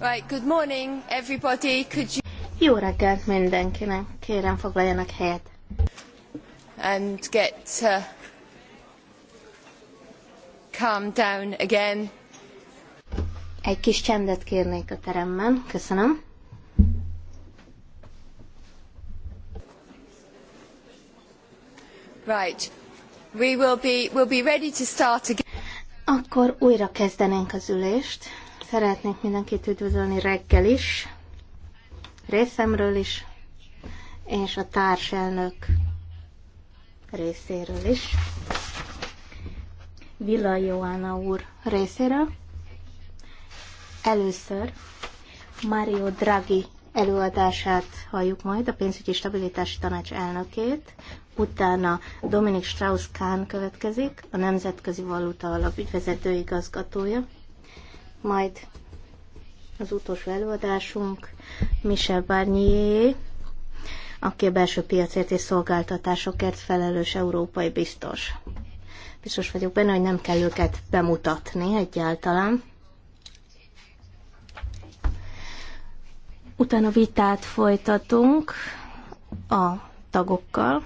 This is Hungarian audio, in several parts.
Right, good morning everybody. Could you... Jó reggelt mindenkinek. Kérem foglaljanak helyet. And get uh, calm down again. Egy kis csendet kérnék a teremben. Köszönöm. Right. We will be, we'll be ready to start again. Akkor újra kezdenénk az ülést. Szeretnék mindenkit üdvözölni reggel is, részemről is, és a társelnök részéről is. Villa Joana úr részéről. Először Mario Draghi előadását halljuk majd, a pénzügyi stabilitási tanács elnökét, utána Dominik Strauss-Kahn következik, a Nemzetközi Valuta Alap ügyvezető igazgatója, majd az utolsó előadásunk Michel Barnier, aki a belső piacért és szolgáltatásokért felelős európai biztos. Biztos vagyok benne, hogy nem kell őket bemutatni egyáltalán. Utána vitát folytatunk a tagokkal,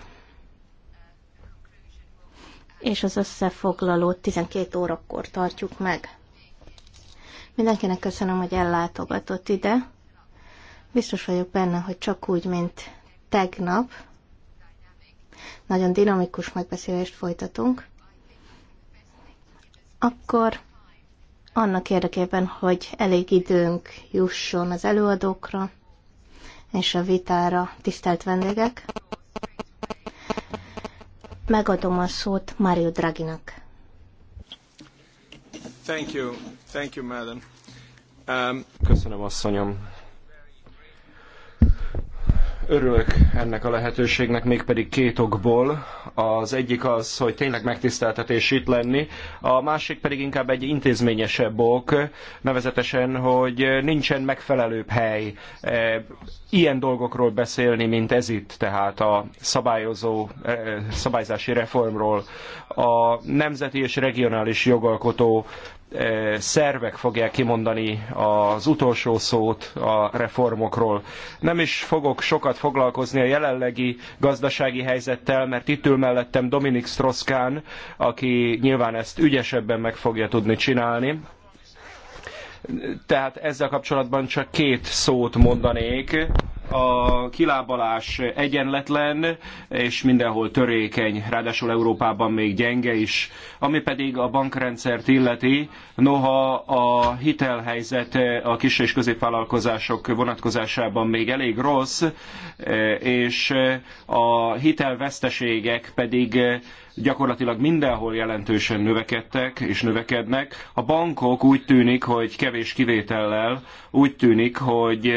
és az összefoglalót 12 órakor tartjuk meg. Mindenkinek köszönöm, hogy ellátogatott ide. Biztos vagyok benne, hogy csak úgy, mint tegnap, nagyon dinamikus megbeszélést folytatunk, akkor annak érdekében, hogy elég időnk jusson az előadókra és a vitára tisztelt vendégek, megadom a szót Mário Draginak. Thank you. Thank you, madam. Um, köszönöm, asszonyom. Örülök ennek a lehetőségnek, mégpedig két okból. Az egyik az, hogy tényleg megtiszteltetés itt lenni, a másik pedig inkább egy intézményesebb ok, nevezetesen, hogy nincsen megfelelőbb hely e, ilyen dolgokról beszélni, mint ez itt, tehát a szabályozó, e, szabályzási reformról. A nemzeti és regionális jogalkotó E, szervek fogják kimondani az utolsó szót a reformokról. Nem is fogok sokat foglalkozni a jelenlegi gazdasági helyzettel, mert itt ül mellettem Dominik Stroszkán, aki nyilván ezt ügyesebben meg fogja tudni csinálni. Tehát ezzel kapcsolatban csak két szót mondanék a kilábalás egyenletlen, és mindenhol törékeny, ráadásul Európában még gyenge is. Ami pedig a bankrendszert illeti, noha a hitelhelyzet a kis és középvállalkozások vonatkozásában még elég rossz, és a hitelveszteségek pedig gyakorlatilag mindenhol jelentősen növekedtek és növekednek. A bankok úgy tűnik, hogy kevés kivétellel úgy tűnik, hogy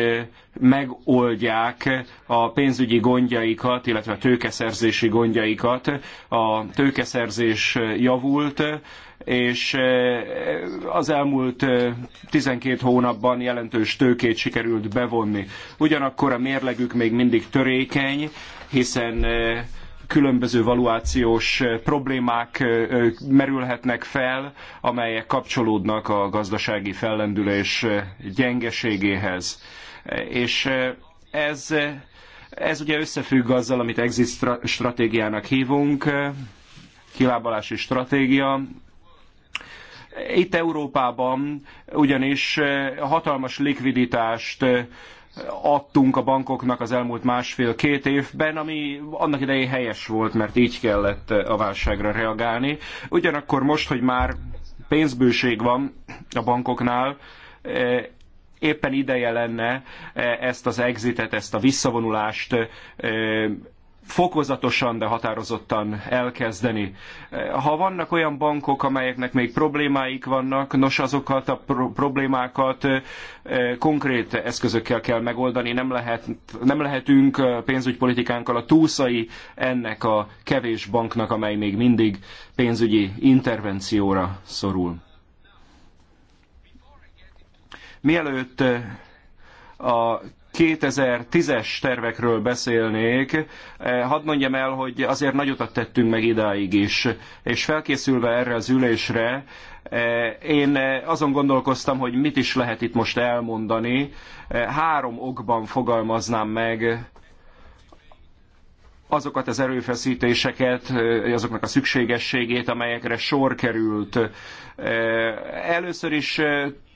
megoldják a pénzügyi gondjaikat, illetve a tőkeszerzési gondjaikat. A tőkeszerzés javult, és eh, az elmúlt 12 eh, hónapban jelentős tőkét sikerült bevonni. Ugyanakkor a mérlegük még mindig törékeny, hiszen eh, különböző valuációs problémák merülhetnek fel, amelyek kapcsolódnak a gazdasági fellendülés gyengeségéhez. És ez, ez ugye összefügg azzal, amit exit stratégiának hívunk, kilábalási stratégia, itt Európában ugyanis hatalmas likviditást adtunk a bankoknak az elmúlt másfél-két évben, ami annak idején helyes volt, mert így kellett a válságra reagálni. Ugyanakkor most, hogy már pénzbőség van a bankoknál, éppen ideje lenne e, ezt az exitet, ezt a visszavonulást e, fokozatosan, de határozottan elkezdeni. E, ha vannak olyan bankok, amelyeknek még problémáik vannak, nos azokat a pro problémákat konkrét eszközökkel kell megoldani, nem, lehet, nem lehetünk pénzügypolitikánkkal a túszai ennek a kevés banknak, amely még mindig pénzügyi intervencióra szorul. Mielőtt a 2010-es tervekről beszélnék, hadd mondjam el, hogy azért utat tettünk meg idáig is, és felkészülve erre az ülésre, én azon gondolkoztam, hogy mit is lehet itt most elmondani. Három okban fogalmaznám meg azokat az erőfeszítéseket, azoknak a szükségességét, amelyekre sor került. Először is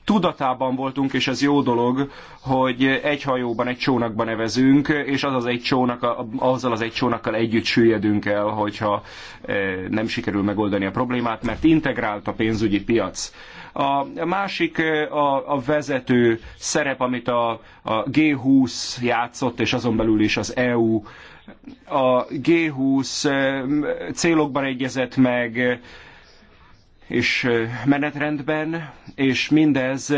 tudatában voltunk, és ez jó dolog, hogy egy hajóban, egy csónakban nevezünk, és az az egy csónak, azzal az egy csónakkal együtt süllyedünk el, hogyha eh, nem sikerül megoldani a problémát, mert integrált a pénzügyi piac. A másik eh, a, a vezető szerep, amit a, a G20 játszott, és azon belül is az EU. A G20 eh, célokban egyezett meg, és menetrendben, és mindez,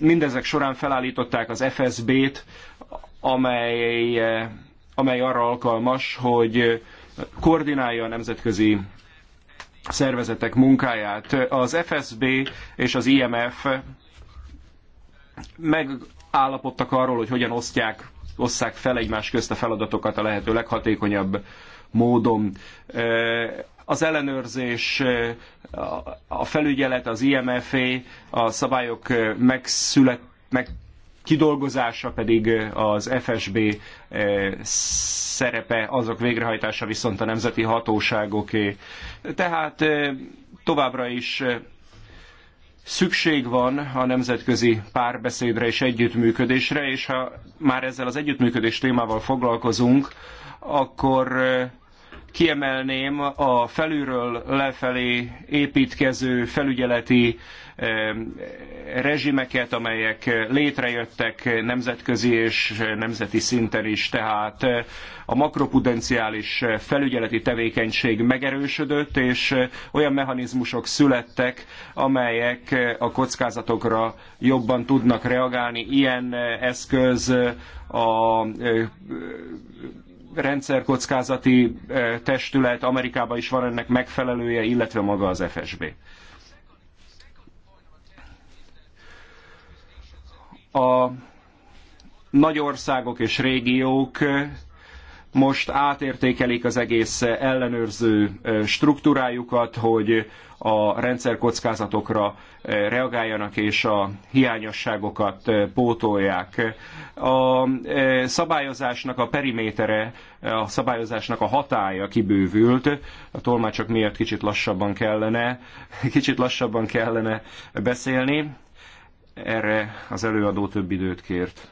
mindezek során felállították az FSB-t, amely, amely arra alkalmas, hogy koordinálja a nemzetközi szervezetek munkáját. Az FSB és az IMF megállapodtak arról, hogy hogyan osztják, osszák fel egymás közt a feladatokat a lehető leghatékonyabb módon. Az ellenőrzés, a felügyelet, az IMF-é, a szabályok megszület, meg kidolgozása pedig az FSB szerepe, azok végrehajtása viszont a nemzeti hatóságoké. Tehát továbbra is szükség van a nemzetközi párbeszédre és együttműködésre, és ha már ezzel az együttműködés témával foglalkozunk, akkor Kiemelném a felülről lefelé építkező felügyeleti eh, rezsimeket, amelyek létrejöttek nemzetközi és nemzeti szinten is, tehát eh, a makropudenciális felügyeleti tevékenység megerősödött, és eh, olyan mechanizmusok születtek, amelyek a kockázatokra jobban tudnak reagálni. Ilyen eszköz a rendszerkockázati eh, testület, Amerikában is van ennek megfelelője, illetve maga az FSB. A nagy országok és régiók most átértékelik az egész eh, ellenőrző eh, struktúrájukat, hogy a rendszerkockázatokra eh, reagáljanak és a hiányosságokat pótolják. A szabályozásnak a perimétere, a szabályozásnak a hatája kibővült, a tolmácsok miatt kicsit lassabban kellene, kicsit lassabban kellene beszélni. Erre az előadó több időt kért.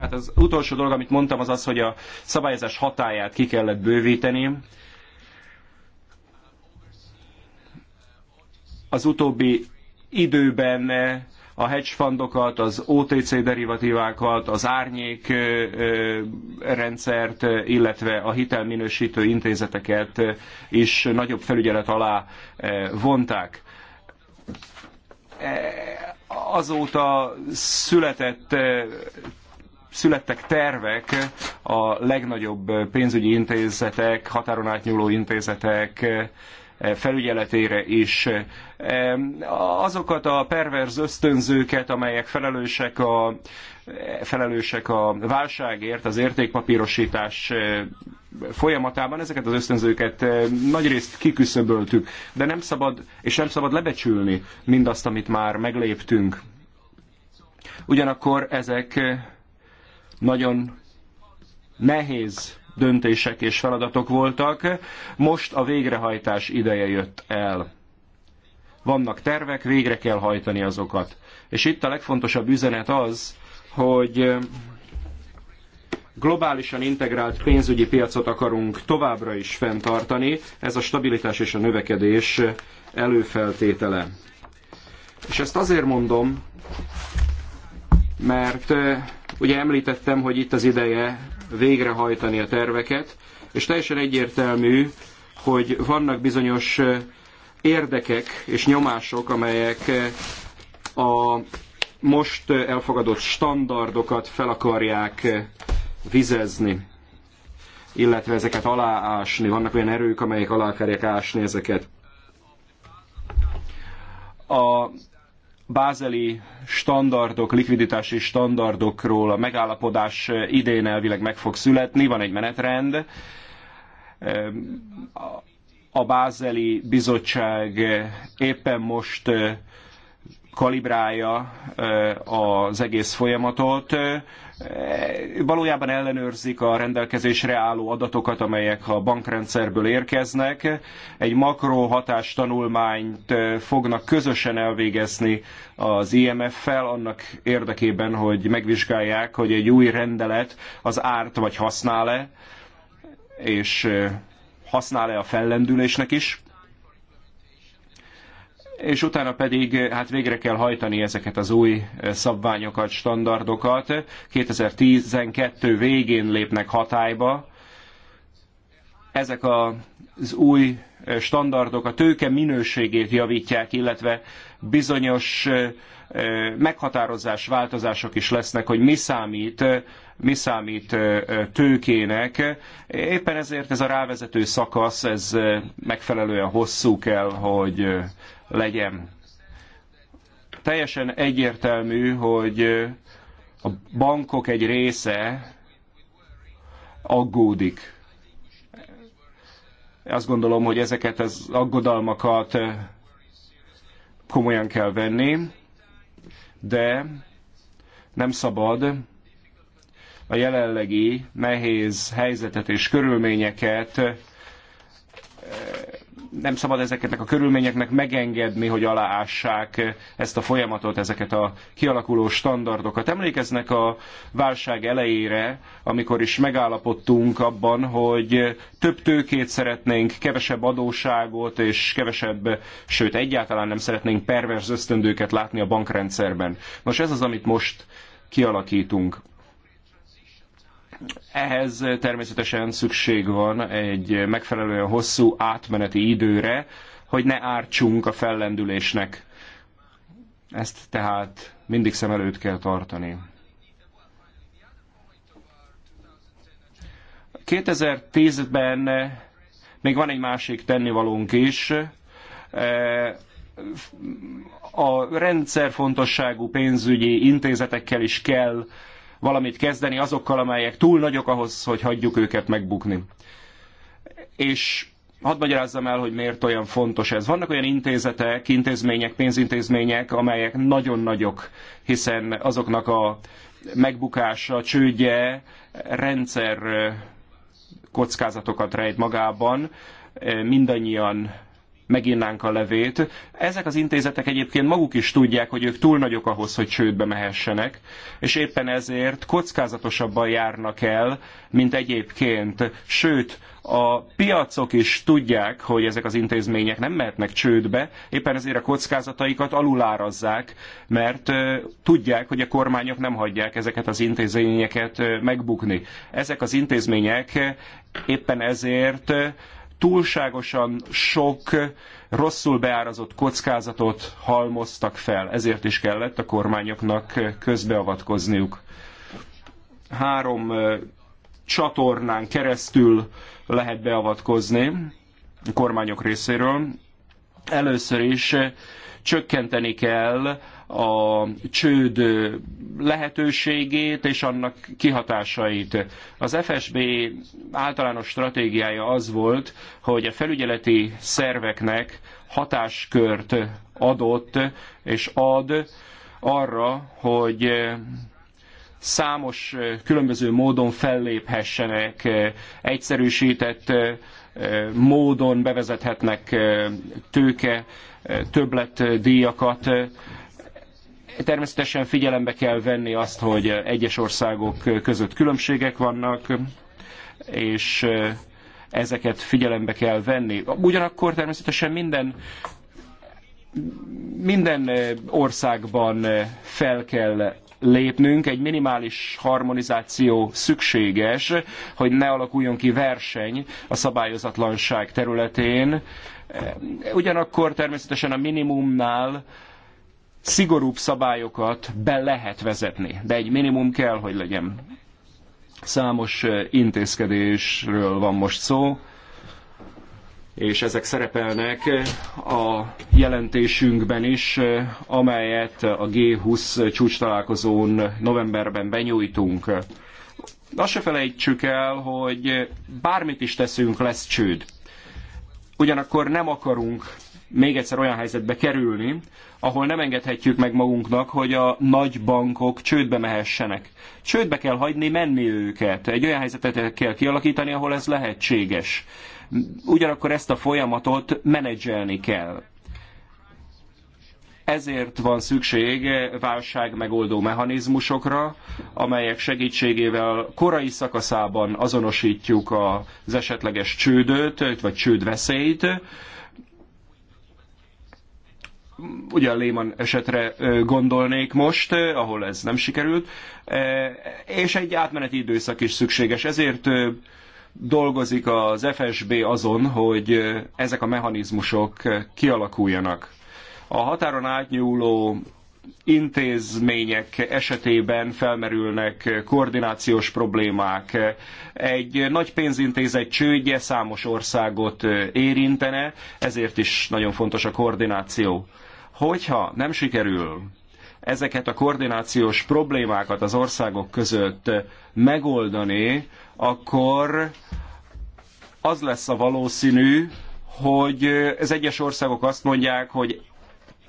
Hát az utolsó dolog, amit mondtam, az az, hogy a szabályozás hatáját ki kellett bővíteni. Az utóbbi időben a hedge fundokat, az OTC derivatívákat, az árnyék rendszert, illetve a hitelminősítő intézeteket is nagyobb felügyelet alá vonták. E, azóta született születtek tervek a legnagyobb pénzügyi intézetek, határon átnyúló intézetek eh, felügyeletére is. Eh, azokat a perverz ösztönzőket, amelyek felelősek a, felelősek a válságért, az értékpapírosítás eh, folyamatában, ezeket az ösztönzőket nagyrészt kiküszöböltük, de nem szabad, és nem szabad lebecsülni mindazt, amit már megléptünk. Ugyanakkor ezek nagyon nehéz döntések és feladatok voltak, most a végrehajtás ideje jött el. Vannak tervek, végre kell hajtani azokat. És itt a legfontosabb üzenet az, hogy eh, globálisan integrált pénzügyi piacot akarunk továbbra is fenntartani, ez a stabilitás és a növekedés eh, előfeltétele. És ezt azért mondom, mert ugye említettem, hogy itt az ideje végrehajtani a terveket, és teljesen egyértelmű, hogy vannak bizonyos érdekek és nyomások, amelyek a most elfogadott standardokat fel akarják vizezni, illetve ezeket aláásni. Vannak olyan erők, amelyek alá akarják ásni ezeket. A bázeli standardok, likviditási standardokról a megállapodás idén elvileg meg fog születni, van egy menetrend. A bázeli bizottság éppen most kalibrálja az egész folyamatot valójában ellenőrzik a rendelkezésre álló adatokat, amelyek a bankrendszerből érkeznek. Egy makro hatástanulmányt fognak közösen elvégezni az IMF-fel annak érdekében, hogy megvizsgálják, hogy egy új rendelet az árt vagy használ-e, és használ-e a fellendülésnek is és utána pedig hát végre kell hajtani ezeket az új szabványokat, standardokat. 2012 végén lépnek hatályba. Ezek az új standardok a tőke minőségét javítják, illetve bizonyos meghatározás, változások is lesznek, hogy mi számít, mi számít tőkének. Éppen ezért ez a rávezető szakasz, ez megfelelően hosszú kell, hogy legyen. Teljesen egyértelmű, hogy a bankok egy része aggódik. Azt gondolom, hogy ezeket az aggodalmakat komolyan kell venni, de nem szabad a jelenlegi nehéz helyzetet és körülményeket nem szabad ezeknek a körülményeknek megengedni, hogy aláássák ezt a folyamatot, ezeket a kialakuló standardokat. Emlékeznek a válság elejére, amikor is megállapodtunk abban, hogy több tőkét szeretnénk, kevesebb adóságot és kevesebb, sőt egyáltalán nem szeretnénk perverz ösztöndőket látni a bankrendszerben. Nos ez az, amit most kialakítunk. Ehhez természetesen szükség van egy megfelelően hosszú átmeneti időre, hogy ne ártsunk a fellendülésnek. Ezt tehát mindig szem előtt kell tartani. 2010-ben még van egy másik tennivalónk is. A rendszer fontosságú pénzügyi intézetekkel is kell valamit kezdeni azokkal, amelyek túl nagyok ahhoz, hogy hagyjuk őket megbukni. És hadd magyarázzam el, hogy miért olyan fontos ez. Vannak olyan intézetek, intézmények, pénzintézmények, amelyek nagyon nagyok, hiszen azoknak a megbukása, csődje rendszer kockázatokat rejt magában. Mindannyian meginnánk a levét. Ezek az intézetek egyébként maguk is tudják, hogy ők túl nagyok ahhoz, hogy csődbe mehessenek, és éppen ezért kockázatosabban járnak el, mint egyébként. Sőt, a piacok is tudják, hogy ezek az intézmények nem mehetnek csődbe, éppen ezért a kockázataikat alulárazzák, mert tudják, hogy a kormányok nem hagyják ezeket az intézményeket megbukni. Ezek az intézmények éppen ezért túlságosan sok rosszul beárazott kockázatot halmoztak fel, ezért is kellett a kormányoknak közbeavatkozniuk. Három csatornán keresztül lehet beavatkozni a kormányok részéről. Először is csökkenteni kell a csőd lehetőségét és annak kihatásait. Az FSB általános stratégiája az volt, hogy a felügyeleti szerveknek hatáskört adott és ad arra, hogy számos különböző módon felléphessenek, egyszerűsített módon bevezethetnek tőke, díjakat, Természetesen figyelembe kell venni azt, hogy egyes országok között különbségek vannak, és ezeket figyelembe kell venni. Ugyanakkor természetesen minden minden országban fel kell lépnünk, egy minimális harmonizáció szükséges, hogy ne alakuljon ki verseny a szabályozatlanság területén. Ugyanakkor természetesen a minimumnál szigorúbb szabályokat be lehet vezetni, de egy minimum kell, hogy legyen. Számos intézkedésről van most szó, és ezek szerepelnek a jelentésünkben is, amelyet a G20 csúcs találkozón novemberben benyújtunk. Azt se felejtsük el, hogy bármit is teszünk, lesz csőd. Ugyanakkor nem akarunk még egyszer olyan helyzetbe kerülni, ahol nem engedhetjük meg magunknak, hogy a nagy bankok csődbe mehessenek. Csődbe kell hagyni menni őket. Egy olyan helyzetet kell kialakítani, ahol ez lehetséges. Ugyanakkor ezt a folyamatot menedzselni kell. Ezért van szükség válságmegoldó mechanizmusokra, amelyek segítségével korai szakaszában azonosítjuk az esetleges csődöt, vagy csődveszélyt, ugyan Lehman esetre gondolnék most, ahol ez nem sikerült, és egy átmeneti időszak is szükséges. Ezért dolgozik az FSB azon, hogy ezek a mechanizmusok kialakuljanak. A határon átnyúló intézmények esetében felmerülnek koordinációs problémák. Egy nagy pénzintézet csődje számos országot érintene, ezért is nagyon fontos a koordináció. Hogyha nem sikerül ezeket a koordinációs problémákat az országok között megoldani, akkor az lesz a valószínű, hogy az egyes országok azt mondják, hogy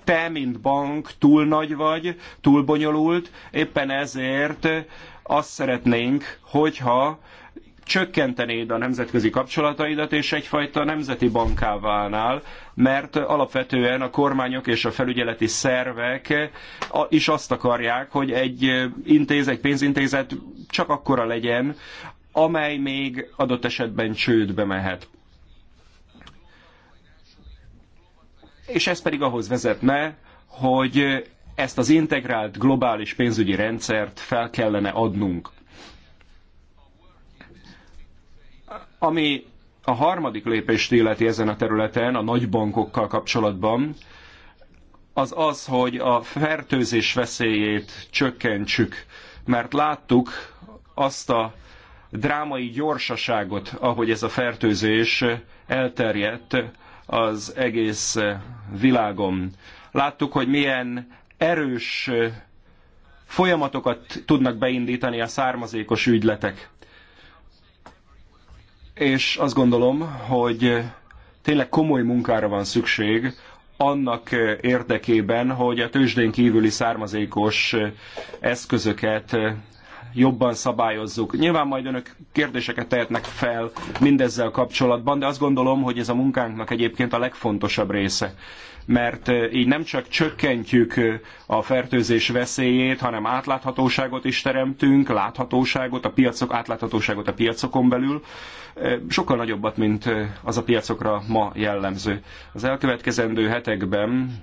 te, mint bank túl nagy vagy, túl bonyolult, éppen ezért azt szeretnénk, hogyha csökkentenéd a nemzetközi kapcsolataidat, és egyfajta nemzeti banká válnál, mert alapvetően a kormányok és a felügyeleti szervek is azt akarják, hogy egy intéz, egy pénzintézet csak akkora legyen, amely még adott esetben csődbe mehet. És ez pedig ahhoz vezetne, hogy ezt az integrált globális pénzügyi rendszert fel kellene adnunk. Ami a harmadik lépést illeti ezen a területen, a nagybankokkal kapcsolatban, az az, hogy a fertőzés veszélyét csökkentsük, mert láttuk azt a drámai gyorsaságot, ahogy ez a fertőzés elterjedt az egész világon. Láttuk, hogy milyen erős folyamatokat tudnak beindítani a származékos ügyletek és azt gondolom, hogy eh, tényleg komoly munkára van szükség annak eh, érdekében, hogy a tőzsdén kívüli származékos eh, eszközöket jobban szabályozzuk. Nyilván majd önök kérdéseket tehetnek fel mindezzel kapcsolatban, de azt gondolom, hogy ez a munkánknak egyébként a legfontosabb része mert így nem csak csökkentjük a fertőzés veszélyét, hanem átláthatóságot is teremtünk, láthatóságot, a piacok, átláthatóságot a piacokon belül, sokkal nagyobbat, mint az a piacokra ma jellemző. Az elkövetkezendő hetekben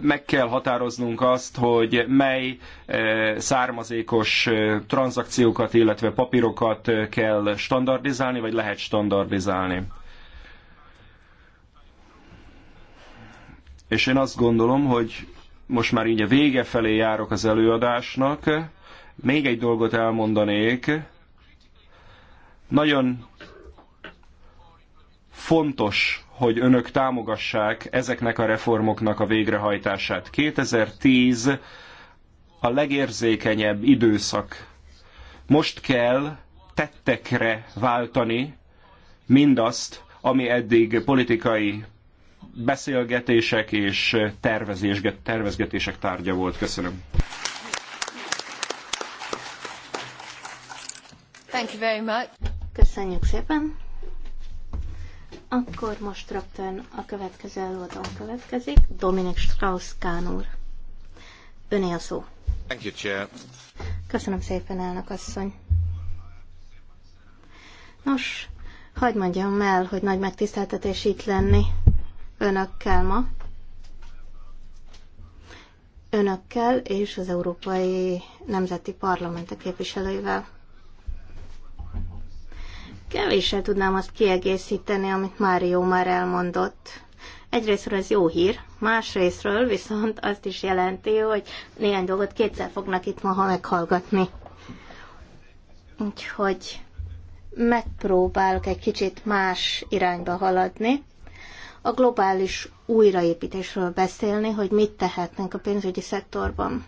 meg kell határoznunk azt, hogy mely származékos tranzakciókat, illetve papírokat kell standardizálni, vagy lehet standardizálni. És én azt gondolom, hogy most már így a vége felé járok az előadásnak. Még egy dolgot elmondanék. Nagyon fontos, hogy önök támogassák ezeknek a reformoknak a végrehajtását. 2010 a legérzékenyebb időszak. Most kell tettekre váltani mindazt, ami eddig politikai beszélgetések és tervezgetések tárgya volt. Köszönöm. Thank you very much. Köszönjük szépen. Akkor most rögtön a következő előadó következik, Dominik Strauss-Kahn úr. Öné a szó. Thank you, Chair. Köszönöm szépen, elnök asszony. Nos, hagyd mondjam el, hogy nagy megtiszteltetés itt lenni önökkel ma. Önökkel és az Európai Nemzeti Parlament képviselőivel. Kevéssel tudnám azt kiegészíteni, amit Mário már elmondott. Egyrésztről ez jó hír, másrésztről viszont azt is jelenti, hogy néhány dolgot kétszer fognak itt ma meghallgatni. Úgyhogy megpróbálok egy kicsit más irányba haladni, a globális újraépítésről beszélni, hogy mit tehetnénk a pénzügyi szektorban.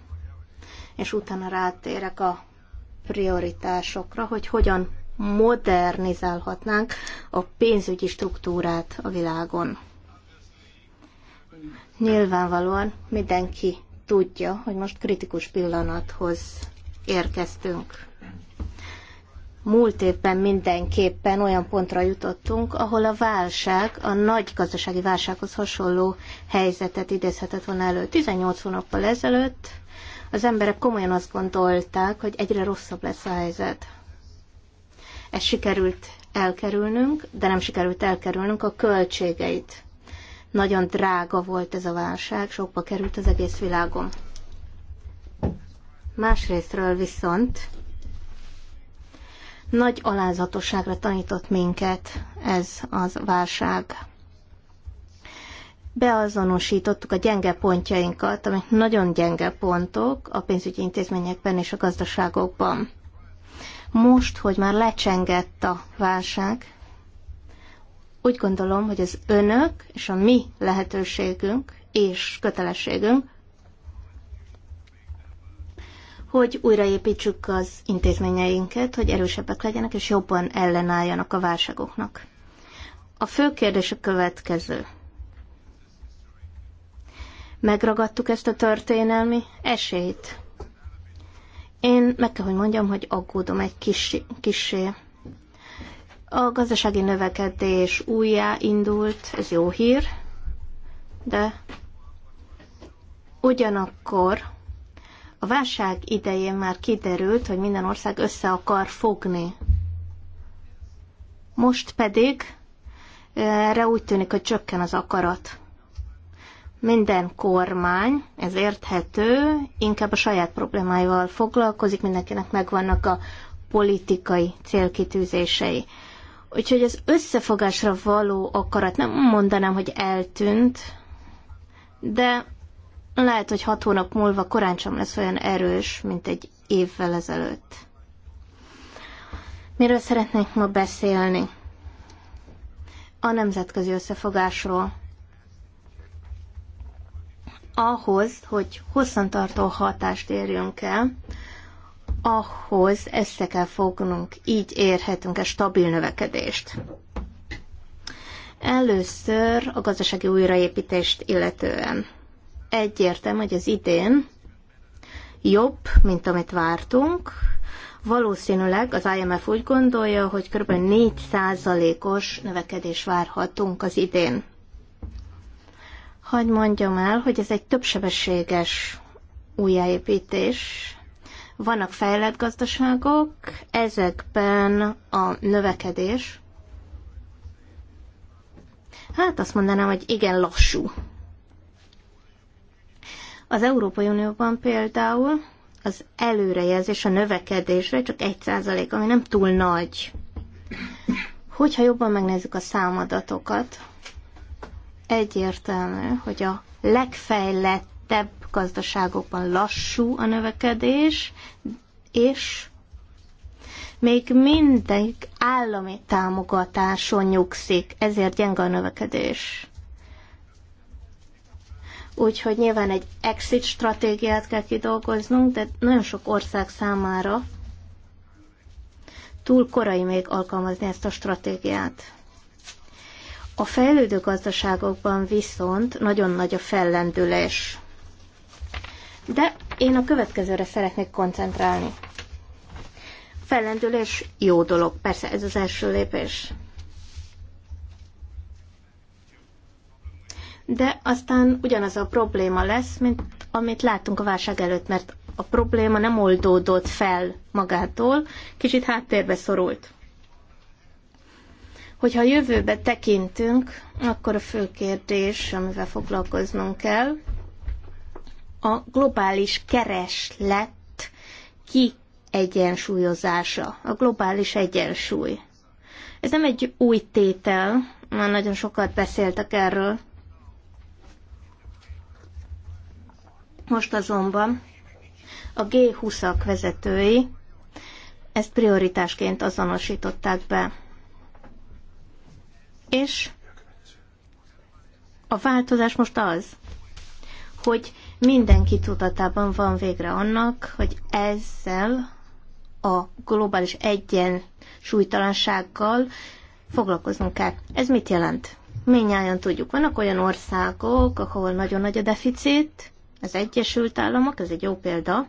És utána rátérek a prioritásokra, hogy hogyan modernizálhatnánk a pénzügyi struktúrát a világon. Nyilvánvalóan mindenki tudja, hogy most kritikus pillanathoz érkeztünk múlt évben mindenképpen olyan pontra jutottunk, ahol a válság, a nagy gazdasági válsághoz hasonló helyzetet idézhetett volna elő. 18 hónappal ezelőtt az emberek komolyan azt gondolták, hogy egyre rosszabb lesz a helyzet. Ez sikerült elkerülnünk, de nem sikerült elkerülnünk a költségeit. Nagyon drága volt ez a válság, sokba került az egész világon. Másrésztről viszont nagy alázatosságra tanított minket ez az válság. Beazonosítottuk a gyenge pontjainkat, amik nagyon gyenge pontok a pénzügyi intézményekben és a gazdaságokban. Most, hogy már lecsengett a válság, úgy gondolom, hogy az önök és a mi lehetőségünk és kötelességünk, hogy újraépítsük az intézményeinket, hogy erősebbek legyenek és jobban ellenálljanak a válságoknak. A fő kérdés a következő. Megragadtuk ezt a történelmi esélyt. Én meg kell, hogy mondjam, hogy aggódom egy kis, kisé. A gazdasági növekedés újjá indult, ez jó hír, de ugyanakkor a válság idején már kiderült, hogy minden ország össze akar fogni. Most pedig eh, erre úgy tűnik, hogy csökken az akarat. Minden kormány, ez érthető, inkább a saját problémáival foglalkozik, mindenkinek megvannak a politikai célkitűzései. Úgyhogy az összefogásra való akarat nem mondanám, hogy eltűnt, de lehet, hogy hat hónap múlva korán sem lesz olyan erős, mint egy évvel ezelőtt. Miről szeretnénk ma beszélni? A nemzetközi összefogásról. Ahhoz, hogy hosszantartó hatást érjünk el, ahhoz össze kell fognunk, így érhetünk egy stabil növekedést. Először a gazdasági újraépítést illetően egyértelmű, hogy az idén jobb, mint amit vártunk. Valószínűleg az IMF úgy gondolja, hogy kb. 4%-os növekedés várhatunk az idén. Hagy mondjam el, hogy ez egy többsebességes újjáépítés. Vannak fejlett gazdaságok, ezekben a növekedés, hát azt mondanám, hogy igen lassú az Európai Unióban például az előrejelzés a növekedésre csak 1%, ami nem túl nagy. Hogyha jobban megnézzük a számadatokat, egyértelmű, hogy a legfejlettebb gazdaságokban lassú a növekedés, és még mindig állami támogatáson nyugszik, ezért gyenge a növekedés. Úgyhogy nyilván egy exit stratégiát kell kidolgoznunk, de nagyon sok ország számára túl korai még alkalmazni ezt a stratégiát. A fejlődő gazdaságokban viszont nagyon nagy a fellendülés. De én a következőre szeretnék koncentrálni. Fellendülés jó dolog, persze ez az első lépés. de aztán ugyanaz a probléma lesz, mint amit láttunk a válság előtt, mert a probléma nem oldódott fel magától, kicsit háttérbe szorult. Hogyha a jövőbe tekintünk, akkor a fő kérdés, amivel foglalkoznunk kell, a globális kereslet kiegyensúlyozása, a globális egyensúly. Ez nem egy új tétel, már nagyon sokat beszéltek erről, Most azonban a G20-ak vezetői ezt prioritásként azonosították be. És a változás most az, hogy mindenki tudatában van végre annak, hogy ezzel a globális egyensúlytalansággal foglalkoznunk kell. Ez mit jelent? Mindnyáján tudjuk, vannak olyan országok, ahol nagyon nagy a deficit, az Egyesült Államok, ez egy jó példa,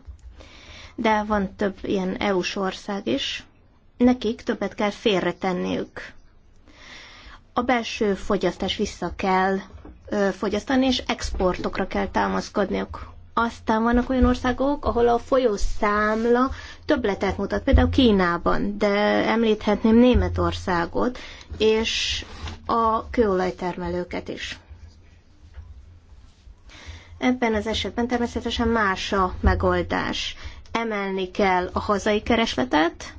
de van több ilyen EU-s ország is, nekik többet kell félretenniük. A belső fogyasztás vissza kell ö, fogyasztani, és exportokra kell támaszkodniuk. Aztán vannak olyan országok, ahol a folyószámla többletet mutat, például Kínában, de említhetném Németországot, és a kőolajtermelőket is. Ebben az esetben természetesen más a megoldás. Emelni kell a hazai keresletet,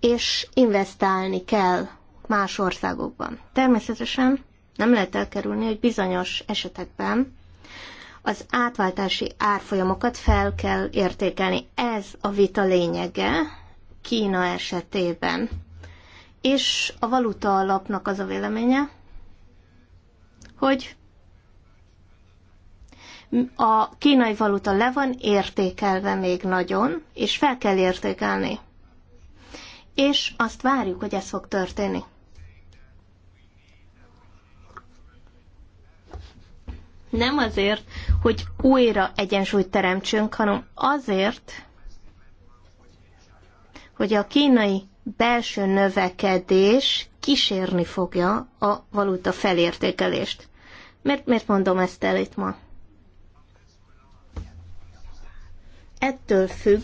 és investálni kell más országokban. Természetesen nem lehet elkerülni, hogy bizonyos esetekben az átváltási árfolyamokat fel kell értékelni. Ez a vita lényege Kína esetében. És a valuta alapnak az a véleménye, hogy a kínai valuta le van értékelve még nagyon, és fel kell értékelni. És azt várjuk, hogy ez fog történni. Nem azért, hogy újra egyensúlyt teremtsünk, hanem azért, hogy a kínai belső növekedés kísérni fogja a valuta felértékelést. Miért, miért mondom ezt el itt ma? ettől függ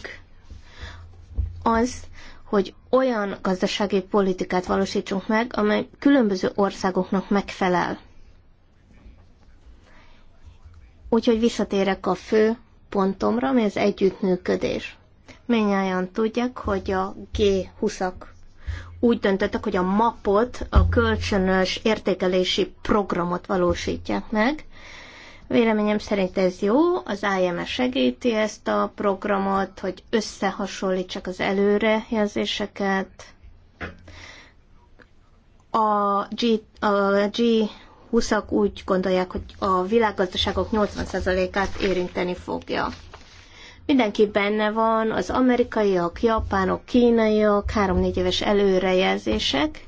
az, hogy olyan gazdasági politikát valósítsunk meg, amely különböző országoknak megfelel. Úgyhogy visszatérek a fő pontomra, ami az együttműködés. Mennyáján tudják, hogy a G20-ak úgy döntöttek, hogy a mapot, a kölcsönös értékelési programot valósítják meg, Véleményem szerint ez jó, az IMS segíti ezt a programot, hogy összehasonlítsak az előrejelzéseket. A, G, a G20-ak úgy gondolják, hogy a világgazdaságok 80%-át érinteni fogja. Mindenki benne van, az amerikaiak, japánok, kínaiak, három-négy éves előrejelzések,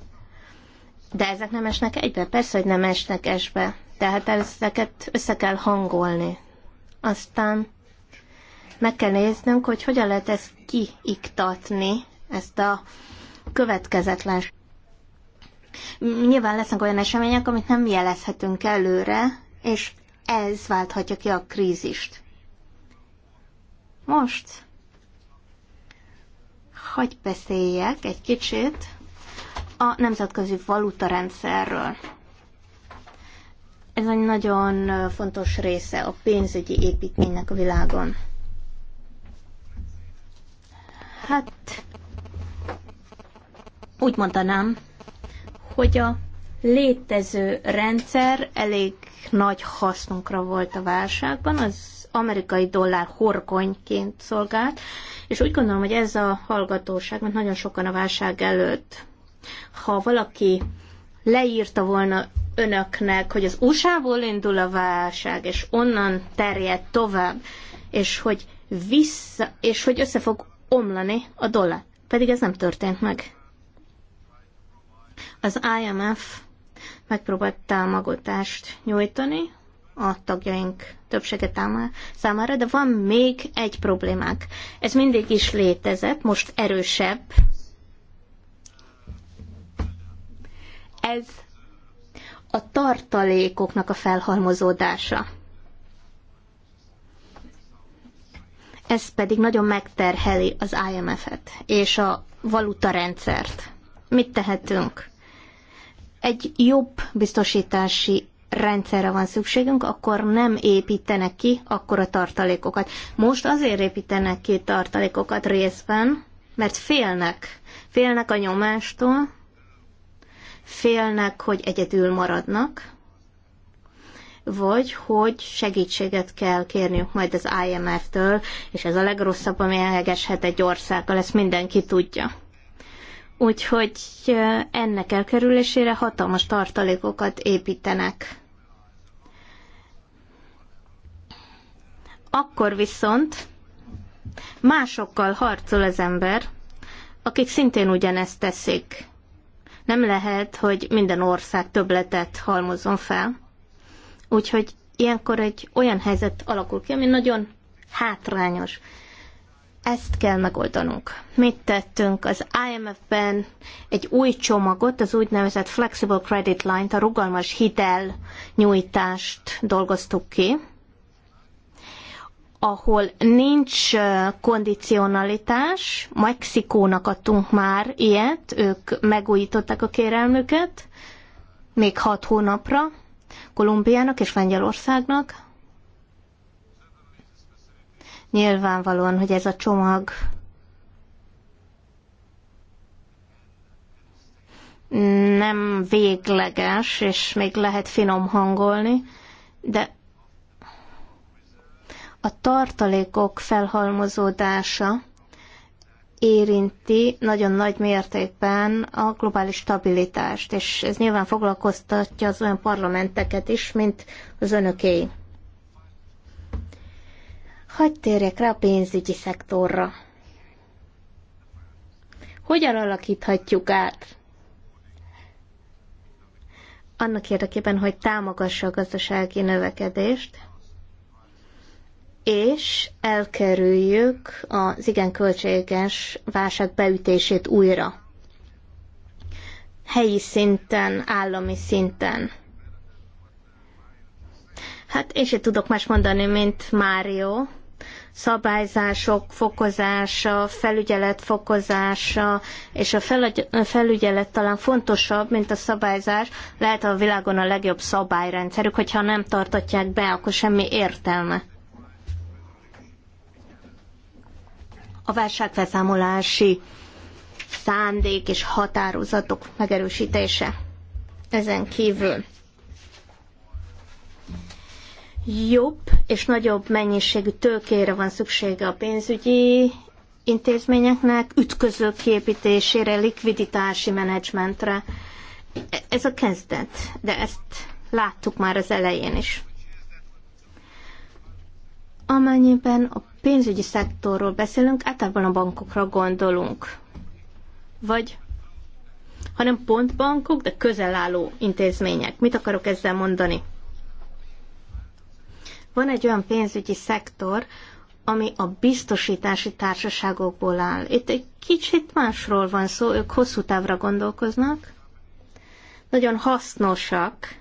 de ezek nem esnek egybe, persze, hogy nem esnek esbe. Tehát ezeket össze kell hangolni. Aztán meg kell néznünk, hogy hogyan lehet ezt kiiktatni, ezt a következetlen. Nyilván lesznek olyan események, amit nem jelezhetünk előre, és ez válthatja ki a krízist. Most hagy beszéljek egy kicsit a nemzetközi valutarendszerről. Ez egy nagyon fontos része a pénzügyi építménynek a világon. Hát úgy mondanám, hogy a létező rendszer elég nagy hasznunkra volt a válságban, az amerikai dollár horkonyként szolgált, és úgy gondolom, hogy ez a hallgatóság, mert nagyon sokan a válság előtt, ha valaki leírta volna önöknek, hogy az USA-ból indul a válság, és onnan terjed tovább, és hogy vissza, és hogy össze fog omlani a dollár. Pedig ez nem történt meg. Az IMF megpróbált támogatást nyújtani a tagjaink többsége számára, de van még egy problémák. Ez mindig is létezett, most erősebb. Ez a tartalékoknak a felhalmozódása. Ez pedig nagyon megterheli az IMF-et és a valutarendszert. Mit tehetünk? Egy jobb biztosítási rendszerre van szükségünk, akkor nem építenek ki akkor a tartalékokat. Most azért építenek ki tartalékokat részben, mert félnek. Félnek a nyomástól, félnek, hogy egyedül maradnak, vagy hogy segítséget kell kérniük majd az IMF-től, és ez a legrosszabb, ami elhegeshet egy országgal, ezt mindenki tudja. Úgyhogy ennek elkerülésére hatalmas tartalékokat építenek. Akkor viszont másokkal harcol az ember, akik szintén ugyanezt teszik. Nem lehet, hogy minden ország többletet halmozzon fel. Úgyhogy ilyenkor egy olyan helyzet alakul ki, ami nagyon hátrányos. Ezt kell megoldanunk. Mit tettünk? Az IMF-ben egy új csomagot, az úgynevezett Flexible Credit Line-t, a rugalmas hitel nyújtást dolgoztuk ki, ahol nincs kondicionalitás, Mexikónak adtunk már ilyet, ők megújították a kérelmüket, még hat hónapra, Kolumbiának és Lengyelországnak. Nyilvánvalóan, hogy ez a csomag nem végleges, és még lehet finom hangolni, de a tartalékok felhalmozódása érinti nagyon nagy mértékben a globális stabilitást, és ez nyilván foglalkoztatja az olyan parlamenteket is, mint az önöké. Hagy térjek rá a pénzügyi szektorra. Hogyan alakíthatjuk át? Annak érdekében, hogy támogassa a gazdasági növekedést, és elkerüljük az igen költséges válság beütését újra. Helyi szinten, állami szinten. Hát én sem tudok más mondani, mint Mário. Szabályzások fokozása, felügyelet fokozása, és a felügyelet talán fontosabb, mint a szabályzás. Lehet a világon a legjobb szabályrendszerük, hogyha nem tartatják be, akkor semmi értelme. a válságfelszámolási szándék és határozatok megerősítése. Ezen kívül jobb és nagyobb mennyiségű tőkére van szüksége a pénzügyi intézményeknek, ütközők kiépítésére, likviditási menedzsmentre. Ez a kezdet, de ezt láttuk már az elején is. Amennyiben a pénzügyi szektorról beszélünk, általában a bankokra gondolunk. Vagy hanem pont bankok, de közel álló intézmények. Mit akarok ezzel mondani? Van egy olyan pénzügyi szektor, ami a biztosítási társaságokból áll. Itt egy kicsit másról van szó, ők hosszú távra gondolkoznak, nagyon hasznosak,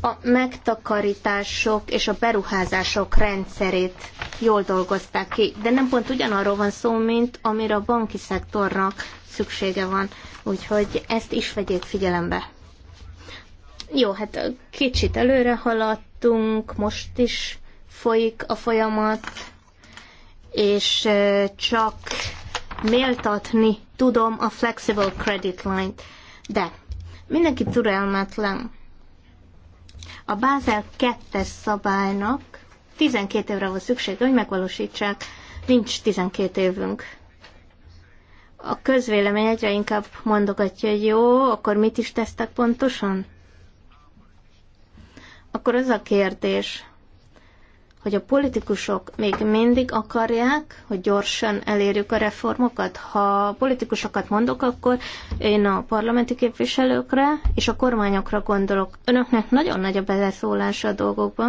a megtakarítások és a beruházások rendszerét jól dolgozták ki, de nem pont ugyanarról van szó, mint amire a banki szektornak szüksége van, úgyhogy ezt is vegyék figyelembe. Jó, hát kicsit előre haladtunk, most is folyik a folyamat, és csak méltatni tudom a Flexible Credit Line-t, de mindenki türelmetlen a Bázel 2-es szabálynak 12 évre van szüksége, hogy megvalósítsák. Nincs 12 évünk. A közvélemény egyre inkább mondogatja, hogy jó, akkor mit is tesztek pontosan? Akkor az a kérdés, hogy a politikusok még mindig akarják, hogy gyorsan elérjük a reformokat. Ha politikusokat mondok, akkor én a parlamenti képviselőkre és a kormányokra gondolok. Önöknek nagyon nagy a beleszólása a dolgokba,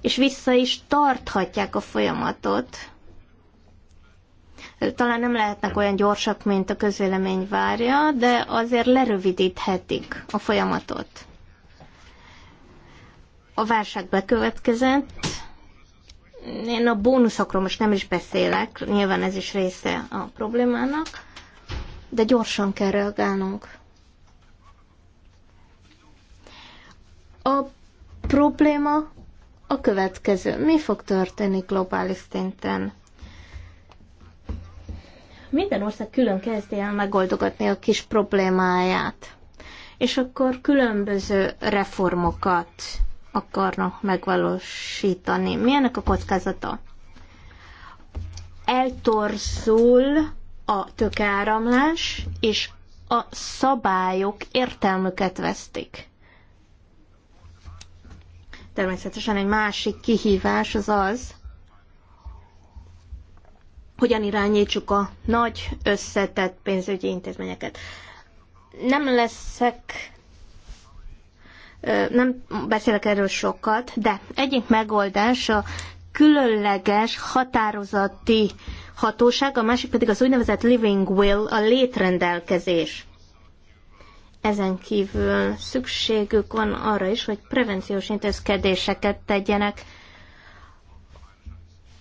és vissza is tarthatják a folyamatot. Talán nem lehetnek olyan gyorsak, mint a közvélemény várja, de azért lerövidíthetik a folyamatot a válság bekövetkezett, én a bónuszokról most nem is beszélek, nyilván ez is része a problémának, de gyorsan kell reagálnunk. A probléma a következő. Mi fog történni globális szinten? Minden ország külön kezdi el megoldogatni a kis problémáját, és akkor különböző reformokat akarnak megvalósítani. Milyennek a kockázata? Eltorzul a tökáramlás, és a szabályok értelmüket vesztik. Természetesen egy másik kihívás az az, hogyan irányítsuk a nagy összetett pénzügyi intézményeket. Nem leszek nem beszélek erről sokat, de egyik megoldás a különleges határozati hatóság, a másik pedig az úgynevezett living will, a létrendelkezés. Ezen kívül szükségük van arra is, hogy prevenciós intézkedéseket tegyenek.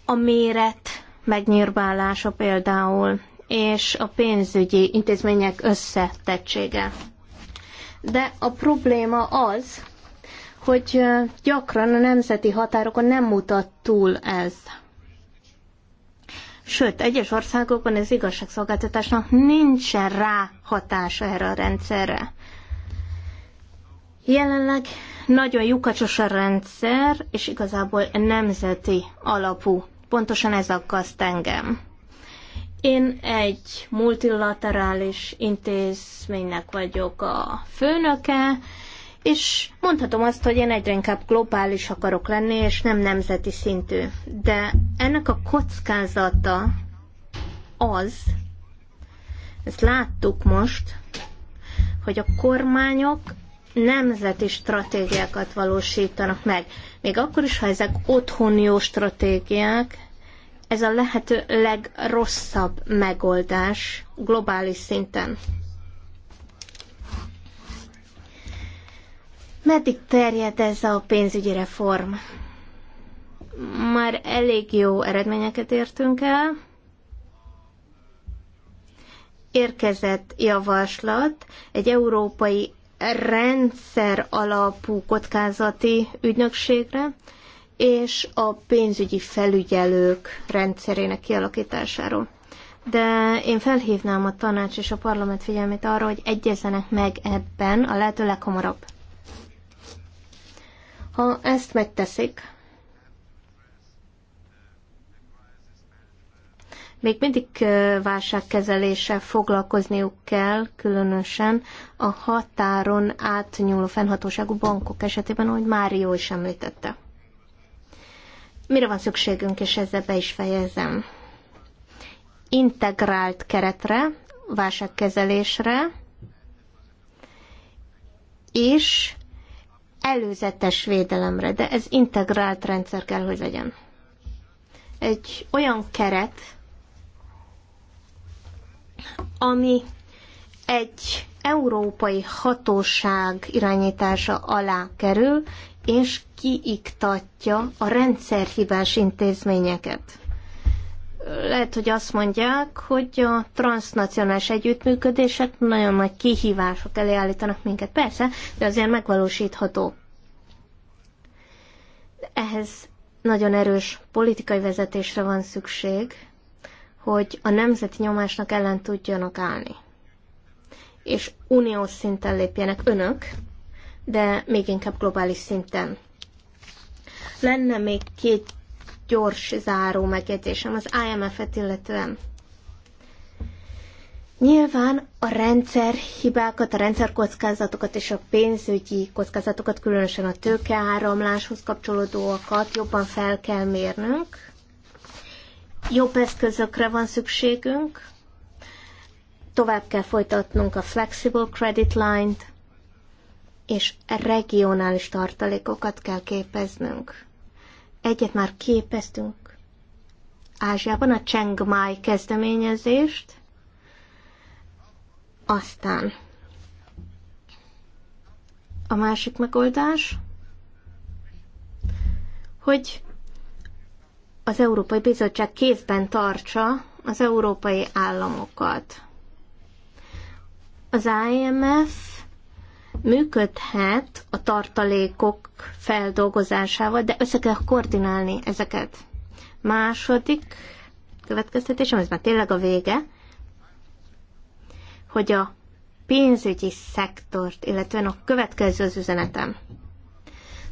A méret megnyírbálása például, és a pénzügyi intézmények összetettsége de a probléma az, hogy gyakran a nemzeti határokon nem mutat túl ez. Sőt, egyes országokban az igazságszolgáltatásnak nincsen rá hatása erre a rendszerre. Jelenleg nagyon lyukacsos a rendszer, és igazából nemzeti alapú. Pontosan ez aggaszt engem. Én egy multilaterális intézménynek vagyok a főnöke, és mondhatom azt, hogy én egyre inkább globális akarok lenni, és nem nemzeti szintű. De ennek a kockázata az, ezt láttuk most, hogy a kormányok nemzeti stratégiákat valósítanak meg. Még akkor is, ha ezek otthoni stratégiák, ez a lehető legrosszabb megoldás globális szinten. Meddig terjed ez a pénzügyi reform? Már elég jó eredményeket értünk el. Érkezett javaslat egy európai rendszer alapú kockázati ügynökségre, és a pénzügyi felügyelők rendszerének kialakításáról. De én felhívnám a tanács és a parlament figyelmét arra, hogy egyezenek meg ebben a lehető leghamarabb. Ha ezt megteszik, még mindig válságkezeléssel foglalkozniuk kell, különösen a határon átnyúló fennhatóságú bankok esetében, ahogy Mário is említette mire van szükségünk, és ezzel be is fejezem. Integrált keretre, válságkezelésre, és előzetes védelemre, de ez integrált rendszer kell, hogy legyen. Egy olyan keret, ami egy európai hatóság irányítása alá kerül, és kiiktatja a rendszerhibás intézményeket. Lehet, hogy azt mondják, hogy a transnacionális együttműködések nagyon nagy kihívások elé állítanak minket. Persze, de azért megvalósítható. Ehhez nagyon erős politikai vezetésre van szükség, hogy a nemzeti nyomásnak ellen tudjanak állni. És uniós szinten lépjenek önök, de még inkább globális szinten. Lenne még két gyors záró megjegyzésem az IMF-et illetően. Nyilván a rendszer hibákat, a rendszer kockázatokat és a pénzügyi kockázatokat, különösen a tőkeáramláshoz kapcsolódóakat jobban fel kell mérnünk. Jobb eszközökre van szükségünk. Tovább kell folytatnunk a Flexible Credit Line-t, és regionális tartalékokat kell képeznünk. Egyet már képeztünk Ázsiában, a Cheng Mai kezdeményezést, aztán a másik megoldás, hogy az Európai Bizottság kézben tartsa az európai államokat. Az IMF működhet a tartalékok feldolgozásával, de össze kell koordinálni ezeket. Második következtetésem, ez már tényleg a vége, hogy a pénzügyi szektort, illetve a következő az üzenetem.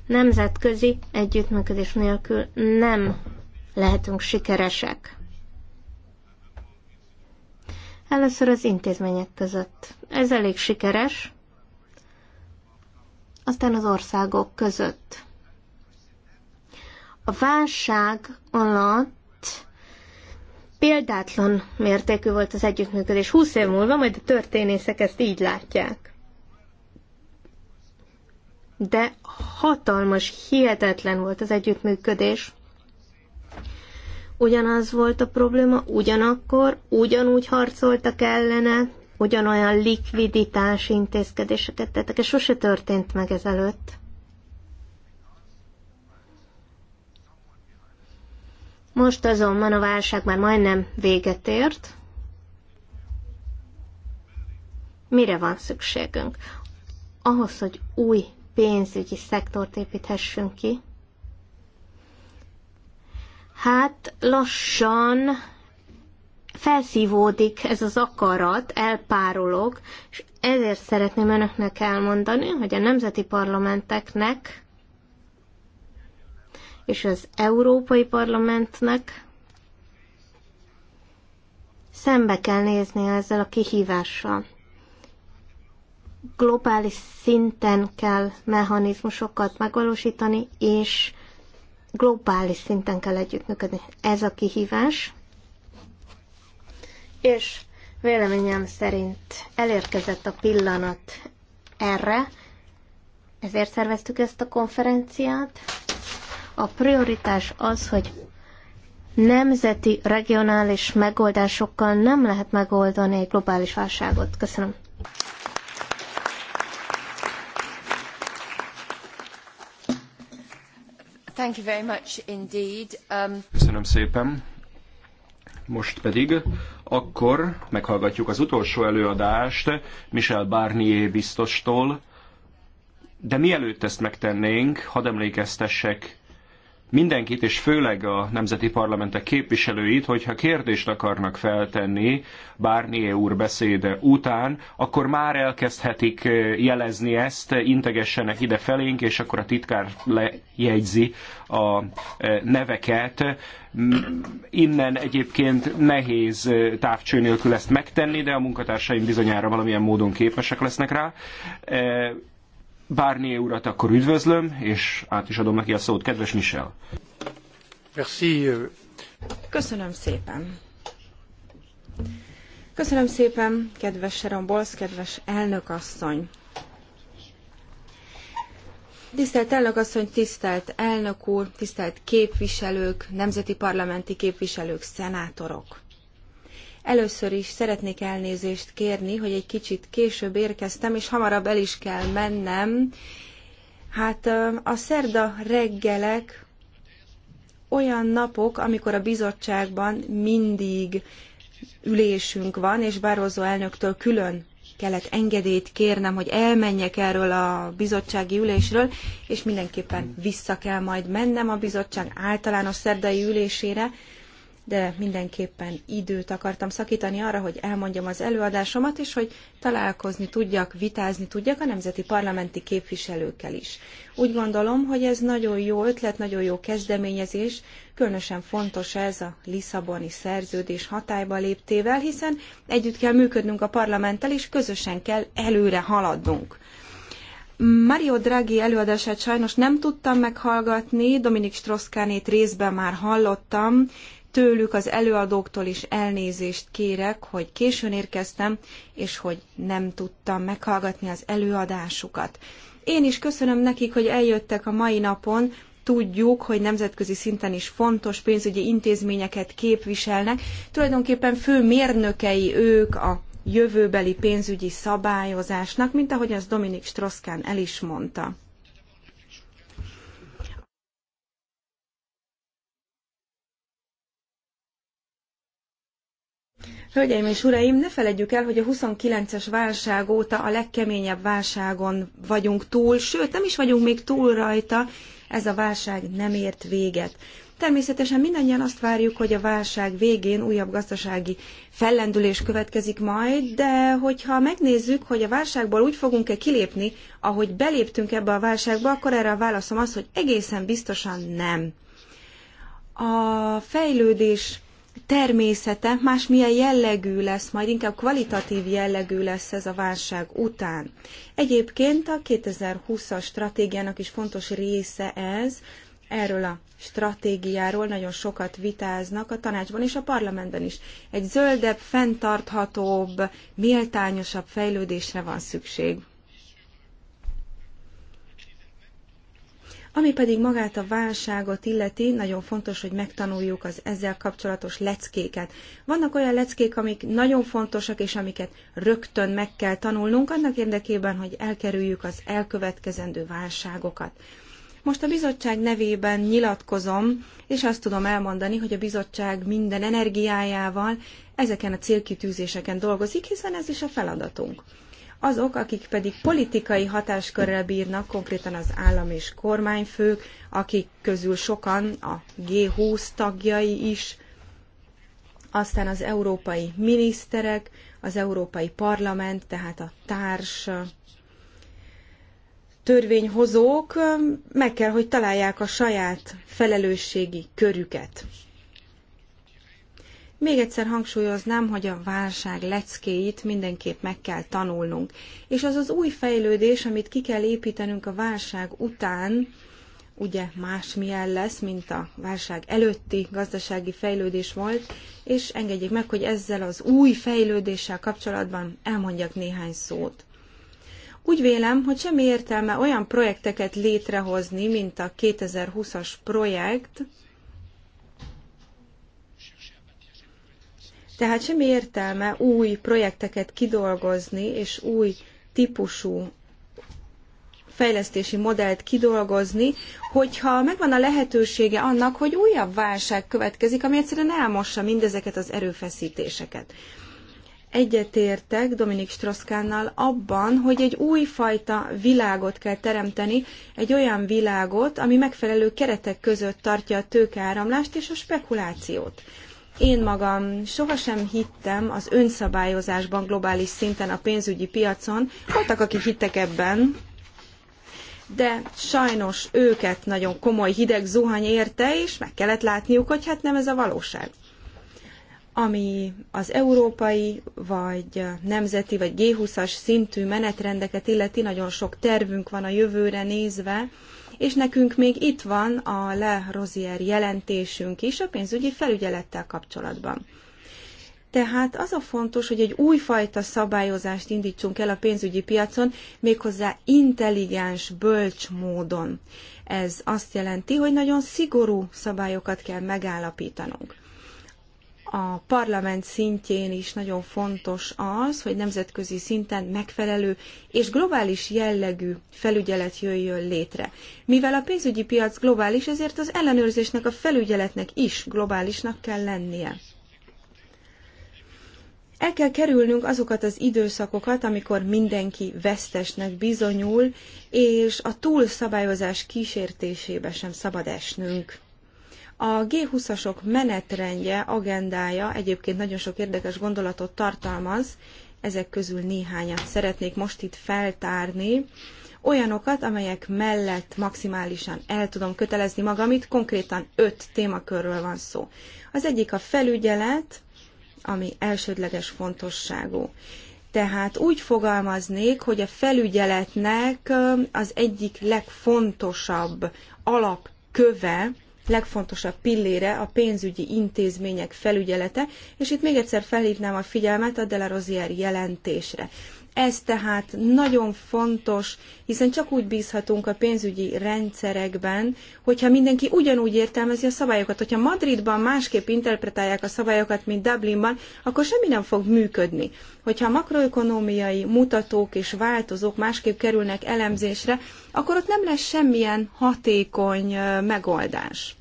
Nemzetközi együttműködés nélkül nem lehetünk sikeresek. Először az intézmények között. Ez elég sikeres, aztán az országok között. A válság alatt példátlan mértékű volt az együttműködés. 20 év múlva majd a történészek ezt így látják. De hatalmas, hihetetlen volt az együttműködés. Ugyanaz volt a probléma, ugyanakkor ugyanúgy harcoltak ellene, ugyanolyan likviditási intézkedéseket tettek, és sose történt meg ezelőtt. Most azonban a válság már majdnem véget ért. Mire van szükségünk? Ahhoz, hogy új pénzügyi szektort építhessünk ki, hát lassan felszívódik ez az akarat, elpárolog, és ezért szeretném önöknek elmondani, hogy a nemzeti parlamenteknek és az Európai Parlamentnek szembe kell nézni ezzel a kihívással. Globális szinten kell mechanizmusokat megvalósítani, és globális szinten kell együttműködni. Ez a kihívás, és véleményem szerint elérkezett a pillanat erre, ezért szerveztük ezt a konferenciát. A prioritás az, hogy nemzeti, regionális megoldásokkal nem lehet megoldani egy globális válságot. Köszönöm. Thank you very much indeed. Um... Köszönöm szépen. Most pedig akkor meghallgatjuk az utolsó előadást Michel Barnier biztostól, de mielőtt ezt megtennénk, hadd emlékeztessek mindenkit, és főleg a nemzeti parlamentek képviselőit, hogyha kérdést akarnak feltenni Barnier úr beszéde után, akkor már elkezdhetik eh, jelezni ezt, integessenek ide felénk, és akkor a titkár lejegyzi a eh, neveket. Mm, innen egyébként nehéz eh, távcső nélkül ezt megtenni, de a munkatársaim bizonyára valamilyen módon képesek lesznek rá Bárni urat akkor üdvözlöm, és át is adom neki a szót. Kedves Michel! Merci. Euh. Köszönöm szépen! Köszönöm szépen, kedves Sharon Bolsz, kedves elnökasszony! Tisztelt elnök asszony, tisztelt elnök úr, tisztelt képviselők, nemzeti parlamenti képviselők, szenátorok! Először is szeretnék elnézést kérni, hogy egy kicsit később érkeztem, és hamarabb el is kell mennem. Hát a szerda reggelek olyan napok, amikor a bizottságban mindig ülésünk van, és Barroso elnöktől külön kellett engedélyt kérnem, hogy elmenjek erről a bizottsági ülésről, és mindenképpen vissza kell majd mennem a bizottság általános szerdai ülésére, de mindenképpen időt akartam szakítani arra, hogy elmondjam az előadásomat, és hogy találkozni tudjak, vitázni tudjak a nemzeti parlamenti képviselőkkel is. Úgy gondolom, hogy ez nagyon jó ötlet, nagyon jó kezdeményezés, különösen fontos ez a Lisszaboni szerződés hatályba léptével, hiszen együtt kell működnünk a parlamenttel, és közösen kell előre haladnunk. Mario Draghi előadását sajnos nem tudtam meghallgatni, Dominik Stroszkánét részben már hallottam, tőlük, az előadóktól is elnézést kérek, hogy későn érkeztem, és hogy nem tudtam meghallgatni az előadásukat. Én is köszönöm nekik, hogy eljöttek a mai napon, tudjuk, hogy nemzetközi szinten is fontos pénzügyi intézményeket képviselnek. Tulajdonképpen fő mérnökei ők a jövőbeli pénzügyi szabályozásnak, mint ahogy az Dominik Strauss-Kahn el is mondta. Hölgyeim és uraim, ne feledjük el, hogy a 29-es válság óta a legkeményebb válságon vagyunk túl, sőt nem is vagyunk még túl rajta, ez a válság nem ért véget. Természetesen mindannyian azt várjuk, hogy a válság végén újabb gazdasági fellendülés következik majd, de hogyha megnézzük, hogy a válságból úgy fogunk-e kilépni, ahogy beléptünk ebbe a válságba, akkor erre a válaszom az, hogy egészen biztosan nem. A fejlődés természete másmilyen jellegű lesz, majd inkább kvalitatív jellegű lesz ez a válság után. Egyébként a 2020-as stratégiának is fontos része ez, erről a stratégiáról nagyon sokat vitáznak a tanácsban és a parlamentben is. Egy zöldebb, fenntarthatóbb, méltányosabb fejlődésre van szükség. Ami pedig magát a válságot illeti, nagyon fontos, hogy megtanuljuk az ezzel kapcsolatos leckéket. Vannak olyan leckék, amik nagyon fontosak, és amiket rögtön meg kell tanulnunk annak érdekében, hogy elkerüljük az elkövetkezendő válságokat. Most a bizottság nevében nyilatkozom, és azt tudom elmondani, hogy a bizottság minden energiájával ezeken a célkitűzéseken dolgozik, hiszen ez is a feladatunk azok, akik pedig politikai hatáskörrel bírnak, konkrétan az állam és kormányfők, akik közül sokan a G20 tagjai is, aztán az európai miniszterek, az európai parlament, tehát a társ törvényhozók meg kell, hogy találják a saját felelősségi körüket. Még egyszer hangsúlyoznám, hogy a válság leckéit mindenképp meg kell tanulnunk. És az az új fejlődés, amit ki kell építenünk a válság után, ugye másmilyen lesz, mint a válság előtti gazdasági fejlődés volt, és engedjék meg, hogy ezzel az új fejlődéssel kapcsolatban elmondjak néhány szót. Úgy vélem, hogy semmi értelme olyan projekteket létrehozni, mint a 2020-as projekt, Tehát semmi értelme új projekteket kidolgozni, és új típusú fejlesztési modellt kidolgozni, hogyha megvan a lehetősége annak, hogy újabb válság következik, ami egyszerűen elmossa mindezeket az erőfeszítéseket. Egyetértek Dominik Stroszkánnal abban, hogy egy újfajta világot kell teremteni, egy olyan világot, ami megfelelő keretek között tartja a tőkeáramlást és a spekulációt. Én magam sohasem hittem az önszabályozásban globális szinten a pénzügyi piacon. Voltak, akik hittek ebben, de sajnos őket nagyon komoly hideg zuhany érte, és meg kellett látniuk, hogy hát nem ez a valóság. Ami az európai, vagy nemzeti, vagy G20-as szintű menetrendeket illeti, nagyon sok tervünk van a jövőre nézve, és nekünk még itt van a Le Rozier jelentésünk is a pénzügyi felügyelettel kapcsolatban. Tehát az a fontos, hogy egy újfajta szabályozást indítsunk el a pénzügyi piacon, méghozzá intelligens, bölcs módon. Ez azt jelenti, hogy nagyon szigorú szabályokat kell megállapítanunk a parlament szintjén is nagyon fontos az, hogy nemzetközi szinten megfelelő és globális jellegű felügyelet jöjjön létre. Mivel a pénzügyi piac globális, ezért az ellenőrzésnek, a felügyeletnek is globálisnak kell lennie. El kell kerülnünk azokat az időszakokat, amikor mindenki vesztesnek bizonyul, és a túlszabályozás kísértésébe sem szabad esnünk. A G20-asok menetrendje, agendája egyébként nagyon sok érdekes gondolatot tartalmaz, ezek közül néhányat szeretnék most itt feltárni, olyanokat, amelyek mellett maximálisan el tudom kötelezni magam, itt konkrétan öt témakörről van szó. Az egyik a felügyelet, ami elsődleges fontosságú. Tehát úgy fogalmaznék, hogy a felügyeletnek az egyik legfontosabb alapköve legfontosabb pillére a pénzügyi intézmények felügyelete, és itt még egyszer felhívnám a figyelmet a Delarozier jelentésre. Ez tehát nagyon fontos, hiszen csak úgy bízhatunk a pénzügyi rendszerekben, hogyha mindenki ugyanúgy értelmezi a szabályokat. Hogyha Madridban másképp interpretálják a szabályokat, mint Dublinban, akkor semmi nem fog működni. Hogyha a makroökonómiai mutatók és változók másképp kerülnek elemzésre, akkor ott nem lesz semmilyen hatékony megoldás.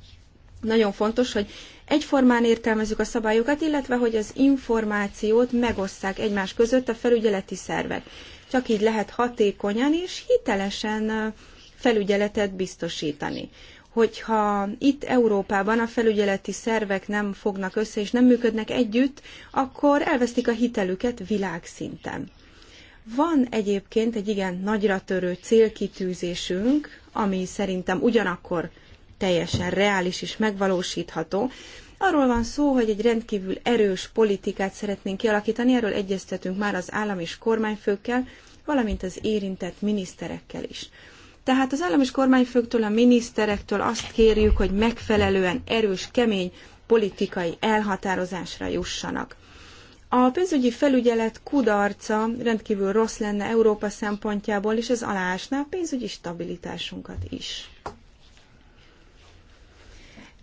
Nagyon fontos, hogy egyformán értelmezzük a szabályokat, illetve hogy az információt megosszák egymás között a felügyeleti szervek. Csak így lehet hatékonyan és hitelesen felügyeletet biztosítani hogyha itt Európában a felügyeleti szervek nem fognak össze és nem működnek együtt, akkor elvesztik a hitelüket világszinten. Van egyébként egy igen nagyra törő célkitűzésünk, ami szerintem ugyanakkor teljesen reális és megvalósítható. Arról van szó, hogy egy rendkívül erős politikát szeretnénk kialakítani, erről egyeztetünk már az állam és kormányfőkkel, valamint az érintett miniszterekkel is. Tehát az állam és kormányfőktől, a miniszterektől azt kérjük, hogy megfelelően erős, kemény politikai elhatározásra jussanak. A pénzügyi felügyelet kudarca rendkívül rossz lenne Európa szempontjából, és ez aláásná a pénzügyi stabilitásunkat is.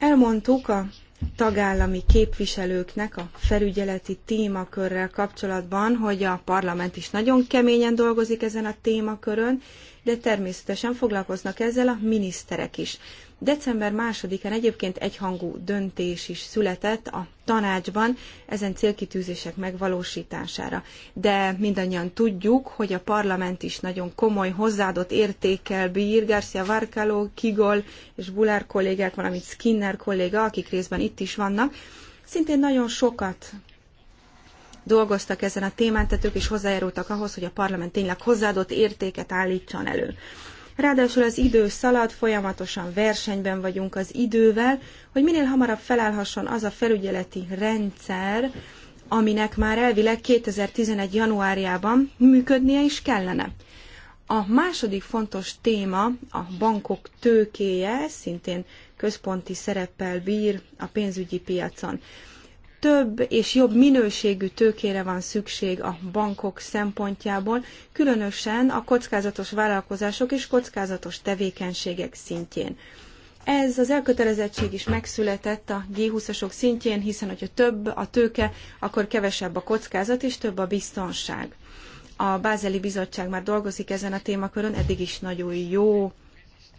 Elmondtuk a tagállami képviselőknek a felügyeleti témakörrel kapcsolatban, hogy a parlament is nagyon keményen dolgozik ezen a témakörön, de természetesen foglalkoznak ezzel a miniszterek is. December 2-án egyébként egyhangú döntés is született a tanácsban ezen célkitűzések megvalósítására. De mindannyian tudjuk, hogy a parlament is nagyon komoly hozzáadott értékkel bír, Garcia Varkaló, Kigol és Bulár kollégák, valamint Skinner kolléga, akik részben itt is vannak, szintén nagyon sokat dolgoztak ezen a témán, tehát ők is hozzájárultak ahhoz, hogy a parlament tényleg hozzáadott értéket állítson elő. Ráadásul az idő szalad, folyamatosan versenyben vagyunk az idővel, hogy minél hamarabb felállhasson az a felügyeleti rendszer, aminek már elvileg 2011. januárjában működnie is kellene. A második fontos téma a bankok tőkéje, szintén központi szereppel bír a pénzügyi piacon több és jobb minőségű tőkére van szükség a bankok szempontjából, különösen a kockázatos vállalkozások és kockázatos tevékenységek szintjén. Ez az elkötelezettség is megszületett a G20-asok szintjén, hiszen hogyha több a tőke, akkor kevesebb a kockázat és több a biztonság. A Bázeli Bizottság már dolgozik ezen a témakörön, eddig is nagyon jó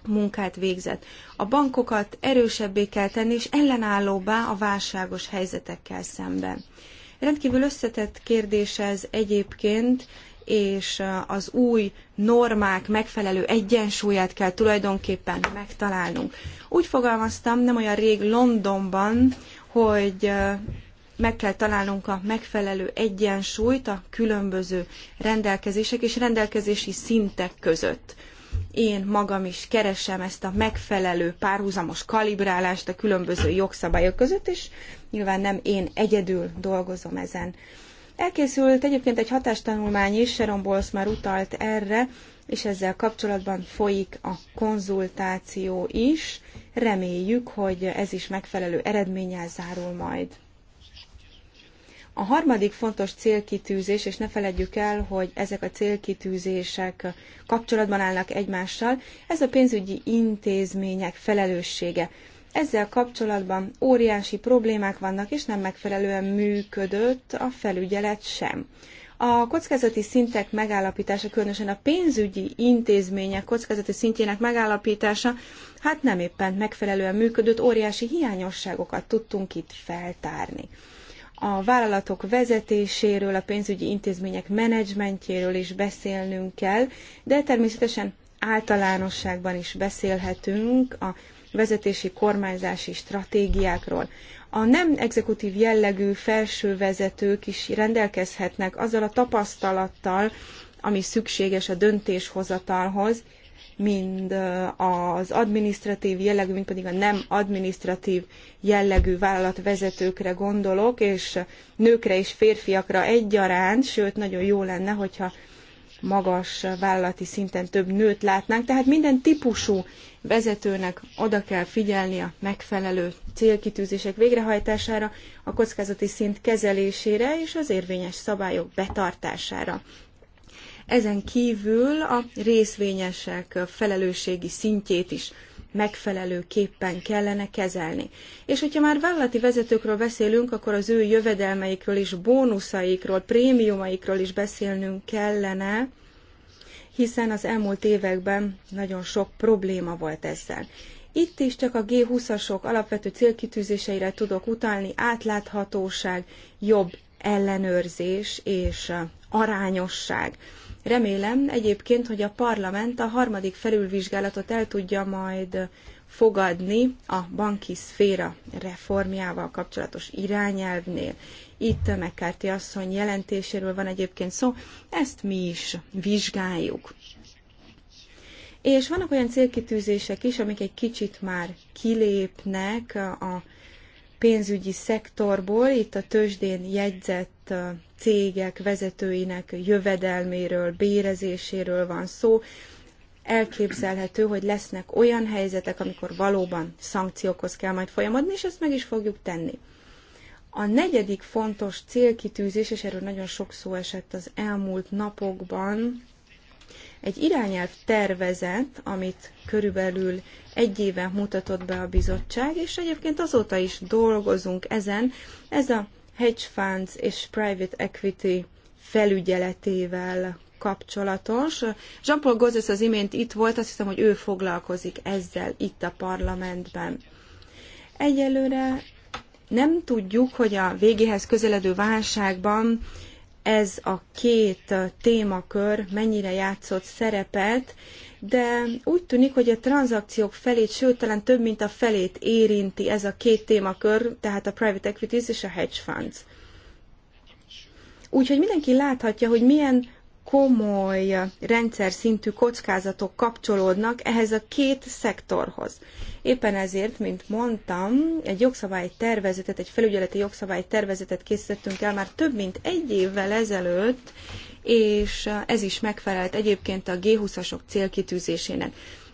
munkát végzett. A bankokat erősebbé kell tenni, és ellenállóbbá a válságos helyzetekkel szemben. Rendkívül összetett kérdés ez egyébként, és az új normák megfelelő egyensúlyát kell tulajdonképpen megtalálnunk. Úgy fogalmaztam nem olyan rég Londonban, hogy meg kell találnunk a megfelelő egyensúlyt a különböző rendelkezések és rendelkezési szintek között én magam is keresem ezt a megfelelő párhuzamos kalibrálást a különböző jogszabályok között, és nyilván nem én egyedül dolgozom ezen. Elkészült egyébként egy hatástanulmány is, Sharon Bowles már utalt erre, és ezzel kapcsolatban folyik a konzultáció is. Reméljük, hogy ez is megfelelő eredménnyel zárul majd. A harmadik fontos célkitűzés, és ne feledjük el, hogy ezek a célkitűzések kapcsolatban állnak egymással, ez a pénzügyi intézmények felelőssége. Ezzel kapcsolatban óriási problémák vannak, és nem megfelelően működött a felügyelet sem. A kockázati szintek megállapítása, különösen a pénzügyi intézmények kockázati szintjének megállapítása, hát nem éppen megfelelően működött, óriási hiányosságokat tudtunk itt feltárni a vállalatok vezetéséről, a pénzügyi intézmények menedzsmentjéről is beszélnünk kell, de természetesen általánosságban is beszélhetünk a vezetési kormányzási stratégiákról. A nem exekutív jellegű felső vezetők is rendelkezhetnek azzal a tapasztalattal, ami szükséges a döntéshozatalhoz, mind az administratív jellegű, mind pedig a nem administratív jellegű vállalatvezetőkre gondolok, és nőkre és férfiakra egyaránt, sőt, nagyon jó lenne, hogyha magas vállalati szinten több nőt látnánk, tehát minden típusú vezetőnek oda kell figyelni a megfelelő célkitűzések végrehajtására, a kockázati szint kezelésére és az érvényes szabályok betartására. Ezen kívül a részvényesek felelősségi szintjét is megfelelőképpen kellene kezelni. És hogyha már vállalati vezetőkről beszélünk, akkor az ő jövedelmeikről és bónuszaikról, prémiumaikról is beszélnünk kellene, hiszen az elmúlt években nagyon sok probléma volt ezzel. Itt is csak a G20-asok alapvető célkitűzéseire tudok utalni, átláthatóság, jobb ellenőrzés és arányosság. Remélem egyébként, hogy a parlament a harmadik felülvizsgálatot el tudja majd fogadni a banki szféra reformjával kapcsolatos irányelvnél. Itt McCarthy asszony jelentéséről van egyébként szó, ezt mi is vizsgáljuk. És vannak olyan célkitűzések is, amik egy kicsit már kilépnek a pénzügyi szektorból, itt a tőzsdén jegyzett cégek vezetőinek jövedelméről, bérezéséről van szó. Elképzelhető, hogy lesznek olyan helyzetek, amikor valóban szankciókhoz kell majd folyamodni, és ezt meg is fogjuk tenni. A negyedik fontos célkitűzés, és erről nagyon sok szó esett az elmúlt napokban, egy irányelv tervezet, amit körülbelül egy éve mutatott be a bizottság, és egyébként azóta is dolgozunk ezen, ez a hedge funds és private equity felügyeletével kapcsolatos. Jean-Paul Gozes az imént itt volt, azt hiszem, hogy ő foglalkozik ezzel itt a parlamentben. Egyelőre nem tudjuk, hogy a végéhez közeledő válságban ez a két témakör mennyire játszott szerepet, de úgy tűnik, hogy a tranzakciók felét, sőt, talán több mint a felét érinti ez a két témakör, tehát a private equities és a hedge funds. Úgyhogy mindenki láthatja, hogy milyen komoly rendszer szintű kockázatok kapcsolódnak ehhez a két szektorhoz. Éppen ezért, mint mondtam, egy jogszabálytervezetet, egy felügyeleti jogszabálytervezetet készítettünk el már több mint egy évvel ezelőtt, és ez is megfelelt egyébként a G20-asok célkitűzésének.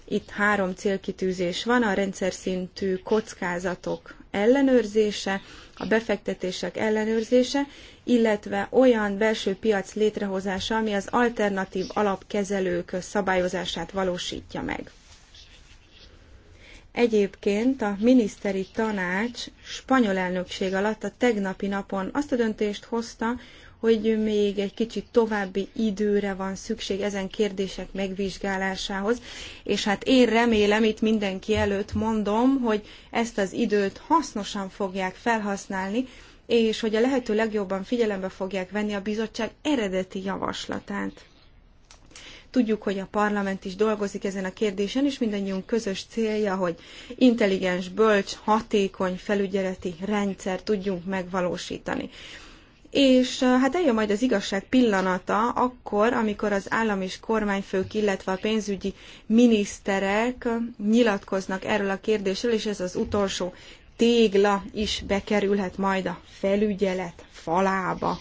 Itt három célkitűzés van, a rendszer szintű kockázatok ellenőrzése, a befektetések ellenőrzése, illetve olyan belső piac létrehozása, ami az alternatív alapkezelők szabályozását valósítja meg. Egyébként a miniszteri tanács spanyol elnökség alatt a tegnapi napon azt a döntést hozta, hogy még egy kicsit további időre van szükség ezen kérdések megvizsgálásához, és hát én remélem, itt mindenki előtt mondom, hogy ezt az időt hasznosan fogják felhasználni, és hogy a lehető legjobban figyelembe fogják venni a bizottság eredeti javaslatát. Tudjuk, hogy a parlament is dolgozik ezen a kérdésen, és mindannyiunk közös célja, hogy intelligens, bölcs, hatékony felügyeleti rendszer tudjunk megvalósítani és hát eljön majd az igazság pillanata, akkor, amikor az állam és kormányfők, illetve a pénzügyi miniszterek nyilatkoznak erről a kérdésről, és ez az utolsó tégla is bekerülhet majd a felügyelet falába.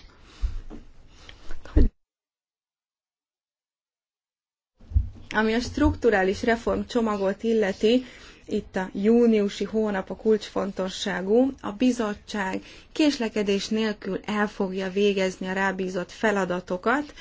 Ami a strukturális reform csomagot illeti, itt a júniusi hónap a kulcsfontosságú. A bizottság késlekedés nélkül el fogja végezni a rábízott feladatokat,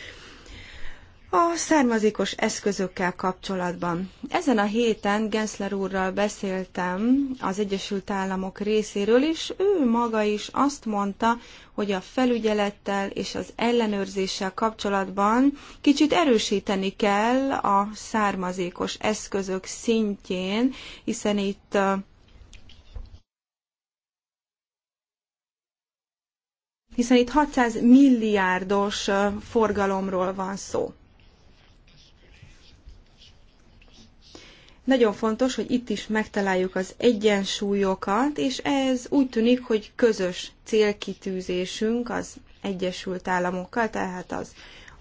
a származékos eszközökkel kapcsolatban. Ezen a héten Gensler úrral beszéltem az Egyesült Államok részéről, és ő maga is azt mondta, hogy a felügyelettel és az ellenőrzéssel kapcsolatban kicsit erősíteni kell a származékos eszközök szintjén, hiszen itt hiszen itt 600 milliárdos forgalomról van szó. Nagyon fontos, hogy itt is megtaláljuk az egyensúlyokat, és ez úgy tűnik, hogy közös célkitűzésünk az Egyesült Államokkal, tehát az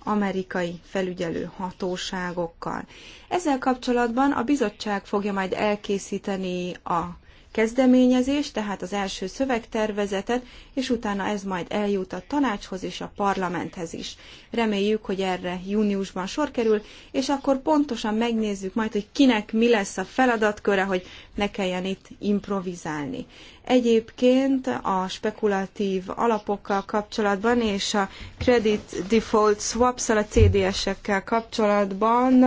amerikai felügyelő hatóságokkal. Ezzel kapcsolatban a bizottság fogja majd elkészíteni a kezdeményezést, tehát az első szövegtervezetet, és utána ez majd eljut a tanácshoz és a parlamenthez is. Reméljük, hogy erre júniusban sor kerül, és akkor pontosan megnézzük majd, hogy kinek mi lesz a feladatköre, hogy ne kelljen itt improvizálni. Egyébként a spekulatív alapokkal kapcsolatban és a credit default swaps a CDS-ekkel kapcsolatban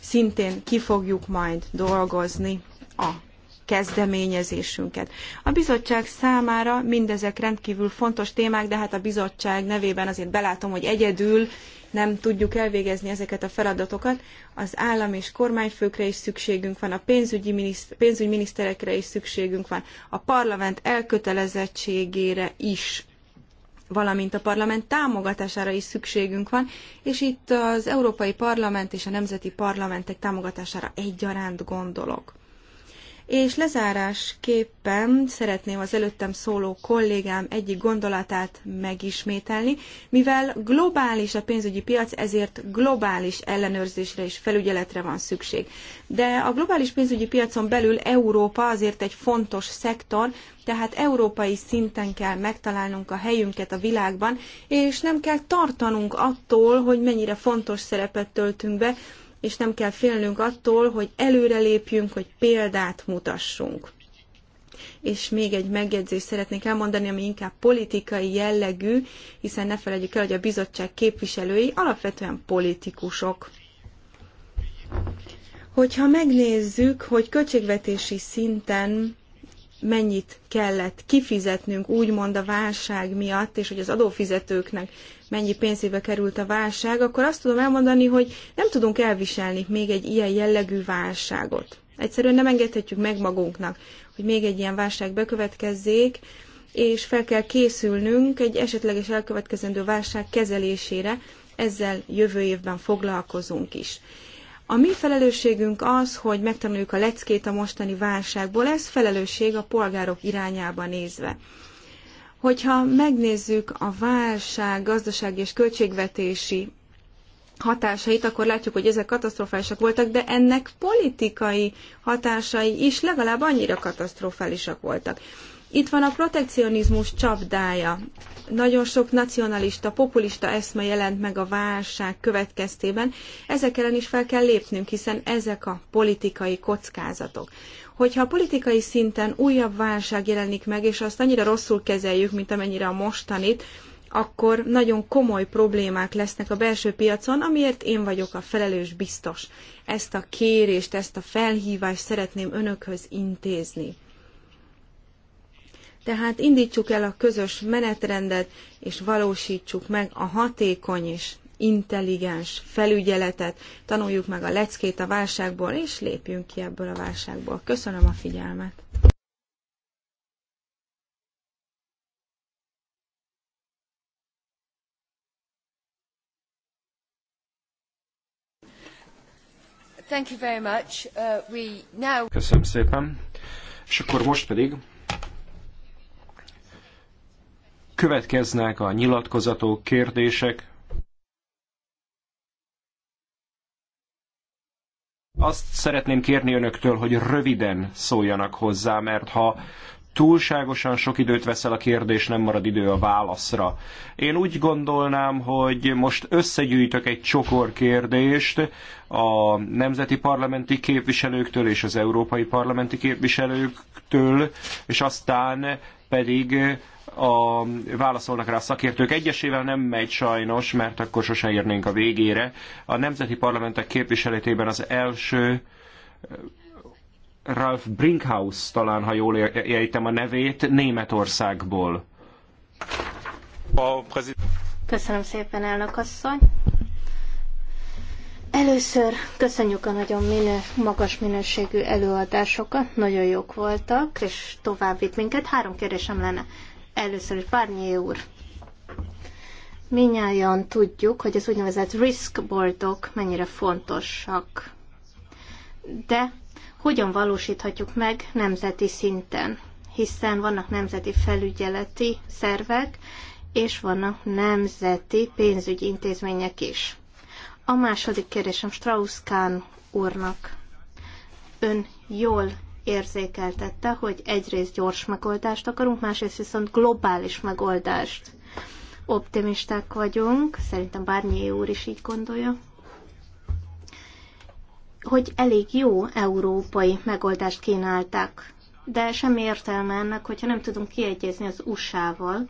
szintén ki fogjuk majd dolgozni a kezdeményezésünket. A bizottság számára mindezek rendkívül fontos témák, de hát a bizottság nevében azért belátom, hogy egyedül nem tudjuk elvégezni ezeket a feladatokat. Az állam és kormányfőkre is szükségünk van, a pénzügyi miniszter, pénzügyminiszterekre is szükségünk van, a parlament elkötelezettségére is valamint a parlament támogatására is szükségünk van, és itt az Európai Parlament és a Nemzeti Parlamentek támogatására egyaránt gondolok és lezárásképpen szeretném az előttem szóló kollégám egyik gondolatát megismételni, mivel globális a pénzügyi piac, ezért globális ellenőrzésre és felügyeletre van szükség. De a globális pénzügyi piacon belül Európa azért egy fontos szektor, tehát európai szinten kell megtalálnunk a helyünket a világban, és nem kell tartanunk attól, hogy mennyire fontos szerepet töltünk be, és nem kell félnünk attól, hogy előrelépjünk, hogy példát mutassunk. És még egy megjegyzést szeretnék elmondani, ami inkább politikai jellegű, hiszen ne felejtjük el, hogy a bizottság képviselői alapvetően politikusok. Hogyha megnézzük, hogy költségvetési szinten mennyit kellett kifizetnünk úgymond a válság miatt, és hogy az adófizetőknek mennyi pénzébe került a válság, akkor azt tudom elmondani, hogy nem tudunk elviselni még egy ilyen jellegű válságot. Egyszerűen nem engedhetjük meg magunknak, hogy még egy ilyen válság bekövetkezzék, és fel kell készülnünk egy esetleges elkövetkezendő válság kezelésére, ezzel jövő évben foglalkozunk is. A mi felelősségünk az, hogy megtanuljuk a leckét a mostani válságból, ez felelősség a polgárok irányába nézve. Hogyha megnézzük a válság gazdasági és költségvetési hatásait, akkor látjuk, hogy ezek katasztrofálisak voltak, de ennek politikai hatásai is legalább annyira katasztrofálisak voltak. Itt van a protekcionizmus csapdája. Nagyon sok nacionalista, populista eszme jelent meg a válság következtében. Ezek ellen is fel kell lépnünk, hiszen ezek a politikai kockázatok hogyha a politikai szinten újabb válság jelenik meg, és azt annyira rosszul kezeljük, mint amennyire a mostanit, akkor nagyon komoly problémák lesznek a belső piacon, amiért én vagyok a felelős biztos. Ezt a kérést, ezt a felhívást szeretném önökhöz intézni. Tehát indítsuk el a közös menetrendet, és valósítsuk meg a hatékony és intelligens felügyeletet, tanuljuk meg a leckét a válságból, és lépjünk ki ebből a válságból. Köszönöm a figyelmet! Thank you very much. Uh, we now... Köszönöm szépen. És akkor most pedig következnek a nyilatkozatok, kérdések, Azt szeretném kérni önöktől, hogy röviden szóljanak hozzá, mert ha túlságosan sok időt veszel a kérdés, nem marad idő a válaszra. Én úgy gondolnám, hogy most összegyűjtök egy csokor kérdést a nemzeti parlamenti képviselőktől és az európai parlamenti képviselőktől, és aztán pedig a, válaszolnak rá a szakértők. Egyesével nem megy sajnos, mert akkor sose érnénk a végére. A nemzeti parlamentek képviseletében az első eh, Ralph Brinkhaus, talán ha jól értem a nevét, Németországból. Köszönöm szépen, elnök asszony. Először köszönjük a nagyon minő, magas minőségű előadásokat, nagyon jók voltak, és tovább vitt minket. Három kérdésem lenne. Először is Barnier úr. Minnyáján tudjuk, hogy az úgynevezett risk boardok mennyire fontosak. De hogyan valósíthatjuk meg nemzeti szinten? Hiszen vannak nemzeti felügyeleti szervek, és vannak nemzeti pénzügyi intézmények is. A második kérdésem Strauss-Kahn úrnak. Ön jól érzékeltette, hogy egyrészt gyors megoldást akarunk, másrészt viszont globális megoldást. Optimisták vagyunk, szerintem bármi úr is így gondolja, hogy elég jó európai megoldást kínálták, de semmi értelme ennek, hogyha nem tudunk kiegyezni az USA-val,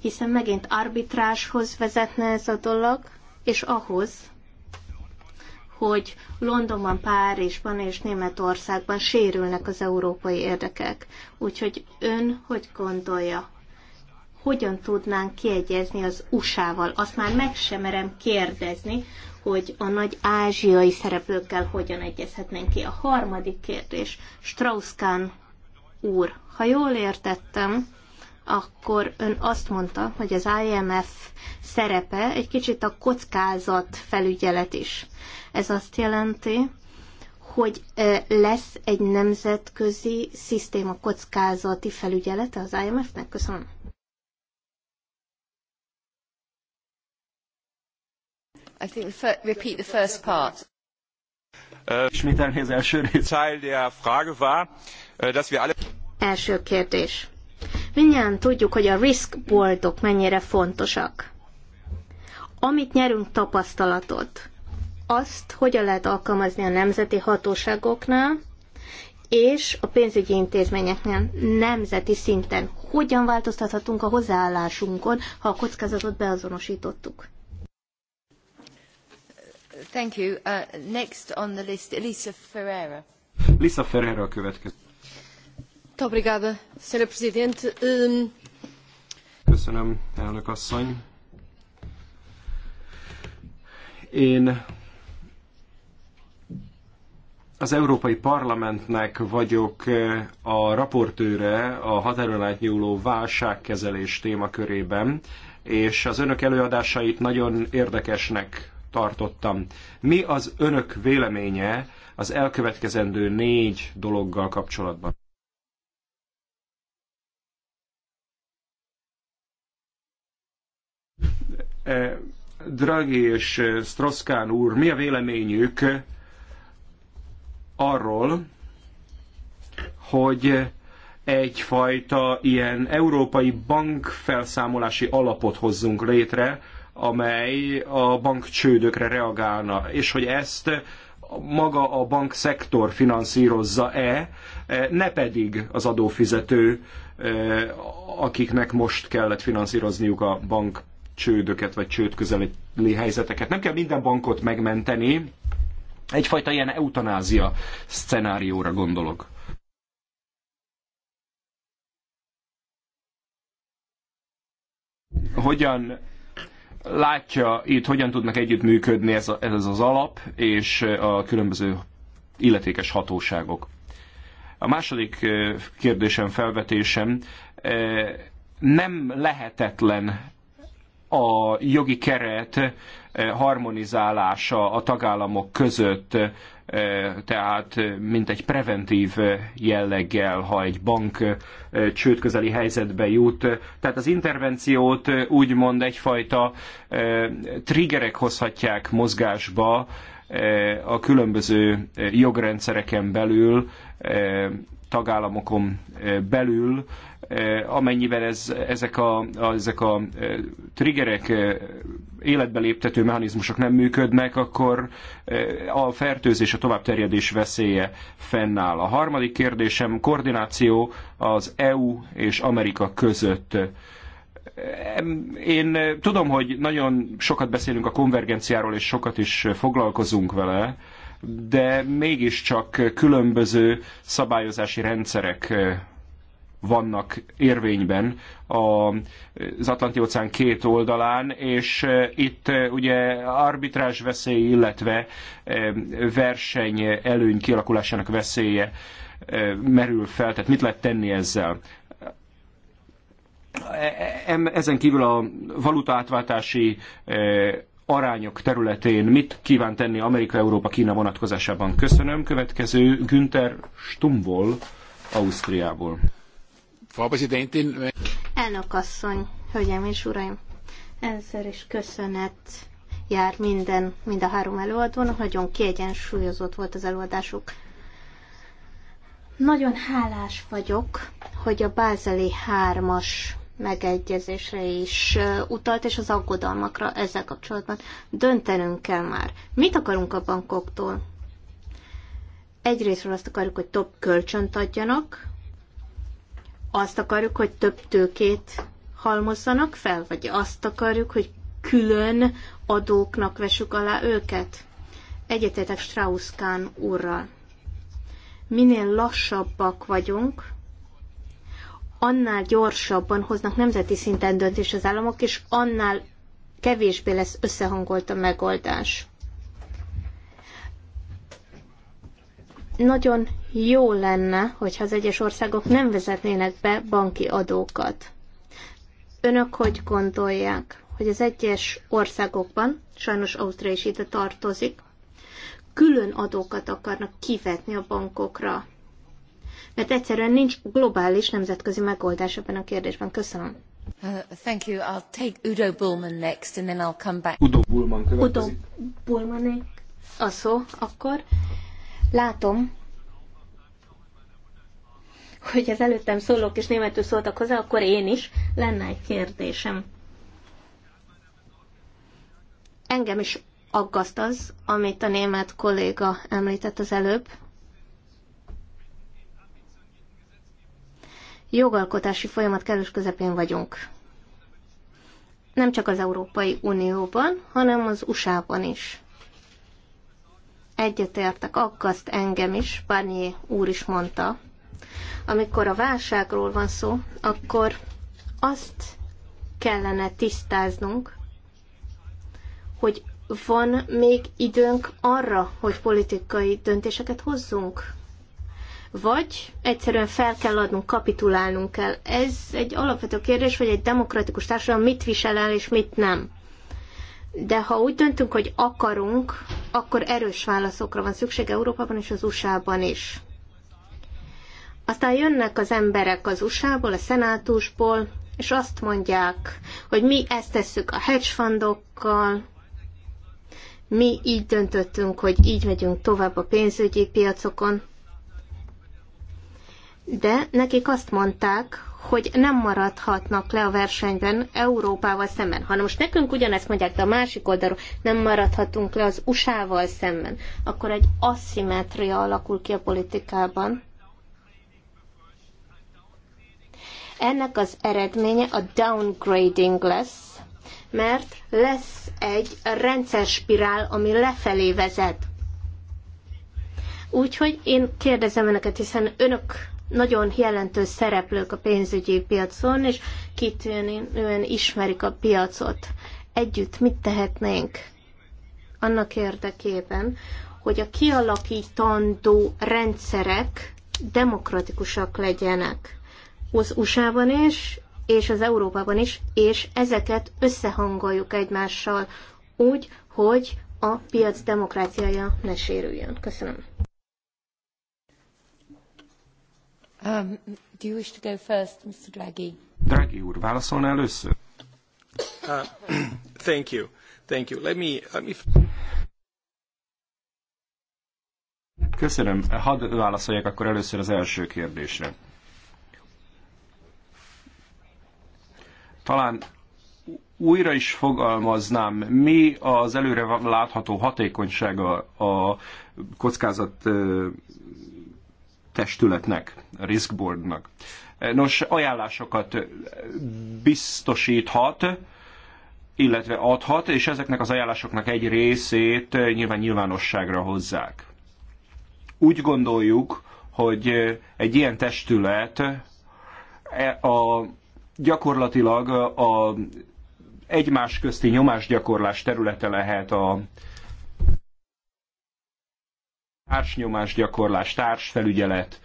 hiszen megint arbitráshoz vezetne ez a dolog, és ahhoz, hogy Londonban, Párizsban és Németországban sérülnek az európai érdekek. Úgyhogy ön hogy gondolja? Hogyan tudnánk kiegyezni az USA-val? Azt már meg sem merem kérdezni, hogy a nagy ázsiai szereplőkkel hogyan egyezhetnénk ki. A harmadik kérdés, Strauss-Kahn úr, ha jól értettem, akkor ön azt mondta, hogy az IMF szerepe egy kicsit a kockázat felügyelet is. Ez azt jelenti, hogy lesz egy nemzetközi szisztéma kockázati felügyelete az IMF-nek? Köszönöm. I think the repeat the first part. Ismételni az első rész. Teil der Frage war, dass wir alle... Első kérdés Mindjárt tudjuk, hogy a risk boardok mennyire fontosak. Amit nyerünk tapasztalatot, azt hogyan lehet alkalmazni a nemzeti hatóságoknál, és a pénzügyi intézményeknél nemzeti szinten hogyan változtathatunk a hozzáállásunkon, ha a kockázatot beazonosítottuk. Thank you. Uh, next on the list, Elisa Ferreira. Lisa Ferreira a következő. Köszönöm, elnök asszony. Én az Európai Parlamentnek vagyok eh, a raportőre a határon átnyúló válságkezelés témakörében, és az önök előadásait nagyon érdekesnek tartottam. Mi az önök véleménye az elkövetkezendő négy dologgal kapcsolatban? E, Draghi és Stroszkán úr, mi a véleményük arról, hogy egyfajta ilyen európai bankfelszámolási alapot hozzunk létre, amely a bankcsődökre reagálna, és hogy ezt maga a bankszektor finanszírozza-e, e, ne pedig az adófizető, e, akiknek most kellett finanszírozniuk a bank csődöket, vagy csőd közeli helyzeteket. Nem kell minden bankot megmenteni, egyfajta ilyen eutanázia szcenárióra gondolok. Hogyan látja itt, hogyan tudnak együttműködni ez, a, ez az alap és a különböző illetékes hatóságok? A második eh, kérdésem, felvetésem eh, nem lehetetlen a jogi keret eh, harmonizálása a tagállamok között, eh, tehát eh, mint egy preventív jelleggel, ha egy bank csődközeli helyzetbe jut. Tehát az intervenciót úgymond egyfajta triggerek hozhatják mozgásba a különböző jogrendszereken belül, tagállamokon eh, belül, eh, amennyiben ez, ezek, a, ezek a eh, triggerek, életbe léptető mechanizmusok nem működnek, akkor a fertőzés, a továbbterjedés veszélye fennáll. A harmadik kérdésem koordináció az EU és Amerika között. Én tudom, hogy nagyon sokat beszélünk a konvergenciáról, és sokat is foglalkozunk vele, de mégiscsak különböző szabályozási rendszerek vannak érvényben az Atlanti-óceán két oldalán, és itt ugye arbitrás veszély, illetve verseny előny kialakulásának veszélye merül fel, tehát mit lehet tenni ezzel? E, e, ezen kívül a valuta átváltási arányok területén mit kíván tenni Amerika, Európa, Kína vonatkozásában. Köszönöm. Következő Günther Stumvol, Ausztriából. Elnök asszony, hölgyeim és uraim! Először is köszönet jár minden, mind a három előadónak, nagyon kiegyensúlyozott volt az előadásuk. Nagyon hálás vagyok, hogy a Bázeli 3-as megegyezésre is utalt, és az aggodalmakra ezzel kapcsolatban döntenünk kell már. Mit akarunk a bankoktól? Egyrésztről azt akarjuk, hogy több kölcsönt adjanak, azt akarjuk, hogy több tőkét halmozzanak fel, vagy azt akarjuk, hogy külön adóknak vessük alá őket. Egyetetek Strauss-Kahn úrral. Minél lassabbak vagyunk, annál gyorsabban hoznak nemzeti szinten döntés az államok, és annál kevésbé lesz összehangolt a megoldás. Nagyon jó lenne, hogyha az egyes országok nem vezetnének be banki adókat. Önök hogy gondolják, hogy az egyes országokban, sajnos Ausztria is ide tartozik, külön adókat akarnak kivetni a bankokra? mert egyszerűen nincs globális nemzetközi megoldás ebben a kérdésben. Köszönöm. Uh, thank you. I'll take Udo Bullman next, and then I'll come back. Udo Bullman következik. Udo Bullman a szó, akkor látom, hogy az előttem szólók és németül szóltak hozzá, akkor én is lenne egy kérdésem. Engem is aggaszt az, amit a német kolléga említett az előbb, jogalkotási folyamat kellős közepén vagyunk. Nem csak az Európai Unióban, hanem az USA-ban is. Egyetértek, aggaszt engem is, Barnier úr is mondta. Amikor a válságról van szó, akkor azt kellene tisztáznunk, hogy van még időnk arra, hogy politikai döntéseket hozzunk vagy egyszerűen fel kell adnunk, kapitulálnunk kell. Ez egy alapvető kérdés, hogy egy demokratikus társadalom mit visel el, és mit nem. De ha úgy döntünk, hogy akarunk, akkor erős válaszokra van szükség Európában és az USA-ban is. Aztán jönnek az emberek az USA-ból, a szenátusból, és azt mondják, hogy mi ezt tesszük a hedge fundokkal, mi így döntöttünk, hogy így megyünk tovább a pénzügyi piacokon de nekik azt mondták, hogy nem maradhatnak le a versenyben Európával szemben. Hanem most nekünk ugyanezt mondják, de a másik oldalról nem maradhatunk le az USA-val szemben. Akkor egy aszimetria alakul ki a politikában. Ennek az eredménye a downgrading lesz, mert lesz egy rendszer spirál, ami lefelé vezet. Úgyhogy én kérdezem önöket, hiszen önök nagyon jelentős szereplők a pénzügyi piacon, és kitűnően ismerik a piacot. Együtt mit tehetnénk annak érdekében, hogy a kialakítandó rendszerek demokratikusak legyenek az USA-ban is, és az Európában is, és ezeket összehangoljuk egymással úgy, hogy a piac demokráciája ne sérüljön. Köszönöm. Um, do you wish to go first, Mr. Draghi? Draghi úr, válaszolna először? Uh, thank you. Thank you. Let me, let me... Köszönöm. Hadd válaszoljak akkor először az első kérdésre. Talán újra is fogalmaznám, mi az előre látható hatékonysága a kockázat testületnek, Risk Boardnak. Nos, ajánlásokat biztosíthat, illetve adhat, és ezeknek az ajánlásoknak egy részét nyilván nyilvánosságra hozzák. Úgy gondoljuk, hogy egy ilyen testület e, a, gyakorlatilag a egymás közti nyomásgyakorlás területe lehet a társnyomás gyakorlás társfelügyelet.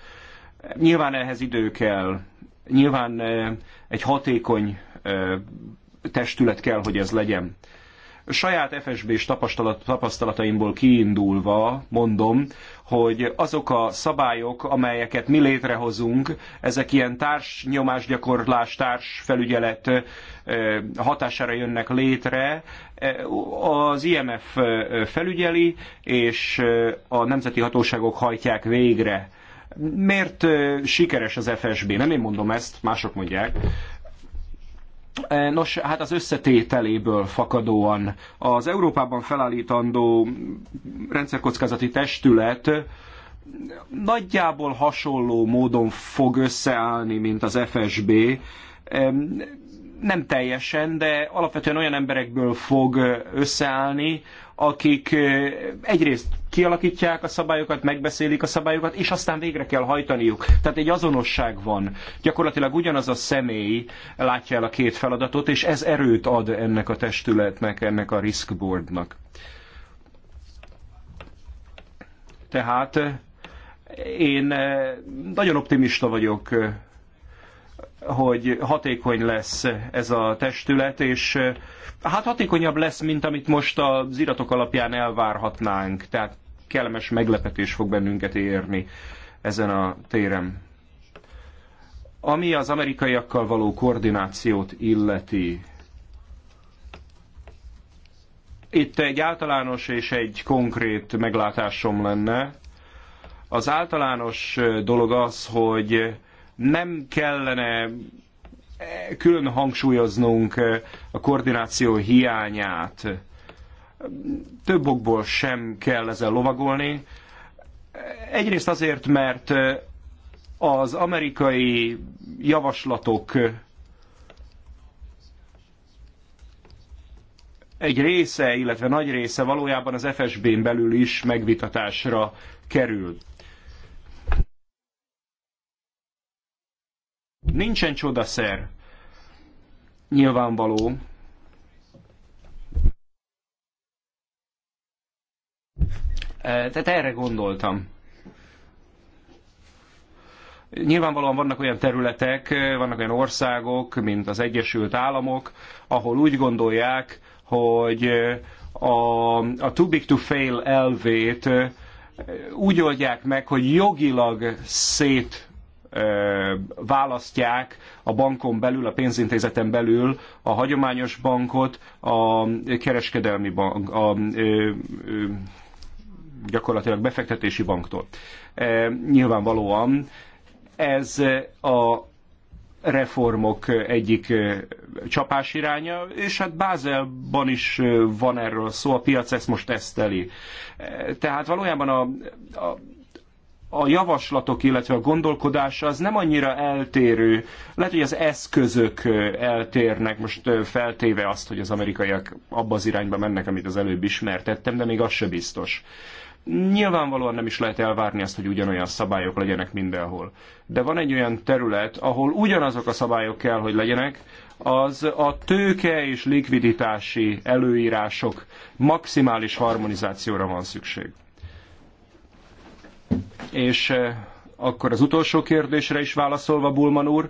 Nyilván ehhez idő kell, nyilván eh, egy hatékony eh, testület kell, hogy ez legyen saját FSB-s tapasztalataimból kiindulva mondom, hogy azok a szabályok, amelyeket mi létrehozunk, ezek ilyen társ nyomásgyakorlás, társ felügyelet hatására jönnek létre. Az IMF felügyeli, és a nemzeti hatóságok hajtják végre. Miért sikeres az FSB? Nem én mondom ezt, mások mondják. E, nos, hát az összetételéből fakadóan az Európában felállítandó rendszerkockázati testület nagyjából hasonló módon fog összeállni, mint az FSB. E, nem teljesen, de alapvetően olyan emberekből fog összeállni, akik egyrészt kialakítják a szabályokat, megbeszélik a szabályokat, és aztán végre kell hajtaniuk. Tehát egy azonosság van. Gyakorlatilag ugyanaz a személy látja el a két feladatot, és ez erőt ad ennek a testületnek, ennek a riskboardnak. Tehát én nagyon optimista vagyok hogy hatékony lesz ez a testület, és eh, hát hatékonyabb lesz, mint amit most az iratok alapján elvárhatnánk. Tehát kellemes meglepetés fog bennünket érni ezen a téren. Ami az amerikaiakkal való koordinációt illeti, itt egy általános és egy konkrét meglátásom lenne. Az általános eh, dolog az, hogy nem kellene külön hangsúlyoznunk a koordináció hiányát. Több okból sem kell ezzel lovagolni. Egyrészt azért, mert az amerikai javaslatok egy része, illetve nagy része valójában az FSB-n belül is megvitatásra került. Nincsen csodaszer. Nyilvánvaló. Tehát erre gondoltam. Nyilvánvalóan vannak olyan területek, vannak olyan országok, mint az Egyesült Államok, ahol úgy gondolják, hogy a, a too big to fail elvét úgy oldják meg, hogy jogilag szét választják a bankon belül, a pénzintézeten belül a hagyományos bankot a kereskedelmi bank, a, gyakorlatilag befektetési banktól. Nyilvánvalóan ez a reformok egyik csapásiránya, és hát Bázelban is van erről szó, a piac ezt most teszteli. Tehát valójában a, a a javaslatok, illetve a gondolkodás az nem annyira eltérő. Lehet, hogy az eszközök eltérnek, most feltéve azt, hogy az amerikaiak abba az irányba mennek, amit az előbb ismertettem, de még az se biztos. Nyilvánvalóan nem is lehet elvárni azt, hogy ugyanolyan szabályok legyenek mindenhol. De van egy olyan terület, ahol ugyanazok a szabályok kell, hogy legyenek, az a tőke és likviditási előírások maximális harmonizációra van szükség. És eh, akkor az utolsó kérdésre is válaszolva, Bulman úr,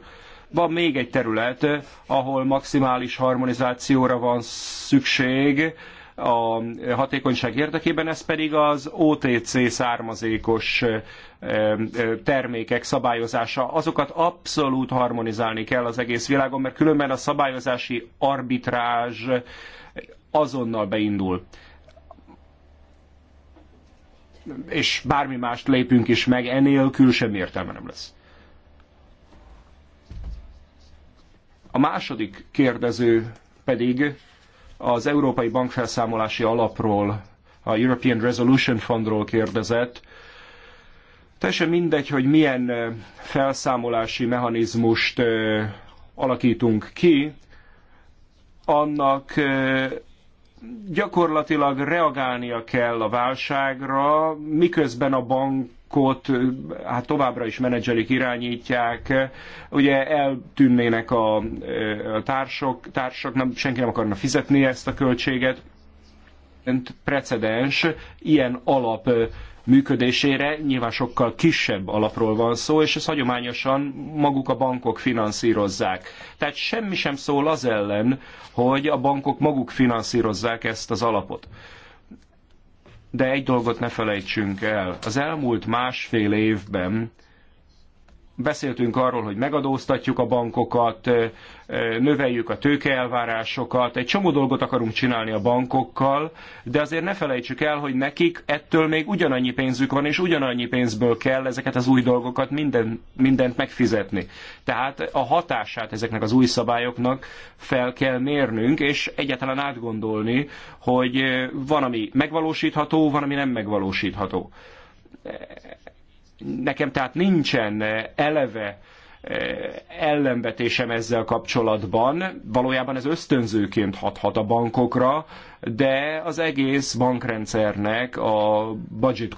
van még egy terület, eh, ahol maximális harmonizációra van szükség a hatékonyság érdekében, ez pedig az OTC származékos eh, termékek szabályozása. Azokat abszolút harmonizálni kell az egész világon, mert különben a szabályozási arbitrázs azonnal beindul és bármi mást lépünk is meg, enélkül semmi értelme nem lesz. A második kérdező pedig az Európai Bankfelszámolási Alapról, a European Resolution Fundról kérdezett. Teljesen mindegy, hogy milyen felszámolási mechanizmust alakítunk ki, annak gyakorlatilag reagálnia kell a válságra, miközben a bankot hát továbbra is menedzselik, irányítják, ugye eltűnnének a, a társok, társak, nem, senki nem akarna fizetni ezt a költséget. Precedens, ilyen alap működésére. Nyilván sokkal kisebb alapról van szó, és ezt hagyományosan maguk a bankok finanszírozzák. Tehát semmi sem szól az ellen, hogy a bankok maguk finanszírozzák ezt az alapot. De egy dolgot ne felejtsünk el. Az elmúlt másfél évben Beszéltünk arról, hogy megadóztatjuk a bankokat, növeljük a tőkeelvárásokat, egy csomó dolgot akarunk csinálni a bankokkal, de azért ne felejtsük el, hogy nekik ettől még ugyanannyi pénzük van, és ugyanannyi pénzből kell ezeket az új dolgokat minden, mindent megfizetni. Tehát a hatását ezeknek az új szabályoknak fel kell mérnünk, és egyáltalán átgondolni, hogy van, ami megvalósítható, van, ami nem megvalósítható Nekem tehát nincsen eleve eh, ellenvetésem ezzel kapcsolatban. Valójában ez ösztönzőként hathat a bankokra, de az egész bankrendszernek a budget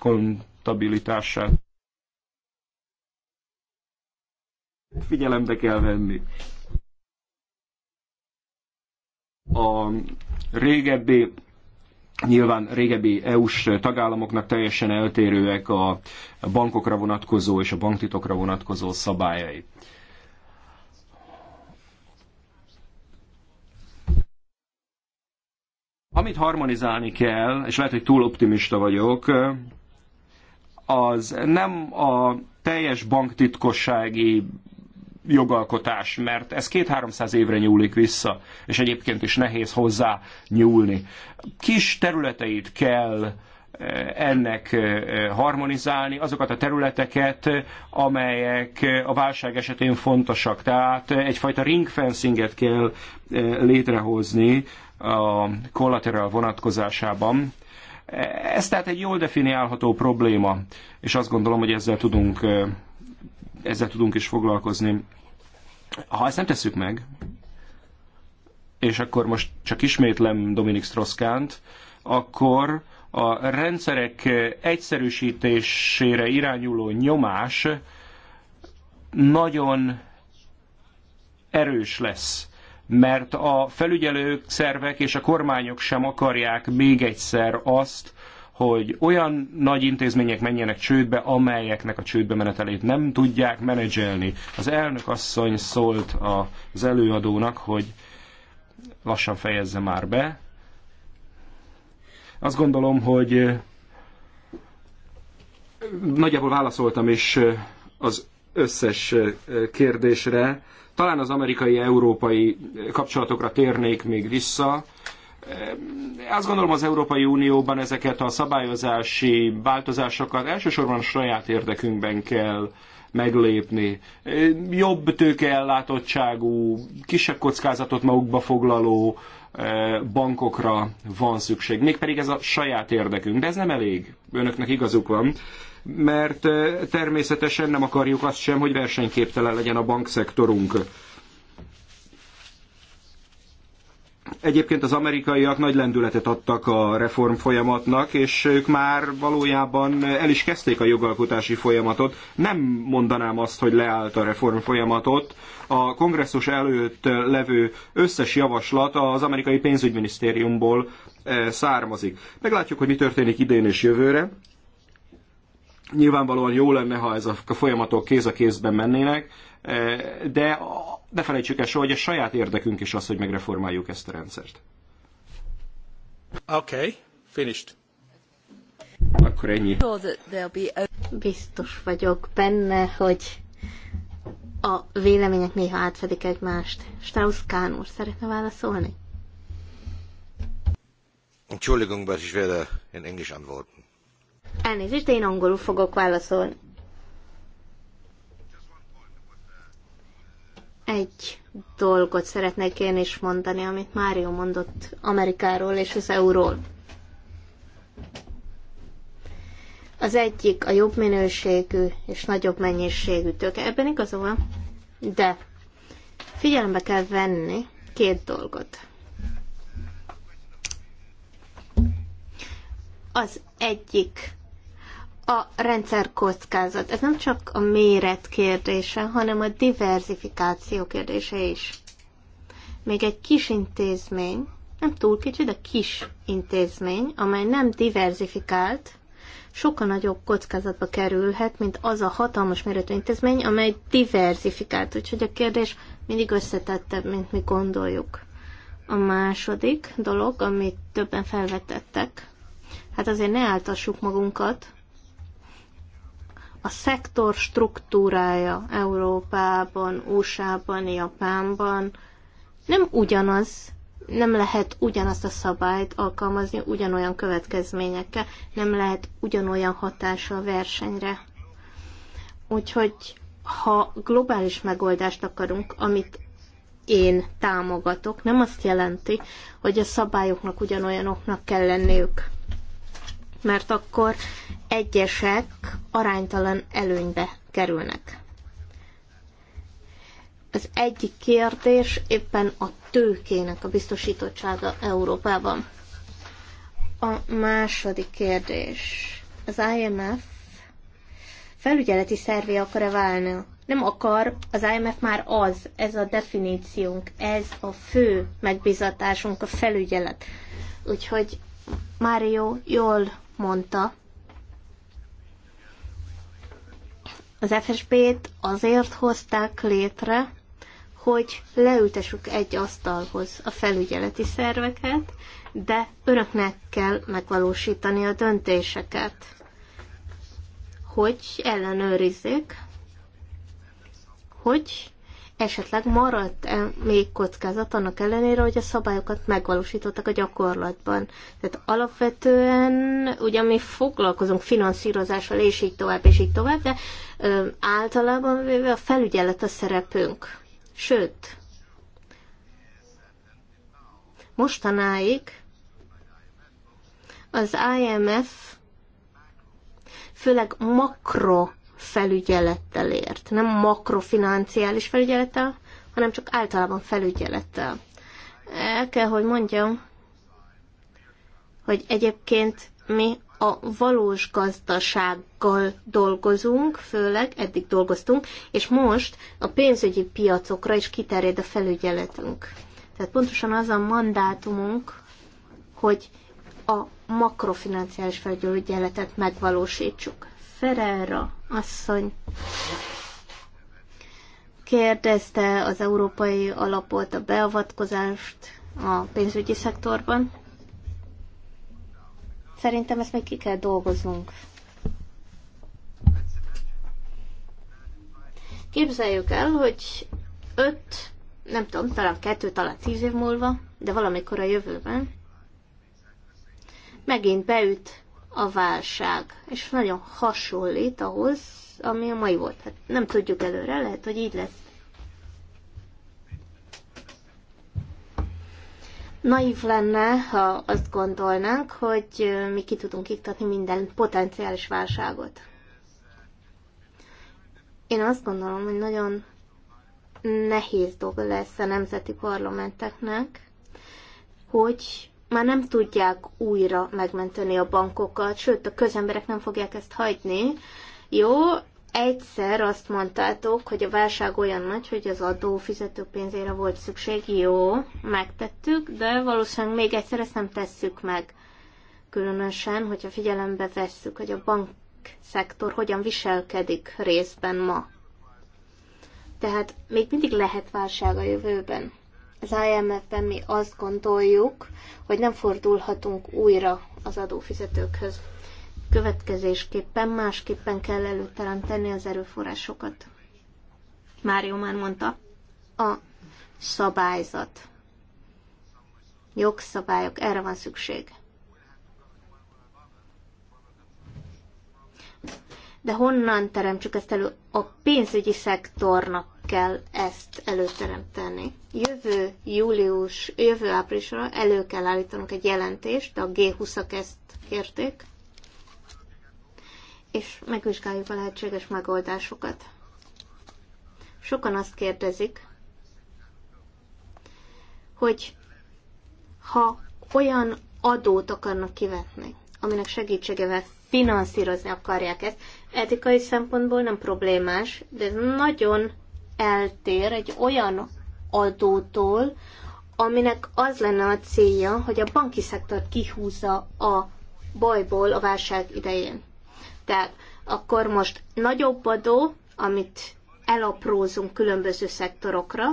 kompatibilitását figyelembe kell venni. A régebbi Nyilván régebbi EU-s tagállamoknak teljesen eltérőek a bankokra vonatkozó és a banktitokra vonatkozó szabályai. Amit harmonizálni kell, és lehet, hogy túl optimista vagyok, az nem a teljes banktitkossági jogalkotás, mert ez két 300 évre nyúlik vissza, és egyébként is nehéz hozzá nyúlni. Kis területeit kell eh, ennek eh, harmonizálni azokat a területeket, amelyek eh, a válság esetén fontosak. Tehát egyfajta ringfencinget kell létrehozni a collateral vonatkozásában. Ez tehát egy jól definiálható probléma, és azt gondolom, hogy ezzel tudunk ezzel tudunk is foglalkozni. Ha ezt nem tesszük meg, és akkor most csak ismétlem Dominik Stroszkánt, akkor a rendszerek egyszerűsítésére irányuló nyomás nagyon erős lesz, mert a felügyelők szervek és a kormányok sem akarják még egyszer azt, hogy olyan nagy intézmények menjenek csődbe, amelyeknek a csődbe menetelét nem tudják menedzselni. Az elnök asszony szólt az előadónak, hogy lassan fejezze már be. Azt gondolom, hogy nagyjából válaszoltam is az összes kérdésre. Talán az amerikai-európai kapcsolatokra térnék még vissza. Azt gondolom az Európai Unióban ezeket a szabályozási változásokat elsősorban a saját érdekünkben kell meglépni. Jobb tőkeellátottságú, kisebb kockázatot magukba foglaló eh, bankokra van szükség. Mégpedig ez a saját érdekünk, de ez nem elég. Önöknek igazuk van mert eh, természetesen nem akarjuk azt sem, hogy versenyképtelen legyen a bankszektorunk. Egyébként az amerikaiak nagy lendületet adtak a reform folyamatnak, és ők már valójában el is kezdték a jogalkotási folyamatot. Nem mondanám azt, hogy leállt a reform folyamatot. A kongresszus előtt levő összes javaslat az amerikai pénzügyminisztériumból eh, származik. Meglátjuk, hogy mi történik idén és jövőre. Nyilvánvalóan jó lenne, ha ezek a folyamatok kéz a kézben mennének de ne felejtsük el soha, hogy a saját érdekünk is az, hogy megreformáljuk ezt a rendszert. Okay, finished. Akkor ennyi. Biztos vagyok benne, hogy a vélemények néha átfedik egymást. Strauss Kahn úr szeretne válaszolni? Entschuldigung, was ich werde in Englisch antworten. Elnézést, én angolul fogok válaszolni. Egy dolgot szeretnék én is mondani, amit Mário mondott Amerikáról és az euról. Az egyik a jobb minőségű és nagyobb mennyiségű tőke. Ebben igaza van, de figyelembe kell venni két dolgot. Az egyik a rendszer kockázat. Ez nem csak a méret kérdése, hanem a diversifikáció kérdése is. Még egy kis intézmény, nem túl kicsi, de kis intézmény, amely nem diversifikált, sokkal nagyobb kockázatba kerülhet, mint az a hatalmas méretű intézmény, amely diversifikált. Úgyhogy a kérdés mindig összetettebb, mint mi gondoljuk. A második dolog, amit többen felvetettek, hát azért ne áltassuk magunkat, a szektor struktúrája Európában, USA-ban, Japánban nem ugyanaz, nem lehet ugyanazt a szabályt alkalmazni ugyanolyan következményekkel, nem lehet ugyanolyan hatása a versenyre. Úgyhogy ha globális megoldást akarunk, amit én támogatok, nem azt jelenti, hogy a szabályoknak ugyanolyanoknak kell lenniük mert akkor egyesek aránytalan előnybe kerülnek. Az egyik kérdés éppen a tőkének a biztosítottsága Európában. A második kérdés. Az IMF felügyeleti szervé akar-e válni? Nem akar, az IMF már az, ez a definíciónk, ez a fő megbizatásunk, a felügyelet. Úgyhogy Mário jól mondta, az FSB-t azért hozták létre, hogy leültessük egy asztalhoz a felügyeleti szerveket, de önöknek kell megvalósítani a döntéseket, hogy ellenőrizzék, hogy esetleg maradt-e még kockázat annak ellenére, hogy a szabályokat megvalósítottak a gyakorlatban. Tehát alapvetően ugye mi foglalkozunk finanszírozással, és így tovább, és így tovább, de ö, általában véve a felügyelet a szerepünk. Sőt, mostanáig az IMF főleg makro felügyelettel ért. Nem makrofinanciális felügyelettel, hanem csak általában felügyelettel. El kell, hogy mondjam, hogy egyébként mi a valós gazdasággal dolgozunk, főleg eddig dolgoztunk, és most a pénzügyi piacokra is kiterjed a felügyeletünk. Tehát pontosan az a mandátumunk, hogy a makrofinanciális felügyeletet megvalósítsuk. Ferrara asszony kérdezte az európai alapot, a beavatkozást a pénzügyi szektorban. Szerintem ezt még ki kell dolgoznunk. Képzeljük el, hogy öt, nem tudom, talán kettő, talán tíz év múlva, de valamikor a jövőben megint beüt a válság, és nagyon hasonlít ahhoz, ami a mai volt. Hát nem tudjuk előre, lehet, hogy így lesz. Naív lenne, ha azt gondolnánk, hogy mi ki tudunk iktatni minden potenciális válságot. Én azt gondolom, hogy nagyon nehéz dolga lesz a nemzeti parlamenteknek, hogy már nem tudják újra megmenteni a bankokat, sőt, a közemberek nem fogják ezt hagyni. Jó, egyszer azt mondtátok, hogy a válság olyan nagy, hogy az adófizető pénzére volt szükség. Jó, megtettük, de valószínűleg még egyszer ezt nem tesszük meg. Különösen, hogyha figyelembe vesszük, hogy a bankszektor hogyan viselkedik részben ma. Tehát még mindig lehet válság a jövőben az IMF-ben mi azt gondoljuk, hogy nem fordulhatunk újra az adófizetőkhöz. Következésképpen másképpen kell előteremteni az erőforrásokat. Mário már mondta, a szabályzat. Jogszabályok, erre van szükség. De honnan teremtsük ezt elő? A pénzügyi szektornak kell ezt előteremteni. Jövő július, jövő áprilisra elő kell állítanunk egy jelentést, de a G20-ak ezt kérték, és megvizsgáljuk a lehetséges megoldásokat. Sokan azt kérdezik, hogy ha olyan adót akarnak kivetni, aminek segítségevel finanszírozni akarják ezt, etikai szempontból nem problémás, de ez nagyon eltér egy olyan adótól, aminek az lenne a célja, hogy a banki szektort kihúzza a bajból a válság idején. Tehát akkor most nagyobb adó, amit elaprózunk különböző szektorokra,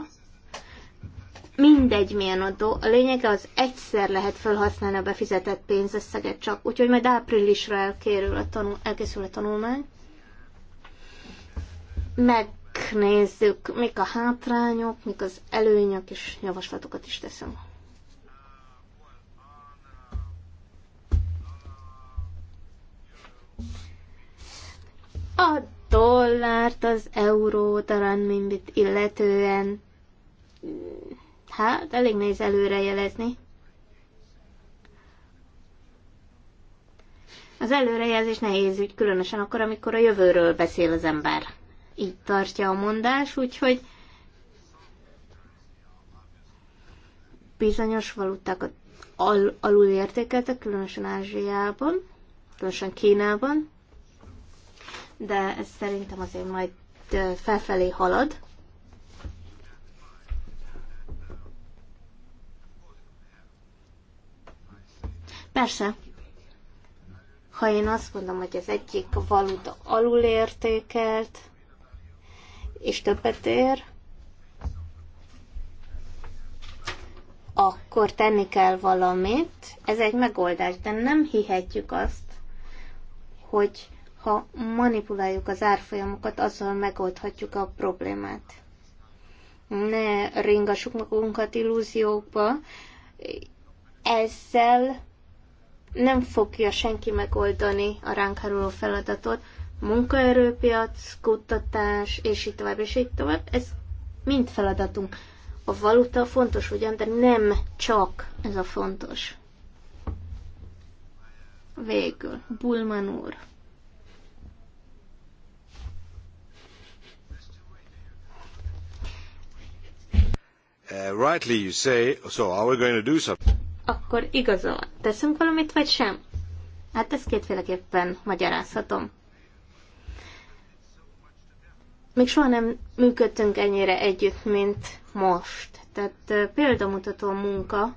mindegy milyen adó, a lényege az egyszer lehet felhasználni a befizetett pénzösszeget csak, úgyhogy majd áprilisra elkérül a tanul, elkészül a tanulmány. Meg megnézzük, mik a hátrányok, mik az előnyök, és javaslatokat is teszünk. A dollárt, az eurót, a renminbit illetően hát elég nehéz előrejelezni. Az előrejelzés nehéz ügy, különösen akkor, amikor a jövőről beszél az ember így tartja a mondás, úgyhogy bizonyos valuták al- alul értékeltek, különösen Ázsiában, különösen Kínában, de ez szerintem azért majd felfelé halad. Persze, ha én azt mondom, hogy az egyik valuta alulértékelt, és többet ér, akkor tenni kell valamit. Ez egy megoldás, de nem hihetjük azt, hogy ha manipuláljuk az árfolyamokat, azzal megoldhatjuk a problémát. Ne ringassuk magunkat illúziókba, ezzel nem fogja senki megoldani a ránk feladatot, munkaerőpiac, kutatás, és így tovább, és így tovább. Ez mind feladatunk. A valuta fontos ugyan, de nem csak ez a fontos. Végül, Bulman úr. Uh, rightly you say, so are we going to do something? Akkor igaza van. Teszünk valamit, vagy sem? Hát ezt kétféleképpen magyarázhatom még soha nem működtünk ennyire együtt, mint most. Tehát példamutató munka.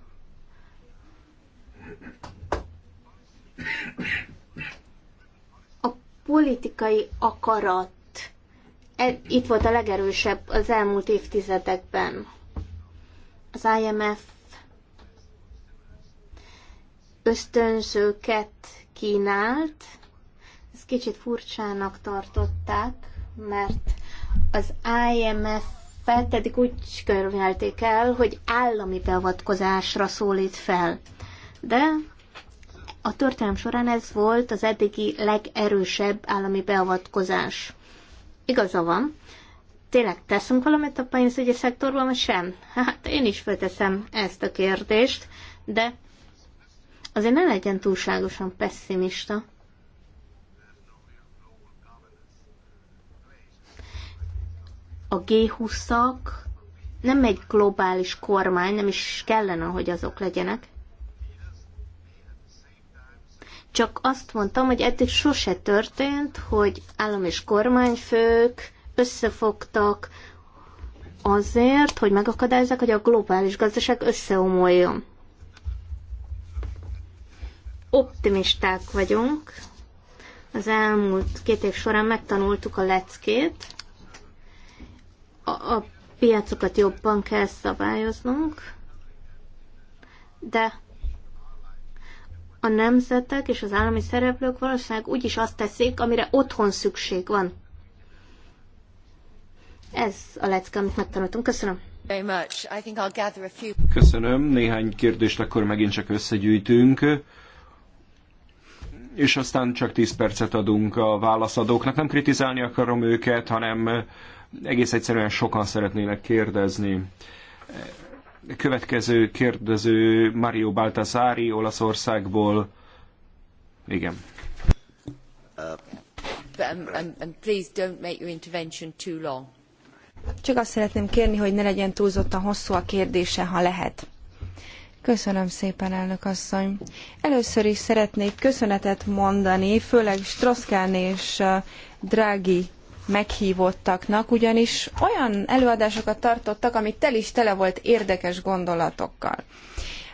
A politikai akarat. E- itt volt a legerősebb az elmúlt évtizedekben. Az IMF ösztönzőket kínált. Ezt kicsit furcsának tartották, mert az IMF fel, eddig úgy könyvelték el, hogy állami beavatkozásra szólít fel. De a történelm során ez volt az eddigi legerősebb állami beavatkozás. Igaza van. Tényleg teszünk valamit a pénzügyi szektorban, vagy sem? Hát én is felteszem ezt a kérdést, de azért ne legyen túlságosan pessimista. a G20-ak nem egy globális kormány, nem is kellene, hogy azok legyenek. Csak azt mondtam, hogy eddig sose történt, hogy állam és kormányfők összefogtak azért, hogy megakadályozzák, hogy a globális gazdaság összeomoljon. Optimisták vagyunk. Az elmúlt két év során megtanultuk a leckét, a, a piacokat jobban kell szabályoznunk, de a nemzetek és az állami szereplők valószínűleg úgyis azt teszik, amire otthon szükség van. Ez a lecke, amit megtanultunk. Köszönöm. Köszönöm. Néhány kérdést akkor megint csak összegyűjtünk és aztán csak 10 percet adunk a válaszadóknak. Nem kritizálni akarom őket, hanem egész egyszerűen sokan szeretnének kérdezni. Következő kérdező Mario Baltasari Olaszországból. Igen. Csak azt szeretném kérni, hogy ne legyen túlzottan hosszú a kérdése, ha lehet. Köszönöm szépen, elnök asszony. Először is szeretnék köszönetet mondani, főleg Stroszkán és uh, Drági meghívottaknak, ugyanis olyan előadásokat tartottak, ami tel is tele volt érdekes gondolatokkal.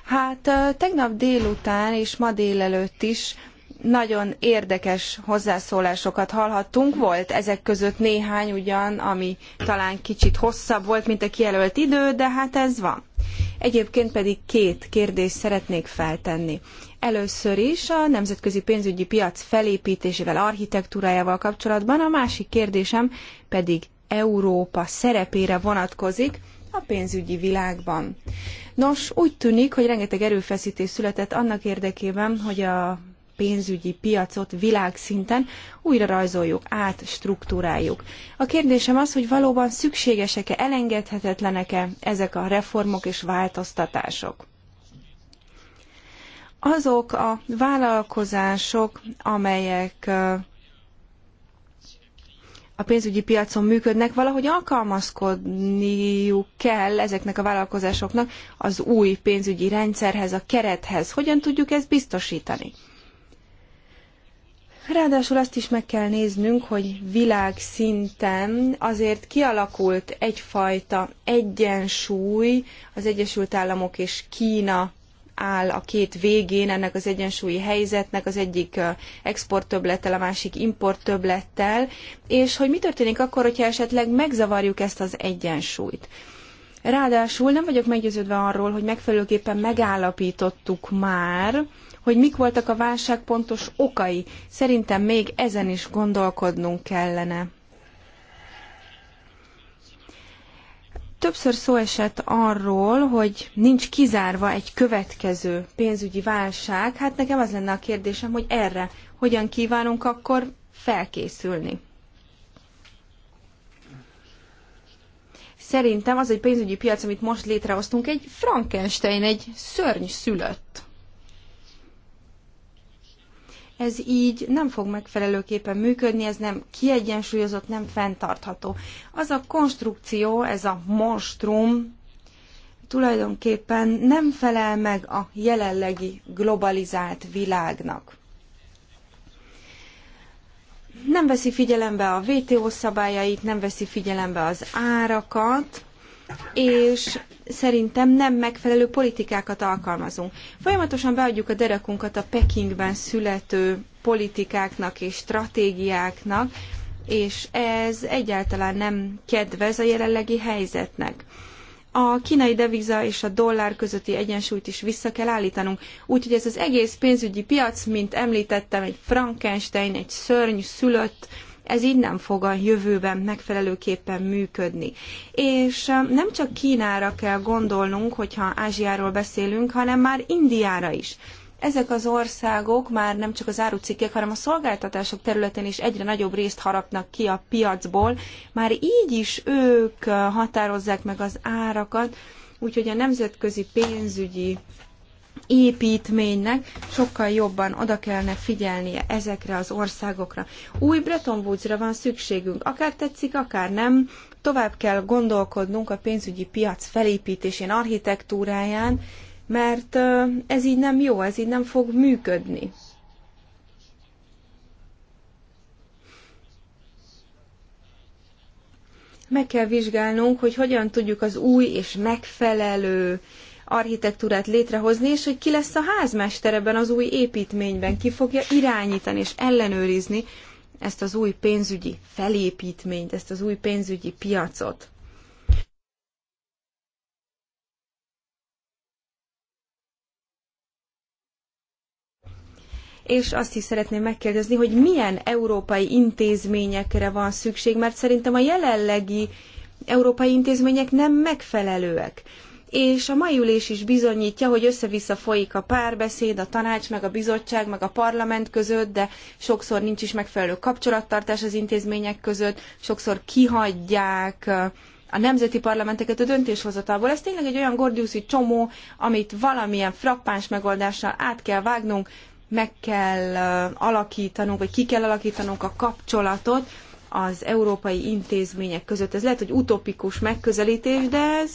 Hát tegnap délután és ma délelőtt is nagyon érdekes hozzászólásokat hallhattunk. Volt ezek között néhány ugyan, ami talán kicsit hosszabb volt, mint a kijelölt idő, de hát ez van. Egyébként pedig két kérdést szeretnék feltenni. Először is a nemzetközi pénzügyi piac felépítésével, architektúrájával kapcsolatban, a másik kérdésem pedig Európa szerepére vonatkozik a pénzügyi világban. Nos, úgy tűnik, hogy rengeteg erőfeszítés született annak érdekében, hogy a pénzügyi piacot világszinten újra rajzoljuk, átstruktúráljuk. A kérdésem az, hogy valóban szükségesek-e, elengedhetetlenek-e ezek a reformok és változtatások azok a vállalkozások, amelyek a pénzügyi piacon működnek, valahogy alkalmazkodniuk kell ezeknek a vállalkozásoknak az új pénzügyi rendszerhez, a kerethez. Hogyan tudjuk ezt biztosítani? Ráadásul azt is meg kell néznünk, hogy világszinten azért kialakult egyfajta egyensúly az Egyesült Államok és Kína áll a két végén ennek az egyensúlyi helyzetnek, az egyik exporttöbblettel a másik importtöbblettel, és hogy mi történik akkor, hogyha esetleg megzavarjuk ezt az egyensúlyt. Ráadásul nem vagyok meggyőződve arról, hogy megfelelőképpen megállapítottuk már, hogy mik voltak a válság pontos okai. Szerintem még ezen is gondolkodnunk kellene. Többször szó esett arról, hogy nincs kizárva egy következő pénzügyi válság. Hát nekem az lenne a kérdésem, hogy erre hogyan kívánunk akkor felkészülni. Szerintem az egy pénzügyi piac, amit most létrehoztunk, egy Frankenstein, egy szörny szülött ez így nem fog megfelelőképpen működni, ez nem kiegyensúlyozott, nem fenntartható. Az a konstrukció, ez a monstrum tulajdonképpen nem felel meg a jelenlegi globalizált világnak nem veszi figyelembe a WTO szabályait, nem veszi figyelembe az árakat, és szerintem nem megfelelő politikákat alkalmazunk. Folyamatosan beadjuk a derekunkat a Pekingben születő politikáknak és stratégiáknak, és ez egyáltalán nem kedvez a jelenlegi helyzetnek. A kínai deviza és a dollár közötti egyensúlyt is vissza kell állítanunk, úgyhogy ez az egész pénzügyi piac, mint említettem, egy Frankenstein, egy szörny szülött, ez így nem fog a jövőben megfelelőképpen működni. És um, nem csak Kínára kell gondolnunk, hogyha Ázsiáról beszélünk, hanem már Indiára is. Ezek az országok már nem csak az árucikkek, hanem a szolgáltatások területén is egyre nagyobb részt harapnak ki a piacból. Már így is ők uh, határozzák meg az árakat, úgyhogy a nemzetközi pénzügyi építménynek sokkal jobban oda kellene figyelnie ezekre az országokra. Új Bretton Woods-ra van szükségünk, akár tetszik, akár nem, tovább kell gondolkodnunk a pénzügyi piac felépítésén, architektúráján, mert ez így nem jó, ez így nem fog működni. Meg kell vizsgálnunk, hogy hogyan tudjuk az új és megfelelő architektúrát létrehozni, és hogy ki lesz a házmester ebben az új építményben, ki fogja irányítani és ellenőrizni ezt az új pénzügyi felépítményt, ezt az új pénzügyi piacot. és azt is szeretném megkérdezni, hogy milyen európai intézményekre van szükség, mert szerintem a jelenlegi európai intézmények nem megfelelőek és a mai ülés is bizonyítja, hogy össze-vissza folyik a párbeszéd a tanács, meg a bizottság, meg a parlament között, de sokszor nincs is megfelelő kapcsolattartás az intézmények között, sokszor kihagyják a nemzeti parlamenteket a döntéshozatalból. Ez tényleg egy olyan gordiuszi csomó, amit valamilyen frappáns megoldással át kell vágnunk, meg kell alakítanunk, vagy ki kell alakítanunk a kapcsolatot az európai intézmények között. Ez lehet, hogy utopikus megközelítés, de ez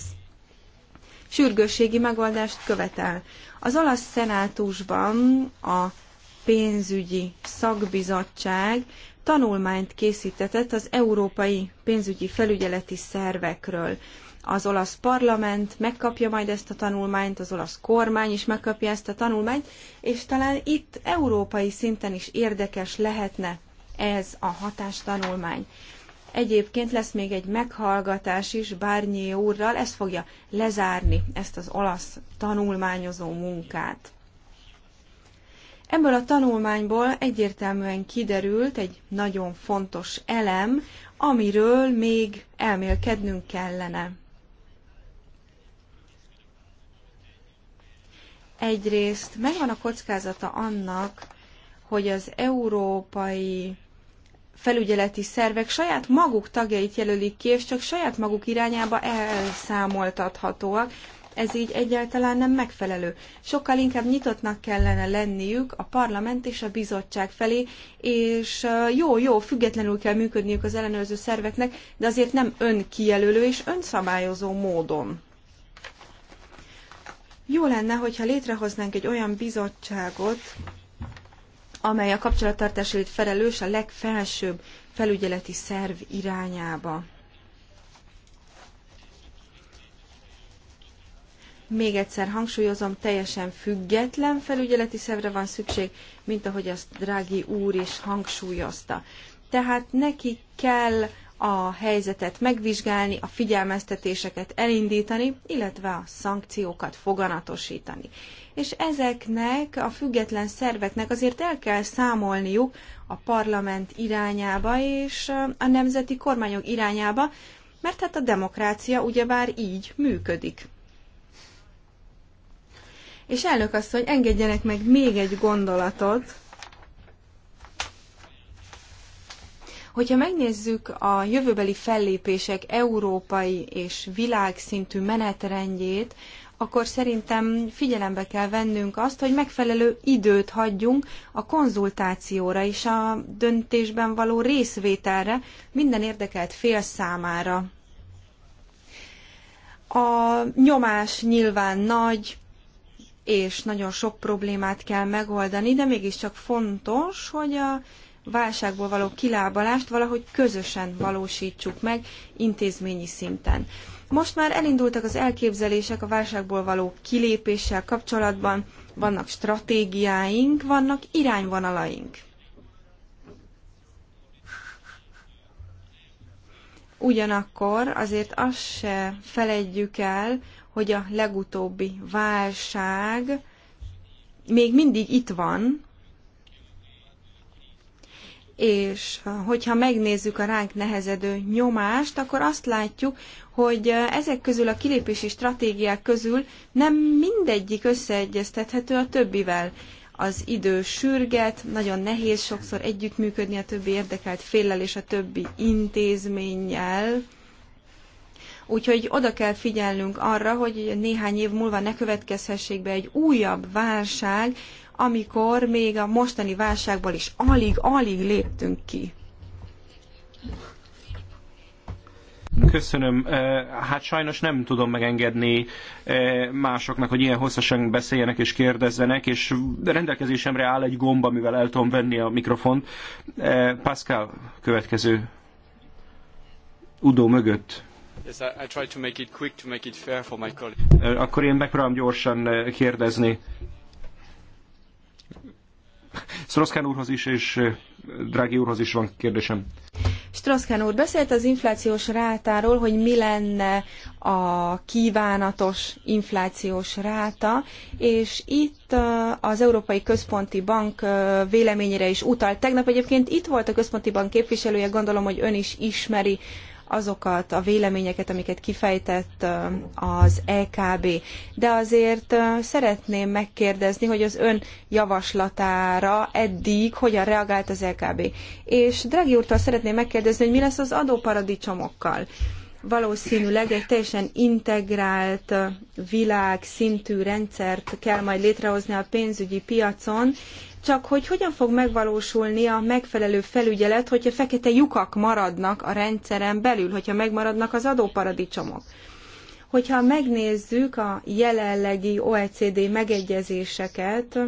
sürgősségi megoldást követel. Az olasz szenátusban a pénzügyi szakbizottság tanulmányt készítetett az európai pénzügyi felügyeleti szervekről. Az olasz parlament megkapja majd ezt a tanulmányt, az olasz kormány is megkapja ezt a tanulmányt, és talán itt európai szinten is érdekes lehetne ez a hatástanulmány. Egyébként lesz még egy meghallgatás is Bárnyé úrral, ez fogja lezárni ezt az olasz tanulmányozó munkát. Ebből a tanulmányból egyértelműen kiderült egy nagyon fontos elem, amiről még elmélkednünk kellene. Egyrészt megvan a kockázata annak, hogy az európai felügyeleti szervek saját maguk tagjait jelölik ki, és csak saját maguk irányába elszámoltathatóak, ez így egyáltalán nem megfelelő. Sokkal inkább nyitottnak kellene lenniük a parlament és a bizottság felé, és jó, jó, függetlenül kell működniük az ellenőrző szerveknek, de azért nem önkijelölő és önszabályozó módon. Jó lenne, hogyha létrehoznánk egy olyan bizottságot, amely a kapcsolattartásért felelős a legfelsőbb felügyeleti szerv irányába. Még egyszer hangsúlyozom, teljesen független felügyeleti szervre van szükség, mint ahogy azt Drági úr is hangsúlyozta. Tehát neki kell a helyzetet megvizsgálni, a figyelmeztetéseket elindítani, illetve a szankciókat foganatosítani. És ezeknek a független szerveknek azért el kell számolniuk a parlament irányába és a nemzeti kormányok irányába, mert hát a demokrácia ugyebár így működik. És elnök asszony, engedjenek meg még egy gondolatot, Hogyha megnézzük a jövőbeli fellépések európai és világszintű menetrendjét, akkor szerintem figyelembe kell vennünk azt, hogy megfelelő időt hagyjunk a konzultációra és a döntésben való részvételre minden érdekelt fél számára. A nyomás nyilván nagy, és nagyon sok problémát kell megoldani, de mégiscsak fontos, hogy a válságból való kilábalást valahogy közösen valósítsuk meg intézményi szinten. Most már elindultak az elképzelések a válságból való kilépéssel kapcsolatban, vannak stratégiáink, vannak irányvonalaink. Ugyanakkor azért azt se felejtjük el, hogy a legutóbbi válság még mindig itt van, és hogyha megnézzük a ránk nehezedő nyomást, akkor azt látjuk, hogy ezek közül a kilépési stratégiák közül nem mindegyik összeegyeztethető a többivel. Az idő sürget, nagyon nehéz sokszor együttműködni a többi érdekelt féllel és a többi intézménnyel. Úgyhogy oda kell figyelnünk arra, hogy néhány év múlva ne következhessék be egy újabb válság, amikor még a mostani válságból is alig-alig léptünk ki. Köszönöm. Eh, hát sajnos nem tudom megengedni eh, másoknak, hogy ilyen hosszasan beszéljenek és kérdezzenek, és rendelkezésemre áll egy gomb, amivel el tudom venni a mikrofont. Eh, Pascal, következő. Udó mögött. Akkor én megpróbálom gyorsan kérdezni. Stroszkán úrhoz is, és eh, Drági úrhoz is van kérdésem. Stroszkán úr beszélt az inflációs rátáról, hogy mi lenne a kívánatos inflációs ráta, és itt eh, az Európai Központi Bank eh, véleményére is utalt. Tegnap egyébként itt volt a Központi Bank képviselője, gondolom, hogy ön is ismeri azokat a véleményeket, amiket kifejtett az EKB. De azért szeretném megkérdezni, hogy az ön javaslatára eddig hogyan reagált az EKB. És Draghi úrtól szeretném megkérdezni, hogy mi lesz az adóparadicsomokkal valószínűleg egy teljesen integrált világszintű rendszert kell majd létrehozni a pénzügyi piacon, csak hogy hogyan fog megvalósulni a megfelelő felügyelet, hogyha fekete lyukak maradnak a rendszeren belül, hogyha megmaradnak az adóparadicsomok. Hogyha megnézzük a jelenlegi OECD megegyezéseket,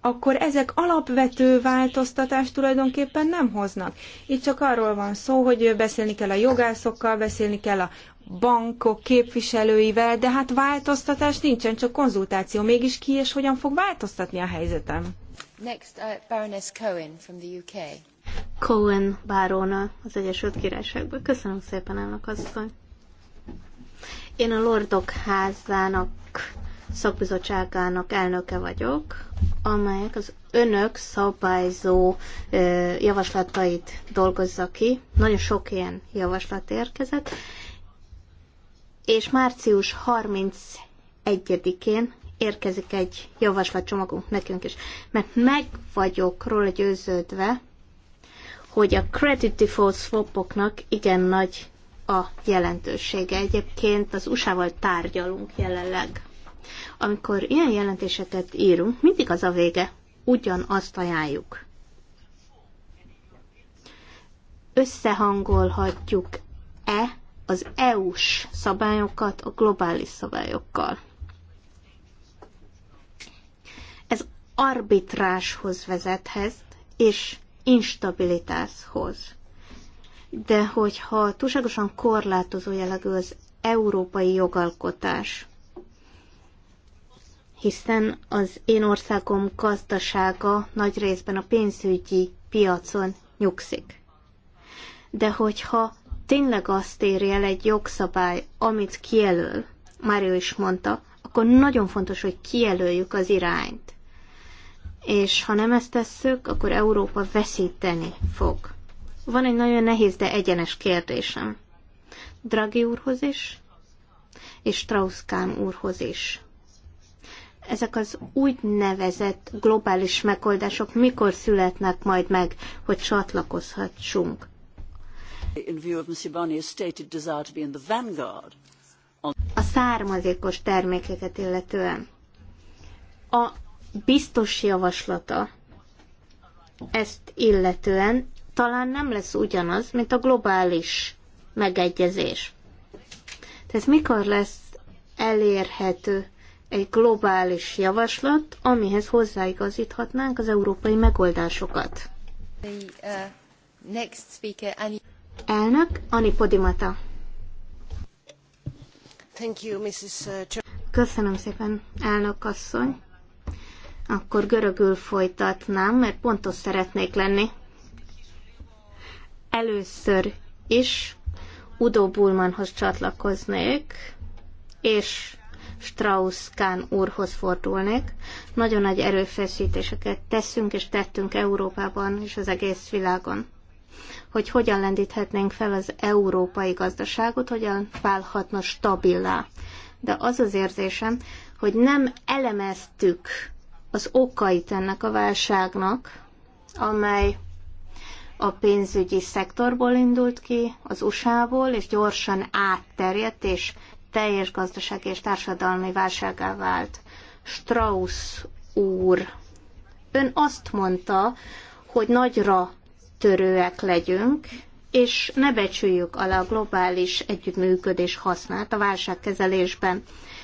akkor ezek alapvető változtatást tulajdonképpen nem hoznak. Itt csak arról van szó, hogy beszélni kell a jogászokkal, beszélni kell a bankok képviselőivel, de hát változtatás nincsen, csak konzultáció. Mégis ki és hogyan fog változtatni a helyzetem? Next, uh, Baroness Cohen from the UK. Cohen báróna az Egyesült Királyságból. Köszönöm szépen, elnök asszony. Én a Lordok házának szakbizottságának elnöke vagyok, amelyek az önök szabályzó javaslatait dolgozza ki. Nagyon sok ilyen javaslat érkezett, és március 31-én érkezik egy javaslatcsomagunk nekünk is. Mert meg vagyok róla győződve, hogy a credit default swapoknak igen nagy a jelentősége. Egyébként az USA-val tárgyalunk jelenleg. Amikor ilyen jelentéseket írunk, mindig az a vége, ugyanazt ajánljuk. Összehangolhatjuk-e az EU-s szabályokat a globális szabályokkal? arbitráshoz vezethez, és instabilitáshoz. De hogyha túlságosan korlátozó jellegű az európai jogalkotás, hiszen az én országom gazdasága nagy részben a pénzügyi piacon nyugszik. De hogyha tényleg azt érje el egy jogszabály, amit kijelöl, Mário is mondta, akkor nagyon fontos, hogy kijelöljük az irányt és ha nem ezt tesszük, akkor Európa veszíteni fog. Van egy nagyon nehéz, de egyenes kérdésem. Draghi úrhoz is, és Strauss-Kahn úrhoz is. Ezek az úgynevezett globális megoldások mikor születnek majd meg, hogy csatlakozhatsunk? a származékos termékeket illetően. A biztos javaslata ezt illetően talán nem lesz ugyanaz, mint a globális megegyezés. Tehát mikor lesz elérhető egy globális javaslat, amihez hozzáigazíthatnánk az európai megoldásokat? The, uh, next speaker, Annie... Elnök Ani Podimata. Thank you, Mrs. Uh, Köszönöm szépen, elnök asszony. Akkor görögül folytatnám, mert pontos szeretnék lenni. Először is Udo Bulmanhoz csatlakoznék, és Strauss Kahn úrhoz fordulnék. Nagyon nagy erőfeszítéseket teszünk és tettünk Európában és az egész világon hogy hogyan lendíthetnénk fel az európai gazdaságot, hogyan válhatna stabilá. De az az érzésem, hogy nem elemeztük az okait ennek a válságnak, amely a pénzügyi szektorból indult ki, az USA-ból, és gyorsan átterjedt, és teljes gazdasági és társadalmi válságá vált. Strauss úr, ön azt mondta, hogy nagyra törőek legyünk, és ne becsüljük alá a globális együttműködés hasznát a válságkezelésben.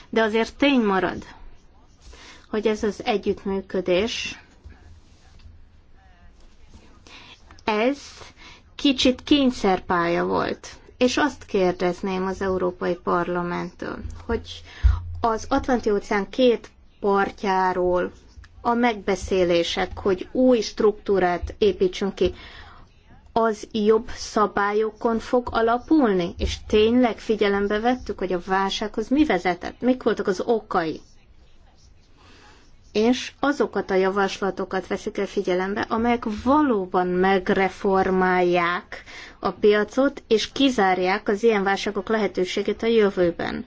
De azért tény marad, hogy ez az együttműködés, ez kicsit kényszerpálya volt. És azt kérdezném az Európai Parlamenttől, hogy az Atlanti-óceán két partjáról a megbeszélések, hogy új struktúrát építsünk ki, az jobb szabályokon fog alapulni? És tényleg figyelembe vettük, hogy a válsághoz mi vezetett? Mik voltak az okai? és azokat a javaslatokat veszik el figyelembe, amelyek valóban megreformálják a piacot, és kizárják az ilyen válságok lehetőségét a jövőben.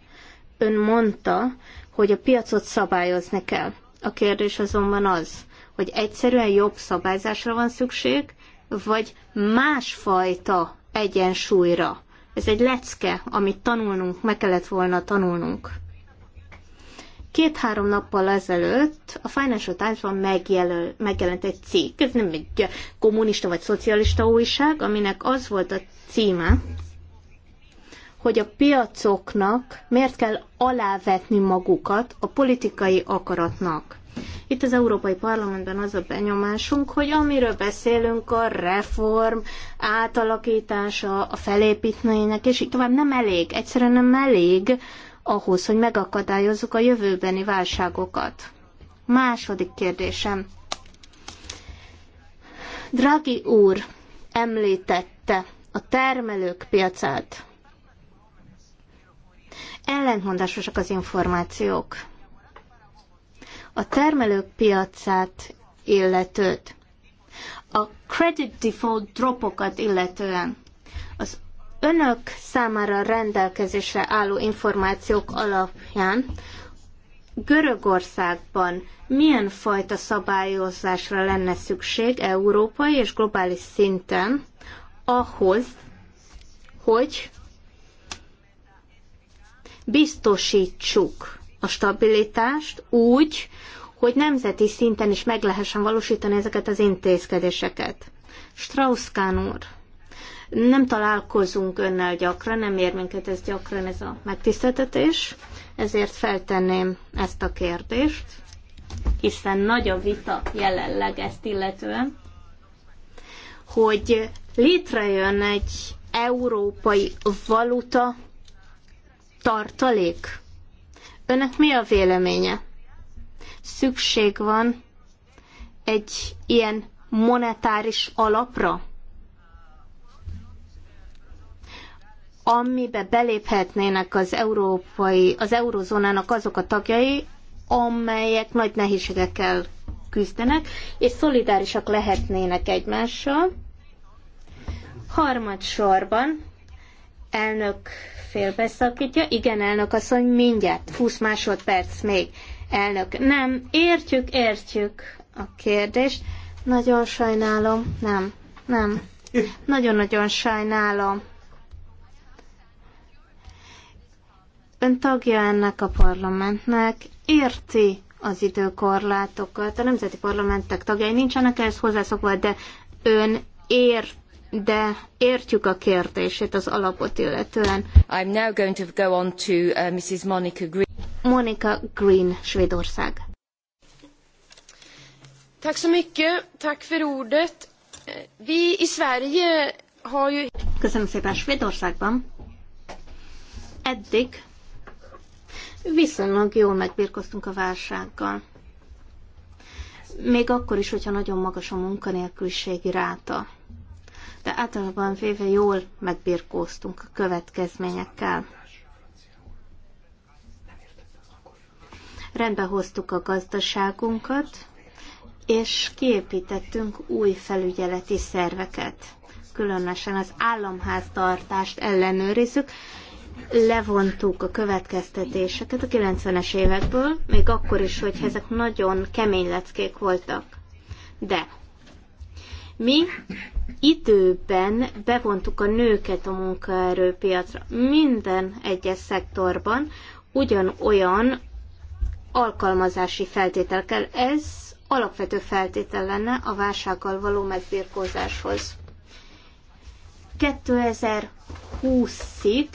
Ön mondta, hogy a piacot szabályozni kell. A kérdés azonban az, hogy egyszerűen jobb szabályzásra van szükség, vagy másfajta egyensúlyra. Ez egy lecke, amit tanulnunk, meg kellett volna tanulnunk. Két-három nappal ezelőtt a Financial Times-ban megjelöl, megjelent egy cikk, ez nem egy kommunista vagy szocialista újság, aminek az volt a címe, hogy a piacoknak miért kell alávetni magukat a politikai akaratnak. Itt az Európai Parlamentben az a benyomásunk, hogy amiről beszélünk, a reform átalakítása, a felépítménynek, és így tovább nem elég, egyszerűen nem elég ahhoz, hogy megakadályozzuk a jövőbeni válságokat. Második kérdésem. Draghi úr említette a termelők piacát. Ellentmondásosak az információk. A termelők piacát illetőt, a credit default dropokat illetően önök számára rendelkezésre álló információk alapján Görögországban milyen fajta szabályozásra lenne szükség európai és globális szinten ahhoz, hogy biztosítsuk a stabilitást úgy, hogy nemzeti szinten is meg lehessen valósítani ezeket az intézkedéseket. Strauss-Kahn úr. Nem találkozunk önnel gyakran, nem ér minket ez gyakran, ez a megtiszteltetés, ezért feltenném ezt a kérdést, hiszen nagy a vita jelenleg ezt illetően, hogy létrejön egy európai valuta tartalék. Önnek mi a véleménye? Szükség van egy ilyen monetáris alapra? amibe beléphetnének az európai, az eurozónának azok a tagjai, amelyek nagy nehézségekkel küzdenek, és szolidárisak lehetnének egymással. Harmadsorban elnök félbeszakítja. Igen, elnök asszony, mindjárt, 20 másodperc még. Elnök, nem, értjük, értjük a kérdést. Nagyon sajnálom, nem, nem. Nagyon-nagyon sajnálom. ön tagja ennek a parlamentnek, érti az időkorlátokat. A nemzeti parlamentek tagjai nincsenek ehhez hozzászokva, de ön ért de értjük a kérdését az alapot illetően. I'm now going to go on to uh, Mrs. Monica Green. Monica Green, Svédország. Tack så mycket. Tack för ordet. Eh, vi i Sverige har ju... Köszönöm szépen Svédországban. Eddig viszonylag jól megbírkoztunk a válsággal. Még akkor is, hogyha nagyon magas a munkanélküliségi ráta. De általában véve jól megbírkóztunk a következményekkel. Rendbe hoztuk a gazdaságunkat, és kiépítettünk új felügyeleti szerveket. Különösen az államháztartást ellenőrizzük, levontuk a következtetéseket a 90-es évekből, még akkor is, hogy ezek nagyon kemény leckék voltak. De mi időben bevontuk a nőket a munkaerőpiacra. Minden egyes szektorban ugyanolyan alkalmazási kell. Ez alapvető feltétel lenne a válsággal való megbirkózáshoz. 2020-ig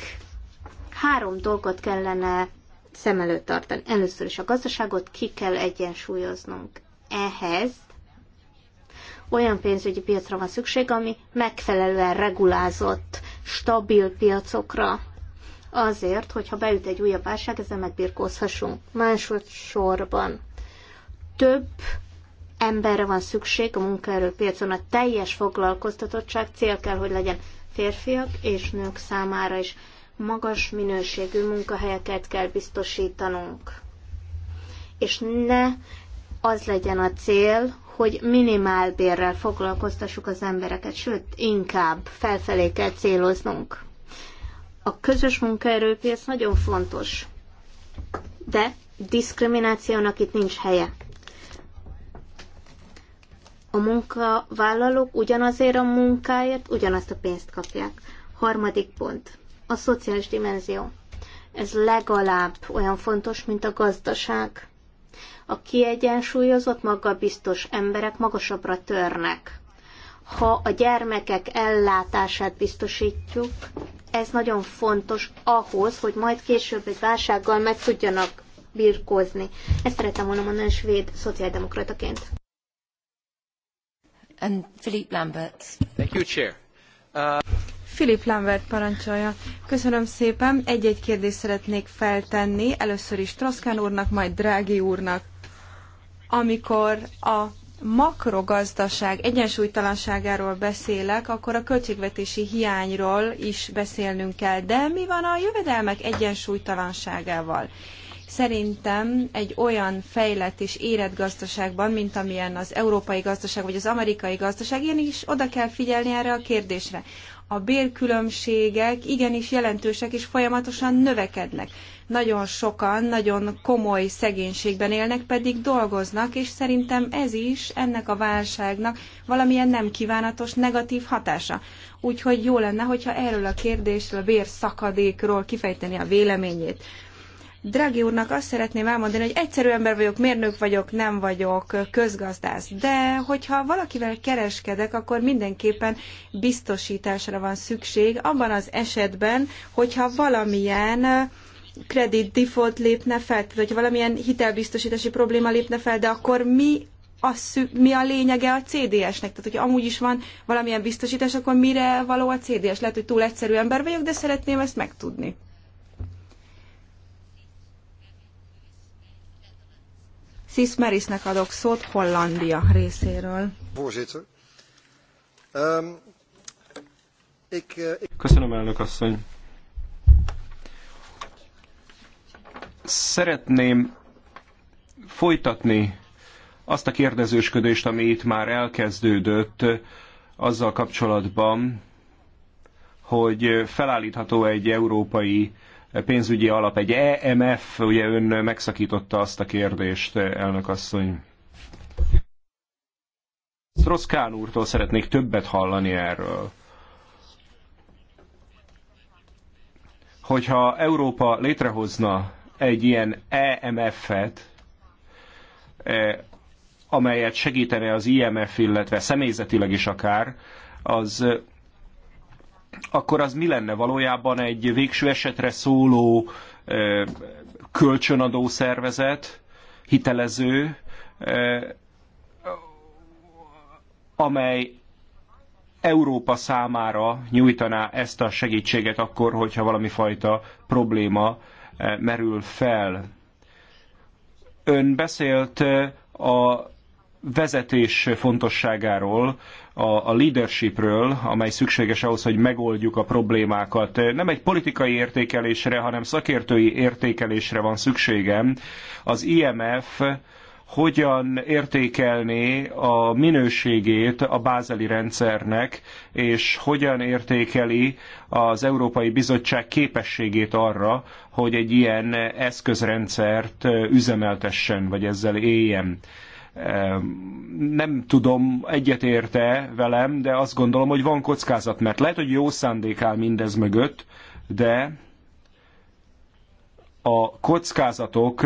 három dolgot kellene szem előtt tartani. Először is a gazdaságot ki kell egyensúlyoznunk. Ehhez olyan pénzügyi piacra van szükség, ami megfelelően regulázott, stabil piacokra, azért, hogyha beüt egy újabb válság, ezzel megbirkózhassunk. Másodszorban több emberre van szükség a munkaerőpiacon, a teljes foglalkoztatottság cél kell, hogy legyen férfiak és nők számára is magas minőségű munkahelyeket kell biztosítanunk. És ne az legyen a cél, hogy bérrel foglalkoztassuk az embereket, sőt, inkább felfelé kell céloznunk. A közös munkaerőpiac nagyon fontos, de diszkriminációnak itt nincs helye. A munkavállalók ugyanazért a munkáért ugyanazt a pénzt kapják. Harmadik pont a szociális dimenzió. Ez legalább olyan fontos, mint a gazdaság. A kiegyensúlyozott, magabiztos emberek magasabbra törnek. Ha a gyermekek ellátását biztosítjuk, ez nagyon fontos ahhoz, hogy majd később egy válsággal meg tudjanak birkózni. Ezt szeretem volna mondani svéd szociáldemokrataként. And Philippe Lambert. Thank you, Chair. Uh... Filip Lambert parancsolja. Köszönöm szépen. Egy-egy kérdést szeretnék feltenni. Először is Troszkán úrnak, majd Drági úrnak. Amikor a makrogazdaság egyensúlytalanságáról beszélek, akkor a költségvetési hiányról is beszélnünk kell. De mi van a jövedelmek egyensúlytalanságával? Szerintem egy olyan fejlett és érett gazdaságban, mint amilyen az európai gazdaság vagy az amerikai gazdaság, én is oda kell figyelni erre a kérdésre a bérkülönbségek igenis jelentősek és folyamatosan növekednek. Nagyon sokan nagyon komoly szegénységben élnek, pedig dolgoznak, és szerintem ez is ennek a válságnak valamilyen nem kívánatos negatív hatása. Úgyhogy jó lenne, hogyha erről a kérdésről, a bérszakadékról kifejteni a véleményét. Draghi úrnak azt szeretném elmondani, hogy egyszerű ember vagyok, mérnök vagyok, nem vagyok közgazdász, de hogyha valakivel kereskedek, akkor mindenképpen biztosításra van szükség abban az esetben, hogyha valamilyen kredit default lépne fel, tehát hogyha valamilyen hitelbiztosítási probléma lépne fel, de akkor mi a szü- mi a lényege a CDS-nek? Tehát, hogy amúgy is van valamilyen biztosítás, akkor mire való a CDS? Lehet, hogy túl egyszerű ember vagyok, de szeretném ezt megtudni. Sis adok szót Hollandia részéről. Ehm, eh, Köszönöm, elnök asszony. Szeretném folytatni azt a kérdezősködést, ami itt már elkezdődött azzal kapcsolatban, hogy felállítható egy európai pénzügyi alap, egy EMF, ugye ön megszakította azt a kérdést, elnök asszony. Stroszkán úrtól szeretnék többet hallani erről. Hogyha Európa létrehozna egy ilyen EMF-et, e, amelyet segítene az IMF, illetve személyzetileg is akár, az akkor az mi lenne valójában egy végső esetre szóló kölcsönadó szervezet, hitelező, amely Európa számára nyújtaná ezt a segítséget akkor, hogyha valami fajta probléma merül fel. Ön beszélt a vezetés fontosságáról, a, a leadershipről, amely szükséges ahhoz, hogy megoldjuk a problémákat. Nem egy politikai értékelésre, hanem szakértői értékelésre van szükségem. Az IMF hogyan értékelné a minőségét a bázeli rendszernek, és hogyan értékeli az Európai Bizottság képességét arra, hogy egy ilyen eszközrendszert üzemeltessen, vagy ezzel éljen nem tudom, egyetérte velem, de azt gondolom, hogy van kockázat, mert lehet, hogy jó szándék áll mindez mögött, de a kockázatok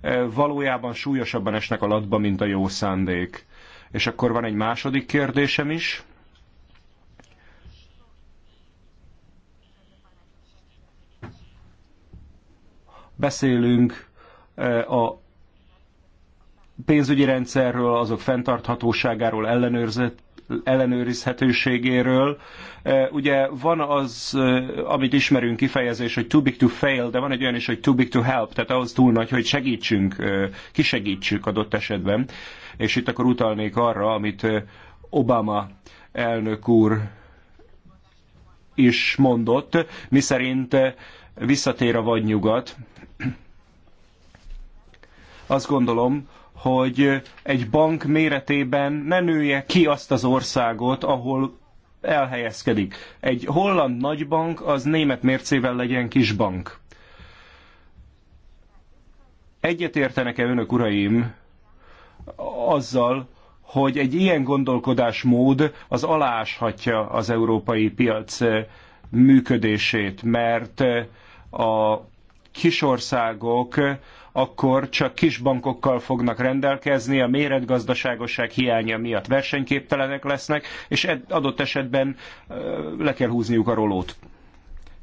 eh, valójában súlyosabban esnek a latba, mint a jó szándék. És akkor van egy második kérdésem is. Beszélünk eh, a pénzügyi rendszerről, azok fenntarthatóságáról, ellenőrzet, ellenőrizhetőségéről. E, ugye van az, e, amit ismerünk kifejezés, hogy too big to fail, de van egy olyan is, hogy too big to help, tehát ahhoz túl nagy, hogy segítsünk, e, kisegítsük adott esetben. És itt akkor utalnék arra, amit Obama elnök úr is mondott, miszerint visszatér a vadnyugat. Azt gondolom, hogy egy bank méretében ne nője ki azt az országot, ahol elhelyezkedik. Egy holland nagybank az német mércével legyen kisbank. Egyetértenek-e önök, uraim, azzal, hogy egy ilyen gondolkodásmód az aláshatja az európai piac eh, működését, mert eh, a kisországok akkor csak kis bankokkal fognak rendelkezni, a méretgazdaságosság hiánya miatt versenyképtelenek lesznek, és adott esetben le kell húzniuk a rolót.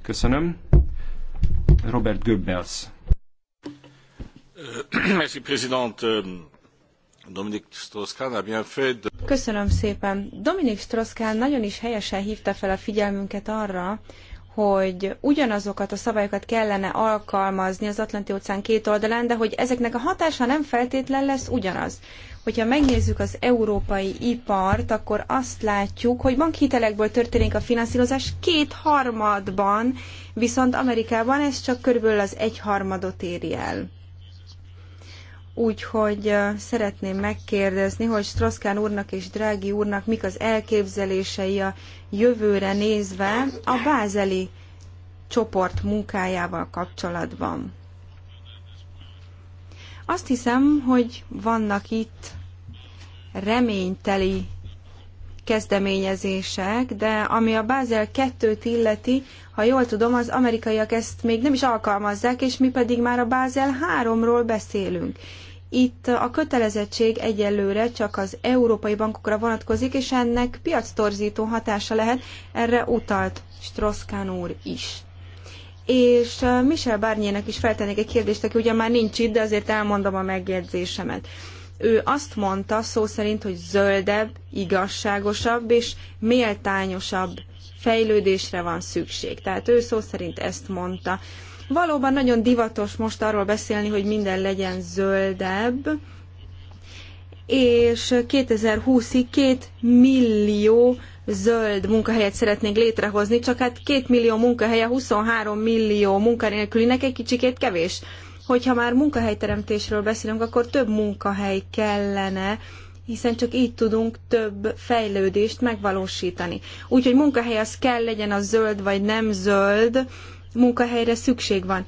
Köszönöm. Robert Goebbels. Merci, présidente. Köszönöm szépen. Dominik Strauss-Kahn nagyon is helyesen hívta fel a figyelmünket arra, hogy ugyanazokat a szabályokat kellene alkalmazni az Atlanti-óceán két oldalán, de hogy ezeknek a hatása nem feltétlen lesz ugyanaz. Hogyha megnézzük az európai ipart, akkor azt látjuk, hogy bankhitelekből történik a finanszírozás kétharmadban, viszont Amerikában ez csak körülbelül az egyharmadot éri el. Úgyhogy szeretném megkérdezni, hogy Stroszkán úrnak és Drági úrnak mik az elképzelései a jövőre nézve a bázeli csoport munkájával kapcsolatban. Azt hiszem, hogy vannak itt reményteli kezdeményezések, de ami a Bázel 2-t illeti, ha jól tudom, az amerikaiak ezt még nem is alkalmazzák, és mi pedig már a Bázel 3-ról beszélünk. Itt a kötelezettség egyelőre csak az európai bankokra vonatkozik, és ennek piactorzító hatása lehet, erre utalt Stroszkán úr is. És uh, Michel Barnier-nek is feltennék egy kérdést, aki ugyan már nincs itt, de azért elmondom a megjegyzésemet. Ő azt mondta szó szerint, hogy zöldebb, igazságosabb és méltányosabb fejlődésre van szükség. Tehát ő szó szerint ezt mondta. Valóban nagyon divatos most arról beszélni, hogy minden legyen zöldebb, és 2020-ig két millió zöld munkahelyet szeretnénk létrehozni, csak hát két millió munkahelye 23 millió munkanélkülinek egy kicsikét kevés hogyha már munkahelyteremtésről beszélünk, akkor több munkahely kellene, hiszen csak így tudunk több fejlődést megvalósítani. Úgyhogy munkahely az kell legyen a zöld vagy nem zöld, munkahelyre szükség van.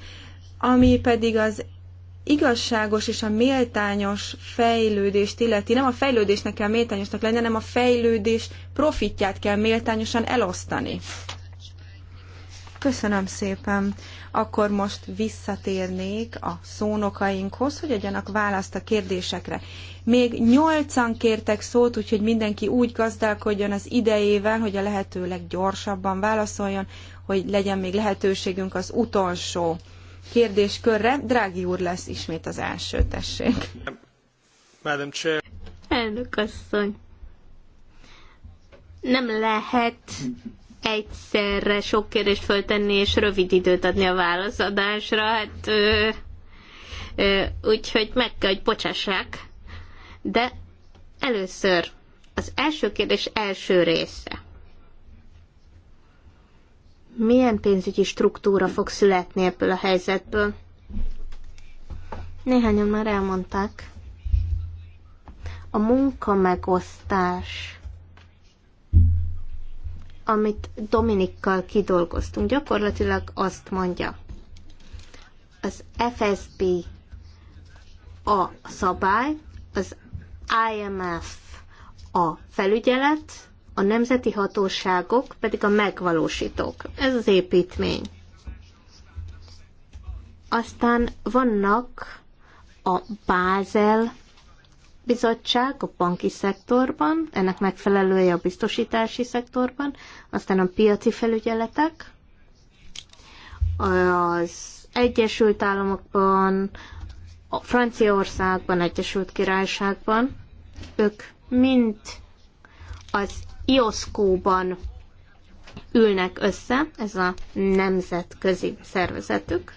Ami pedig az igazságos és a méltányos fejlődést illeti, nem a fejlődésnek kell méltányosnak lenni, hanem a fejlődés profitját kell méltányosan elosztani. Köszönöm szépen. Akkor most visszatérnék a szónokainkhoz, hogy adjanak választ a kérdésekre. Még nyolcan kértek szót, úgyhogy mindenki úgy gazdálkodjon az idejével, hogy a lehető leggyorsabban válaszoljon, hogy legyen még lehetőségünk az utolsó kérdéskörre. Drági úr lesz ismét az első, tessék. Madam Chair. Elnök asszony. Nem lehet egyszerre sok kérdést föltenni, és rövid időt adni a válaszadásra, hát ö, ö, úgyhogy meg kell, hogy bocsássák. De először az első kérdés első része. Milyen pénzügyi struktúra fog születni ebből a helyzetből? Néhányan már elmondták. A munka megosztás amit Dominikkal kidolgoztunk, gyakorlatilag azt mondja, az FSB a szabály, az IMF a felügyelet, a nemzeti hatóságok pedig a megvalósítók. Ez az építmény. Aztán vannak a Bázel bizottság a banki szektorban, ennek megfelelője a biztosítási szektorban, aztán a piaci felügyeletek, az Egyesült Államokban, a Franciaországban, Egyesült Királyságban, ők mind az IOSCO-ban ülnek össze, ez a nemzetközi szervezetük.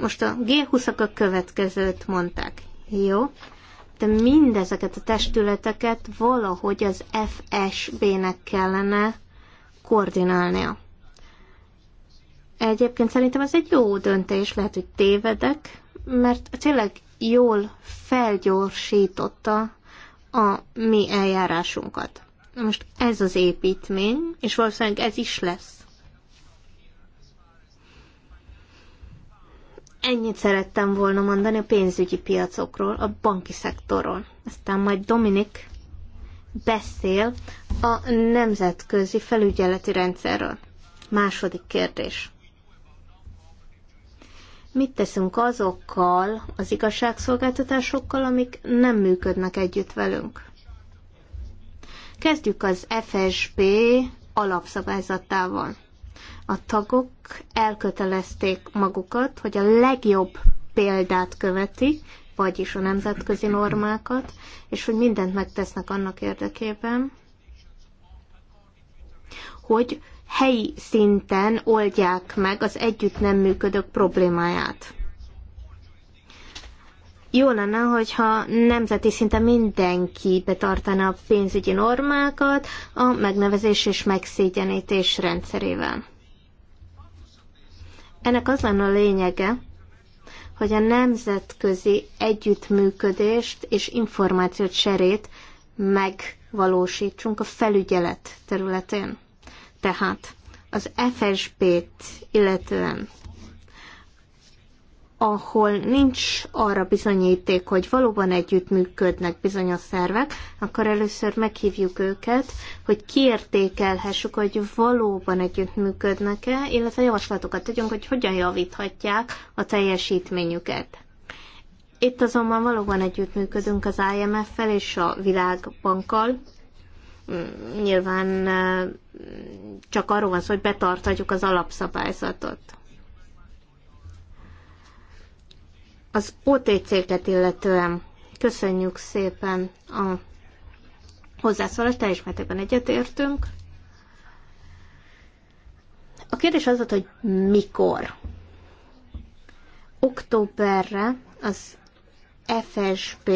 Most a G20-ak a következőt mondták. Jó, de mindezeket a testületeket valahogy az FSB-nek kellene koordinálnia. Egyébként szerintem ez egy jó döntés, lehet, hogy tévedek, mert tényleg jól felgyorsította a mi eljárásunkat. Most ez az építmény, és valószínűleg ez is lesz Ennyit szerettem volna mondani a pénzügyi piacokról, a banki szektorról. Aztán majd Dominik beszél a nemzetközi felügyeleti rendszerről. Második kérdés. Mit teszünk azokkal az igazságszolgáltatásokkal, amik nem működnek együtt velünk? Kezdjük az FSB alapszabályzatával. A tagok elkötelezték magukat, hogy a legjobb példát követik, vagyis a nemzetközi normákat, és hogy mindent megtesznek annak érdekében, hogy helyi szinten oldják meg az együtt nem működők problémáját. Jó lenne, hogyha nemzeti szinten mindenki betartaná a pénzügyi normákat a megnevezés és megszégyenítés rendszerével. Ennek az lenne a lényege, hogy a nemzetközi együttműködést és információt cserét megvalósítsunk a felügyelet területén. Tehát az FSB-t illetően ahol nincs arra bizonyíték, hogy valóban együttműködnek bizonyos szervek, akkor először meghívjuk őket, hogy kiértékelhessük, hogy valóban együttműködnek-e, illetve javaslatokat tegyünk, hogy hogyan javíthatják a teljesítményüket. Itt azonban valóban együttműködünk az IMF-fel és a Világbankkal. Mm, nyilván eh, csak arról van szó, hogy betartatjuk az alapszabályzatot. az OTC-ket illetően köszönjük szépen a hozzászólást, teljes mértékben egyetértünk. A kérdés az volt, hogy mikor. Októberre az FSB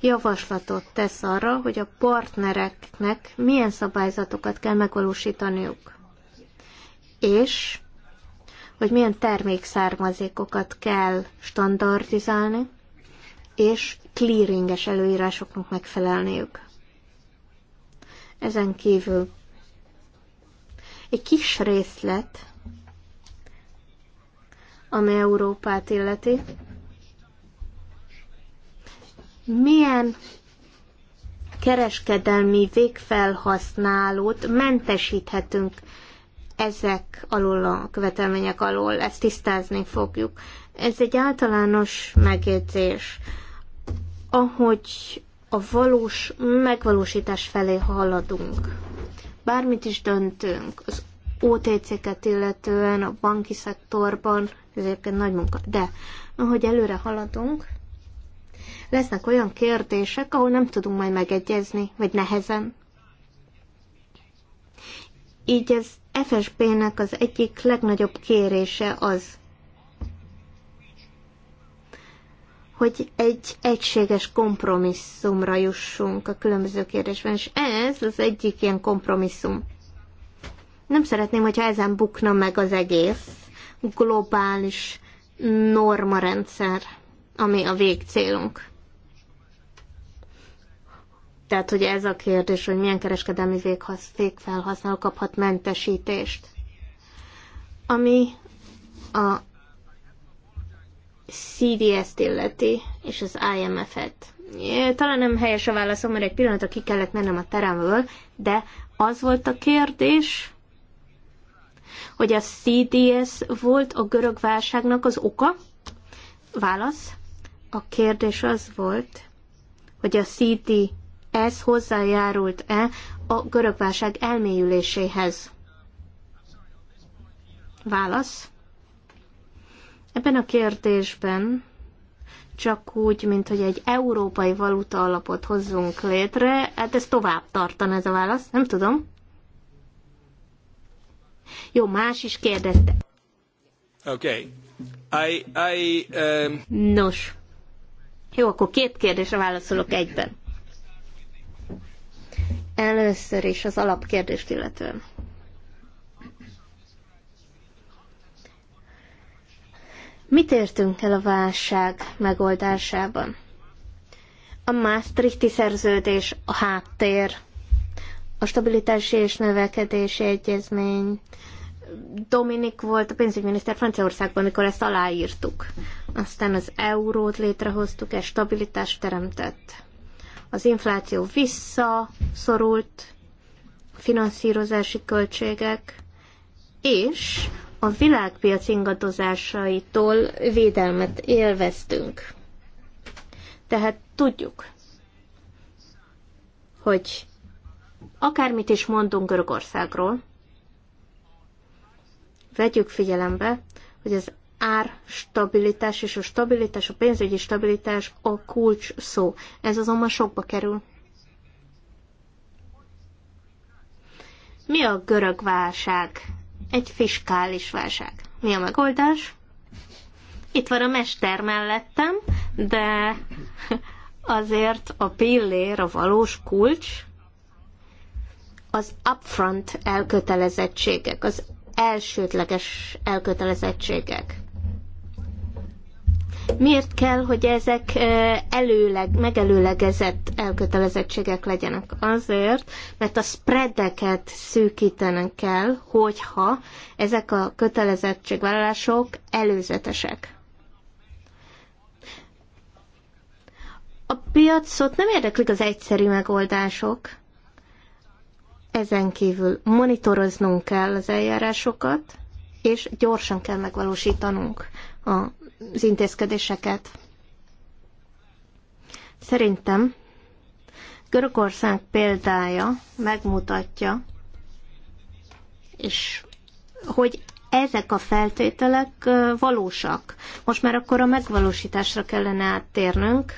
javaslatot tesz arra, hogy a partnereknek milyen szabályzatokat kell megvalósítaniuk. És hogy milyen termékszármazékokat kell standardizálni, és clearinges előírásoknak megfelelniük. Ezen kívül egy kis részlet, ami Európát illeti, milyen kereskedelmi végfelhasználót mentesíthetünk ezek alól a követelmények alól, ezt tisztázni fogjuk. Ez egy általános megjegyzés. Ahogy a valós megvalósítás felé haladunk, bármit is döntünk, az OTC-ket illetően a banki szektorban, ez egyébként nagy munka, de ahogy előre haladunk, lesznek olyan kérdések, ahol nem tudunk majd megegyezni, vagy nehezen, így az FSB-nek az egyik legnagyobb kérése az, hogy egy egységes kompromisszumra jussunk a különböző kérdésben, és ez az egyik ilyen kompromisszum. Nem szeretném, hogyha ezen bukna meg az egész globális normarendszer, ami a végcélunk. Tehát, hogy ez a kérdés, hogy milyen kereskedelmi végfelhasználó kaphat mentesítést. Ami a CDS-t illeti, és az IMF-et. Talán nem helyes a válaszom, mert egy pillanatra ki kellett mennem a teremből, de az volt a kérdés, hogy a CDS volt a görög válságnak az oka? Válasz. A kérdés az volt, hogy a CDS ez hozzájárult-e a görög válság elmélyüléséhez? Válasz. Ebben a kérdésben csak úgy, mint hogy egy európai valuta alapot hozzunk létre, hát ez tovább tartan ez a válasz, nem tudom. Jó, más is kérdezte. Okay. I, I, um... Nos. Jó, akkor két kérdésre válaszolok egyben. Először is az alapkérdést illetően. Mit értünk el a válság megoldásában? A Maastrichti szerződés, a háttér, a stabilitási és növekedési egyezmény. Dominik volt a pénzügyminiszter Franciaországban, amikor ezt aláírtuk. Aztán az eurót létrehoztuk, és stabilitást teremtett az infláció visszaszorult, finanszírozási költségek, és a világpiac ingadozásaitól védelmet élveztünk. Tehát tudjuk, hogy akármit is mondunk Görögországról, vegyük figyelembe, hogy az árstabilitás és a stabilitás, a pénzügyi stabilitás a kulcs szó. Ez azonban sokba kerül. Mi a görög válság? Egy fiskális válság. Mi a megoldás? Itt van a mester mellettem, de azért a pillér, a valós kulcs, az upfront elkötelezettségek, az elsődleges elkötelezettségek. Miért kell, hogy ezek előleg, megelőlegezett elkötelezettségek legyenek? Azért, mert a spreadeket szűkítenek kell, hogyha ezek a kötelezettségvállalások előzetesek. A piacot nem érdeklik az egyszerű megoldások. Ezen kívül monitoroznunk kell az eljárásokat, és gyorsan kell megvalósítanunk a az intézkedéseket. Szerintem Görögország példája megmutatja, és hogy ezek a feltételek valósak. Most már akkor a megvalósításra kellene áttérnünk.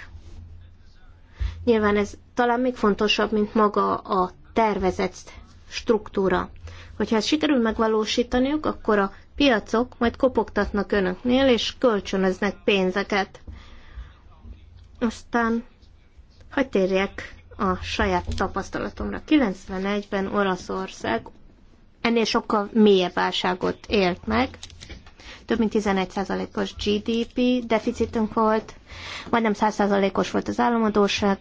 Nyilván ez talán még fontosabb, mint maga a tervezett struktúra. Hogyha ezt sikerül megvalósítaniuk, akkor a piacok majd kopogtatnak önöknél, és kölcsönöznek pénzeket. Aztán, hogy térjek a saját tapasztalatomra. 91-ben Oroszország ennél sokkal mélyebb válságot élt meg. Több mint 11%-os GDP deficitünk volt, majdnem 100%-os volt az államadóság.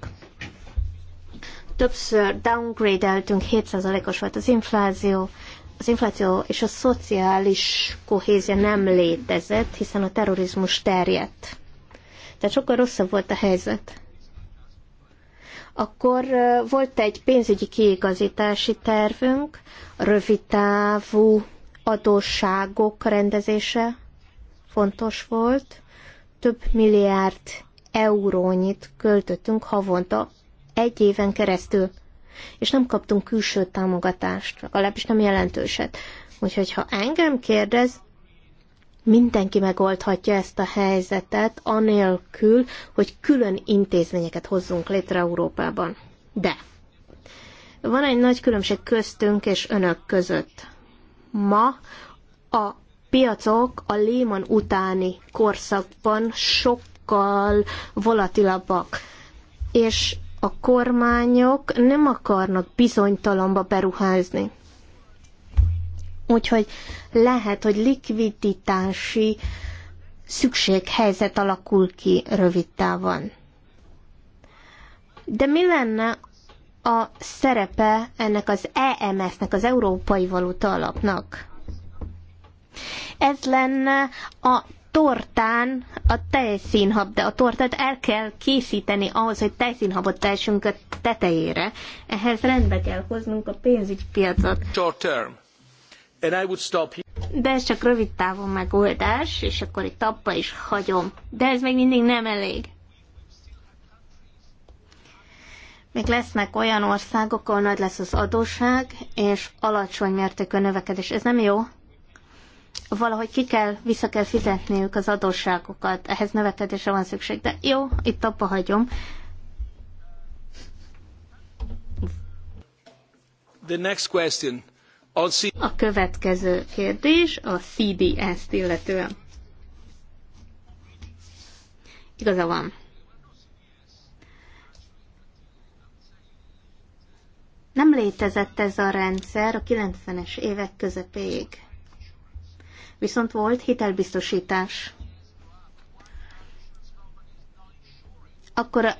Többször downgrade-eltünk, 7%-os volt az infláció, az infláció és a szociális kohézia nem létezett, hiszen a terrorizmus terjedt. Tehát sokkal rosszabb volt a helyzet. Akkor volt egy pénzügyi kiigazítási tervünk, rövidtávú adósságok rendezése fontos volt. Több milliárd eurónyit költöttünk havonta egy éven keresztül és nem kaptunk külső támogatást, legalábbis nem jelentőset. Úgyhogy ha engem kérdez, mindenki megoldhatja ezt a helyzetet, anélkül, hogy külön intézményeket hozzunk létre Európában. De van egy nagy különbség köztünk és önök között. Ma a piacok a Lehman utáni korszakban sokkal volatilabbak, és a kormányok nem akarnak bizonytalomba beruházni. Úgyhogy lehet, hogy likviditási szükséghelyzet alakul ki rövid távon. De mi lenne a szerepe ennek az EMS-nek, az Európai Valuta Alapnak? Ez lenne a tortán a tejszínhab, de a tortát el kell készíteni ahhoz, hogy tejszínhabot tessünk a tetejére. Ehhez rendbe kell hoznunk a pénzügyi piacot. Short term. And I would stop here. De ez csak rövid távon megoldás, és akkor itt abba is hagyom. De ez még mindig nem elég. Még lesznek olyan országok, ahol nagy lesz az adóság, és alacsony mértékű növekedés. Ez nem jó valahogy ki kell, vissza kell fizetniük az adósságokat, ehhez növekedésre van szükség. De jó, itt abba hagyom. The next question. C- a következő kérdés a CDS-t illetően. Igaza van. Nem létezett ez a rendszer a 90-es évek közepéig. Viszont volt hitelbiztosítás. Akkor a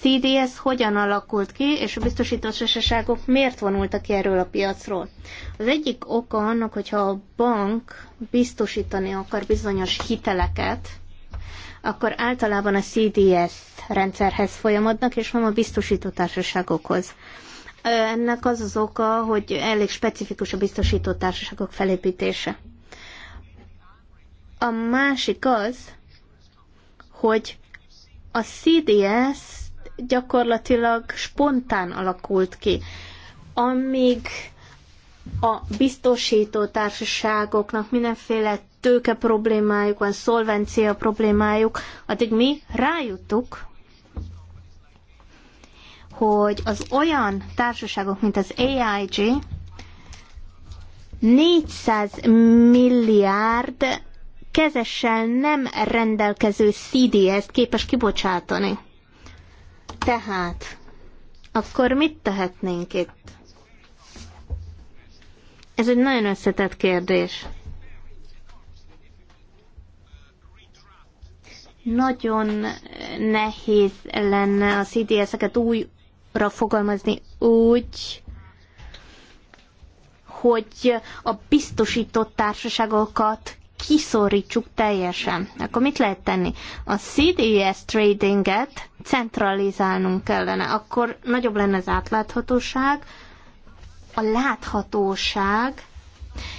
CDS hogyan alakult ki, és a biztosítószeságok miért vonultak ki erről a piacról? Az egyik oka annak, hogyha a bank biztosítani akar bizonyos hiteleket, akkor általában a CDS rendszerhez folyamodnak és nem a biztosítótársaságokhoz. Ennek az az oka, hogy elég specifikus a biztosítótársaságok felépítése. A másik az, hogy a CDS gyakorlatilag spontán alakult ki. Amíg a biztosító társaságoknak mindenféle tőke problémájuk van, szolvencia problémájuk, addig mi rájuttuk, hogy az olyan társaságok, mint az AIG, 400 milliárd kezessel nem rendelkező CDS-t képes kibocsátani. Tehát, akkor mit tehetnénk itt? Ez egy nagyon összetett kérdés. Nagyon nehéz lenne a CDS-eket újra fogalmazni úgy, hogy a biztosított társaságokat kiszorítsuk teljesen. Akkor mit lehet tenni? A CDS tradinget centralizálnunk kellene, akkor nagyobb lenne az átláthatóság, a láthatóság,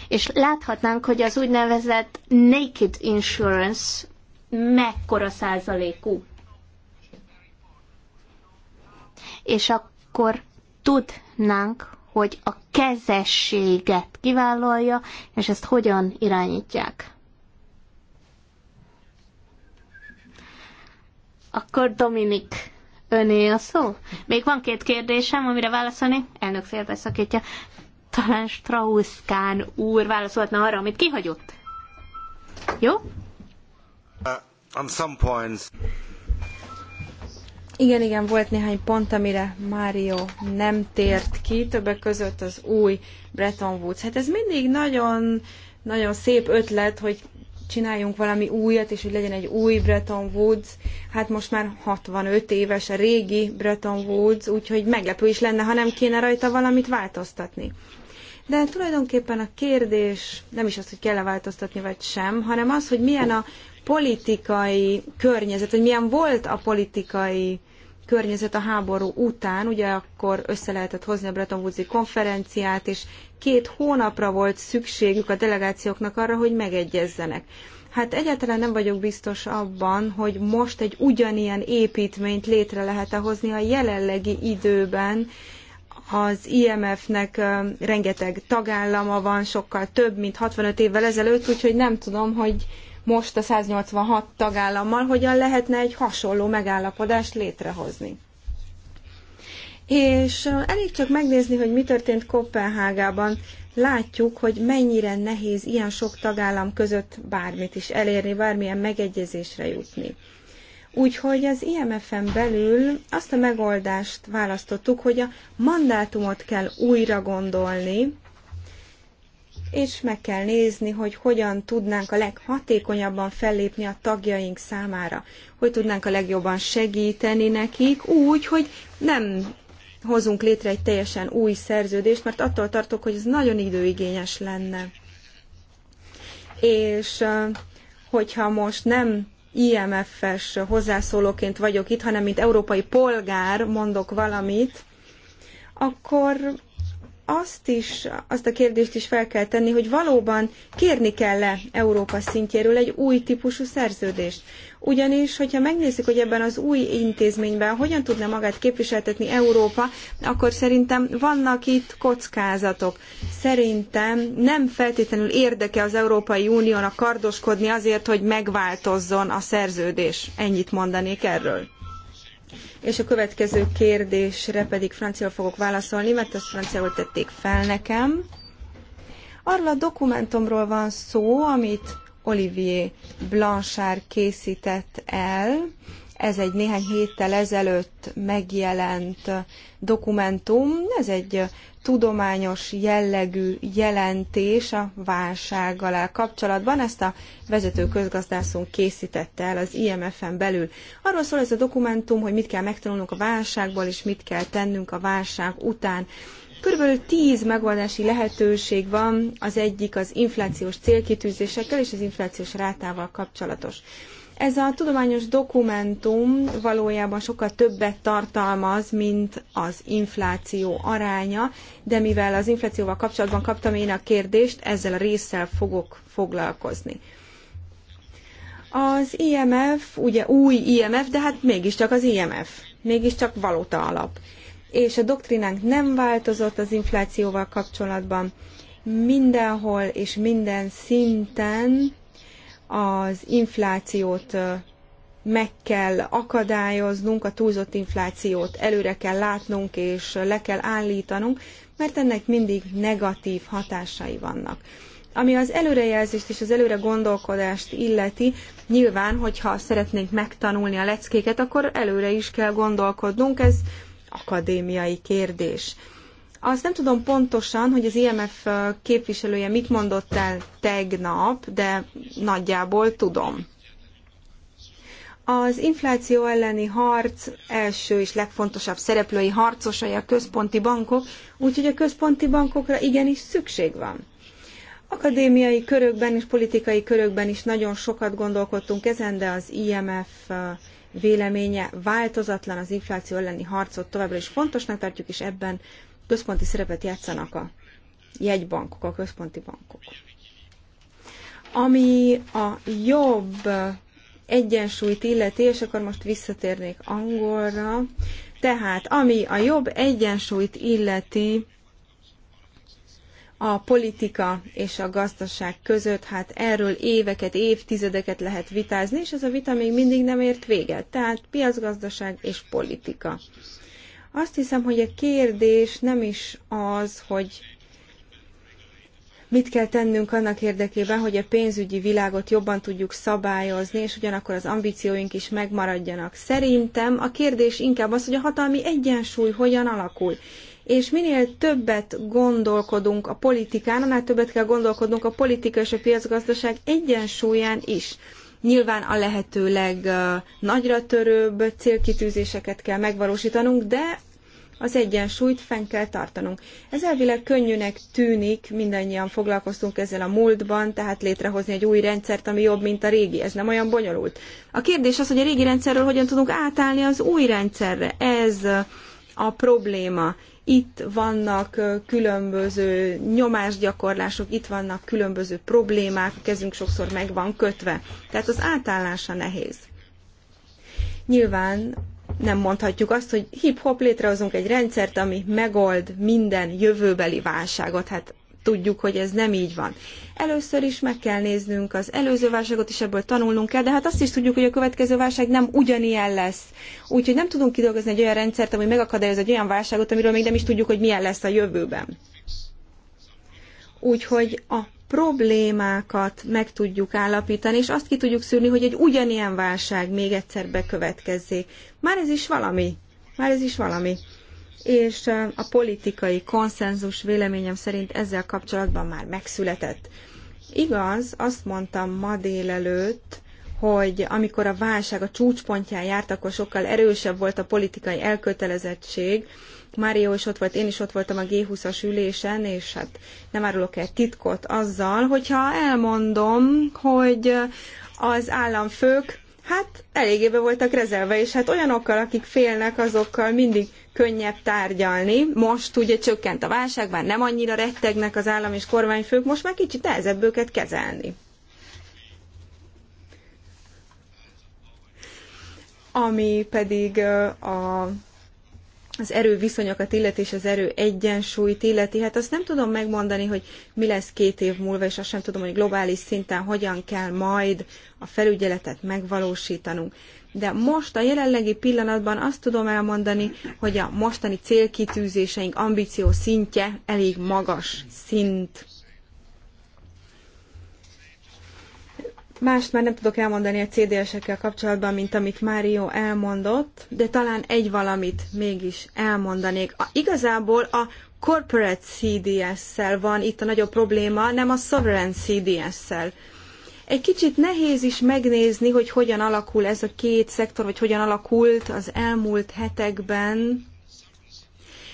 és láthatnánk, hogy az úgynevezett naked insurance mekkora százalékú. És akkor tudnánk, hogy a kezességet kivállalja, és ezt hogyan irányítják. Akkor Dominik, öné a szó. Még van két kérdésem, amire válaszolni. Elnök félbeszakítja. Talán strauss úr válaszolhatna arra, amit kihagyott. Jó? Uh, on some points. Igen, igen, volt néhány pont, amire Mario nem tért ki, többek között az új Bretton Woods. Hát ez mindig nagyon, nagyon szép ötlet, hogy csináljunk valami újat, és hogy legyen egy új Bretton Woods. Hát most már 65 éves a régi Bretton Woods, úgyhogy meglepő is lenne, ha nem kéne rajta valamit változtatni. De tulajdonképpen a kérdés nem is az, hogy kell-e változtatni vagy sem, hanem az, hogy milyen a politikai környezet, hogy milyen volt a politikai környezet a háború után, ugye akkor össze lehetett hozni a Bretton Woods-i konferenciát, és két hónapra volt szükségük a delegációknak arra, hogy megegyezzenek. Hát egyáltalán nem vagyok biztos abban, hogy most egy ugyanilyen építményt létre lehet-e hozni a jelenlegi időben, az IMF-nek rengeteg tagállama van, sokkal több, mint 65 évvel ezelőtt, úgyhogy nem tudom, hogy most a 186 tagállammal, hogyan lehetne egy hasonló megállapodást létrehozni. És elég csak megnézni, hogy mi történt Kopenhágában. Látjuk, hogy mennyire nehéz ilyen sok tagállam között bármit is elérni, bármilyen megegyezésre jutni. Úgyhogy az IMF-en belül azt a megoldást választottuk, hogy a mandátumot kell újra gondolni, és meg kell nézni, hogy hogyan tudnánk a leghatékonyabban fellépni a tagjaink számára, hogy tudnánk a legjobban segíteni nekik úgy, hogy nem hozunk létre egy teljesen új szerződést, mert attól tartok, hogy ez nagyon időigényes lenne. És hogyha most nem IMF-es hozzászólóként vagyok itt, hanem mint európai polgár mondok valamit, akkor azt is, azt a kérdést is fel kell tenni, hogy valóban kérni kell-e Európa szintjéről egy új típusú szerződést. Ugyanis, hogyha megnézzük, hogy ebben az új intézményben hogyan tudna magát képviseltetni Európa, akkor szerintem vannak itt kockázatok. Szerintem nem feltétlenül érdeke az Európai Uniónak kardoskodni azért, hogy megváltozzon a szerződés. Ennyit mondanék erről. És a következő kérdésre pedig francia fogok válaszolni, mert ezt franciául tették fel nekem. Arról a dokumentumról van szó, amit Olivier Blanchard készített el. Ez egy néhány héttel ezelőtt megjelent dokumentum, ez egy tudományos jellegű jelentés a válsággal kapcsolatban. Ezt a vezető közgazdászunk készítette el az IMF-en belül. Arról szól ez a dokumentum, hogy mit kell megtanulnunk a válságból, és mit kell tennünk a válság után. Körülbelül tíz megoldási lehetőség van, az egyik az inflációs célkitűzésekkel és az inflációs rátával kapcsolatos. Ez a tudományos dokumentum valójában sokkal többet tartalmaz, mint az infláció aránya, de mivel az inflációval kapcsolatban kaptam én a kérdést, ezzel a résszel fogok foglalkozni. Az IMF, ugye új IMF, de hát mégiscsak az IMF, mégiscsak valuta alap. És a doktrinánk nem változott az inflációval kapcsolatban. Mindenhol és minden szinten az inflációt meg kell akadályoznunk, a túlzott inflációt előre kell látnunk és le kell állítanunk, mert ennek mindig negatív hatásai vannak. Ami az előrejelzést és az előre gondolkodást illeti, nyilván, hogyha szeretnénk megtanulni a leckéket, akkor előre is kell gondolkodnunk, ez akadémiai kérdés azt nem tudom pontosan, hogy az IMF képviselője mit mondott el tegnap, de nagyjából tudom. Az infláció elleni harc első és legfontosabb szereplői harcosai a központi bankok, úgyhogy a központi bankokra igenis szükség van. Akadémiai körökben és politikai körökben is nagyon sokat gondolkodtunk ezen, de az IMF véleménye változatlan, az infláció elleni harcot továbbra is fontosnak tartjuk, és ebben központi szerepet játszanak a jegybankok, a központi bankok. Ami a jobb egyensúlyt illeti, és akkor most visszatérnék angolra, tehát ami a jobb egyensúlyt illeti, a politika és a gazdaság között, hát erről éveket, évtizedeket lehet vitázni, és ez a vita még mindig nem ért véget. Tehát piacgazdaság és politika. Azt hiszem, hogy a kérdés nem is az, hogy mit kell tennünk annak érdekében, hogy a pénzügyi világot jobban tudjuk szabályozni, és ugyanakkor az ambícióink is megmaradjanak. Szerintem a kérdés inkább az, hogy a hatalmi egyensúly hogyan alakul. És minél többet gondolkodunk a politikán, annál többet kell gondolkodnunk a politika és a piacgazdaság egyensúlyán is. Nyilván a lehető legnagyra törőbb célkitűzéseket kell megvalósítanunk, de az egyensúlyt fenn kell tartanunk. Ez elvileg könnyűnek tűnik, mindannyian foglalkoztunk ezzel a múltban, tehát létrehozni egy új rendszert, ami jobb, mint a régi. Ez nem olyan bonyolult. A kérdés az, hogy a régi rendszerről hogyan tudunk átállni az új rendszerre. Ez a probléma. Itt vannak különböző nyomásgyakorlások, itt vannak különböző problémák, a kezünk sokszor meg van kötve. Tehát az átállása nehéz. Nyilván nem mondhatjuk azt, hogy hip-hop létrehozunk egy rendszert, ami megold minden jövőbeli válságot. Hát tudjuk, hogy ez nem így van. Először is meg kell néznünk az előző válságot, és ebből tanulnunk kell, de hát azt is tudjuk, hogy a következő válság nem ugyanilyen lesz. Úgyhogy nem tudunk kidolgozni egy olyan rendszert, ami megakadályoz egy olyan válságot, amiről még nem is tudjuk, hogy milyen lesz a jövőben. Úgyhogy a problémákat meg tudjuk állapítani, és azt ki tudjuk szűrni, hogy egy ugyanilyen válság még egyszer bekövetkezzék. Már ez is valami. Már ez is valami és a politikai konszenzus véleményem szerint ezzel kapcsolatban már megszületett. Igaz, azt mondtam ma délelőtt, hogy amikor a válság a csúcspontján járt, akkor sokkal erősebb volt a politikai elkötelezettség. Mário is ott volt, én is ott voltam a G20-as ülésen, és hát nem árulok el titkot azzal, hogyha elmondom, hogy az államfők hát eléggé voltak rezelve, és hát olyanokkal, akik félnek, azokkal mindig könnyebb tárgyalni. Most ugye csökkent a válság, már nem annyira rettegnek az állam és kormányfők, most már kicsit nehezebb őket kezelni. Ami pedig a az erőviszonyokat illeti és az erő egyensúlyt illeti, hát azt nem tudom megmondani, hogy mi lesz két év múlva, és azt sem tudom, hogy globális szinten hogyan kell majd a felügyeletet megvalósítanunk de most a jelenlegi pillanatban azt tudom elmondani, hogy a mostani célkitűzéseink ambíció szintje elég magas szint. Mást már nem tudok elmondani a CDS-ekkel kapcsolatban, mint amit Mário elmondott, de talán egy valamit mégis elmondanék. A, igazából a corporate CDS-szel van itt a nagyobb probléma, nem a sovereign CDS-szel egy kicsit nehéz is megnézni, hogy hogyan alakul ez a két szektor, vagy hogyan alakult az elmúlt hetekben,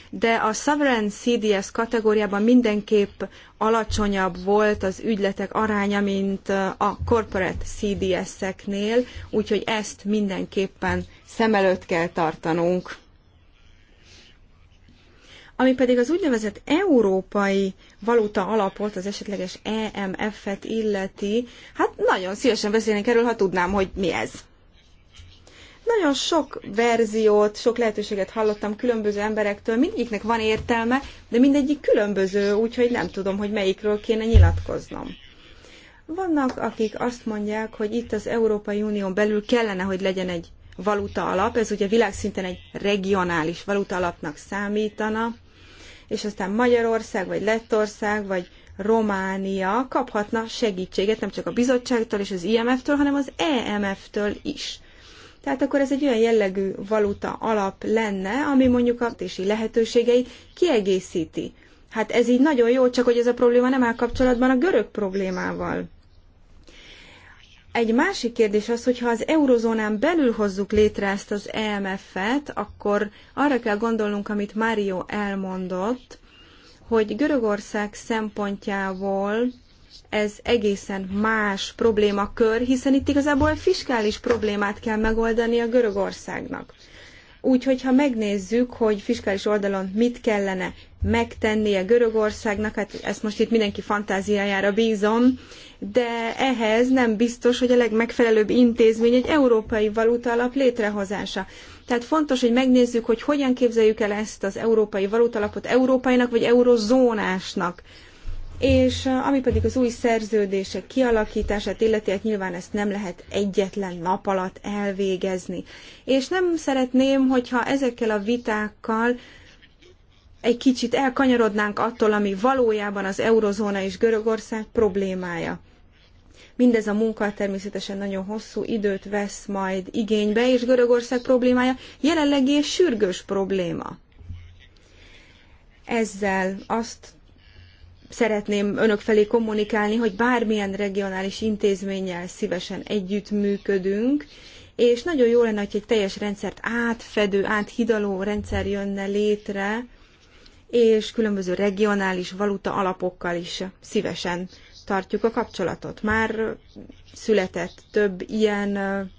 de a Sovereign CDS kategóriában mindenképp alacsonyabb volt az ügyletek aránya, mint a corporate CDS-eknél, úgyhogy ezt mindenképpen szem előtt kell tartanunk. Ami pedig az úgynevezett európai valuta alapot, az esetleges EMF-et illeti, hát nagyon szívesen beszélnék erről, ha tudnám, hogy mi ez. Nagyon sok verziót, sok lehetőséget hallottam különböző emberektől, mindegyiknek van értelme, de mindegyik különböző, úgyhogy nem tudom, hogy melyikről kéne nyilatkoznom. Vannak, akik azt mondják, hogy itt az Európai Unión belül kellene, hogy legyen egy valuta alap, ez ugye világszinten egy regionális valuta alapnak számítana, és aztán Magyarország, vagy Lettország, vagy Románia kaphatna segítséget nem csak a bizottságtól és az IMF-től, hanem az EMF-től is. Tehát akkor ez egy olyan jellegű valuta alap lenne, ami mondjuk a tési lehetőségeit kiegészíti. Hát ez így nagyon jó, csak hogy ez a probléma nem áll kapcsolatban a görög problémával. Egy másik kérdés az, hogy ha az eurozónán belül hozzuk létre ezt az EMF-et, akkor arra kell gondolnunk, amit Mário elmondott, hogy Görögország szempontjából ez egészen más problémakör, hiszen itt igazából fiskális problémát kell megoldani a Görögországnak. Úgyhogy ha megnézzük, hogy fiskális oldalon mit kellene megtennie Görögországnak, hát ezt most itt mindenki fantáziájára bízom, de ehhez nem biztos, hogy a legmegfelelőbb intézmény egy európai valuta alap létrehozása. Tehát fontos, hogy megnézzük, hogy hogyan képzeljük el ezt az európai valutalapot európainak vagy eurozónásnak. És eh, ami pedig az új szerződések kialakítását illeti, hát nyilván ezt nem lehet egyetlen nap alatt elvégezni. És nem szeretném, hogyha ezekkel a vitákkal egy kicsit elkanyarodnánk attól, ami valójában az eurozóna és Görögország problémája. Mindez a munka természetesen nagyon hosszú időt vesz majd igénybe, és Görögország problémája jelenleg és sürgős probléma. Ezzel azt szeretném önök felé kommunikálni, hogy bármilyen regionális intézménnyel szívesen együttműködünk, és nagyon jó lenne, hogy egy teljes rendszert átfedő, áthidaló rendszer jönne létre, és különböző regionális valuta alapokkal is szívesen tartjuk a kapcsolatot. Már született több ilyen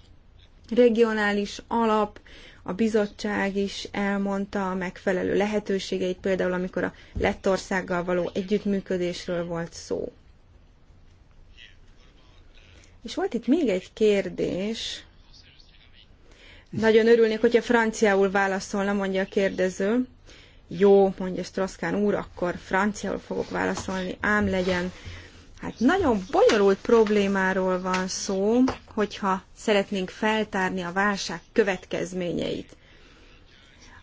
regionális alap, a bizottság is elmondta a megfelelő lehetőségeit, például amikor a Lettországgal való együttműködésről volt szó. És volt itt még egy kérdés. Nagyon örülnék, hogyha franciául válaszolna, mondja a kérdező. Jó, mondja Strauss-Kahn úr, akkor franciául fogok válaszolni, ám legyen. Hát nagyon bonyolult problémáról van szó, hogyha szeretnénk feltárni a válság következményeit.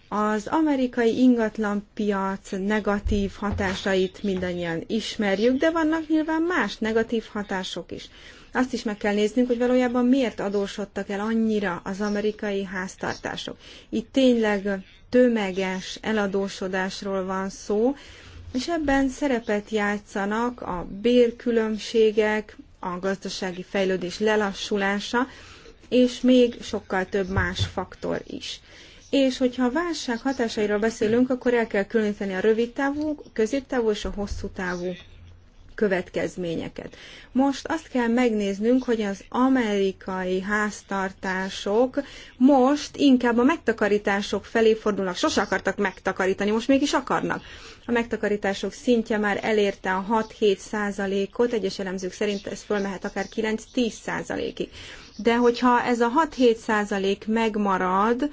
Az amerikai ingatlanpiac negatív hatásait mindannyian ismerjük, de vannak nyilván más negatív hatások is. Azt is meg kell néznünk, hogy valójában miért adósodtak el annyira az amerikai háztartások. Itt tényleg tömeges eladósodásról van szó, és ebben szerepet játszanak a bérkülönbségek, a gazdasági fejlődés lelassulása, és még sokkal több más faktor is. És hogyha a válság hatásairól beszélünk, akkor el kell különíteni a rövidtávú, középtávú és a hosszú távú következményeket. Most azt kell megnéznünk, hogy az amerikai háztartások most inkább a megtakarítások felé fordulnak. Sose akartak megtakarítani, most mégis akarnak. A megtakarítások szintje már elérte a 6-7 százalékot, egyes elemzők szerint ez fölmehet akár 9-10 százalékig. De hogyha ez a 6-7 százalék megmarad,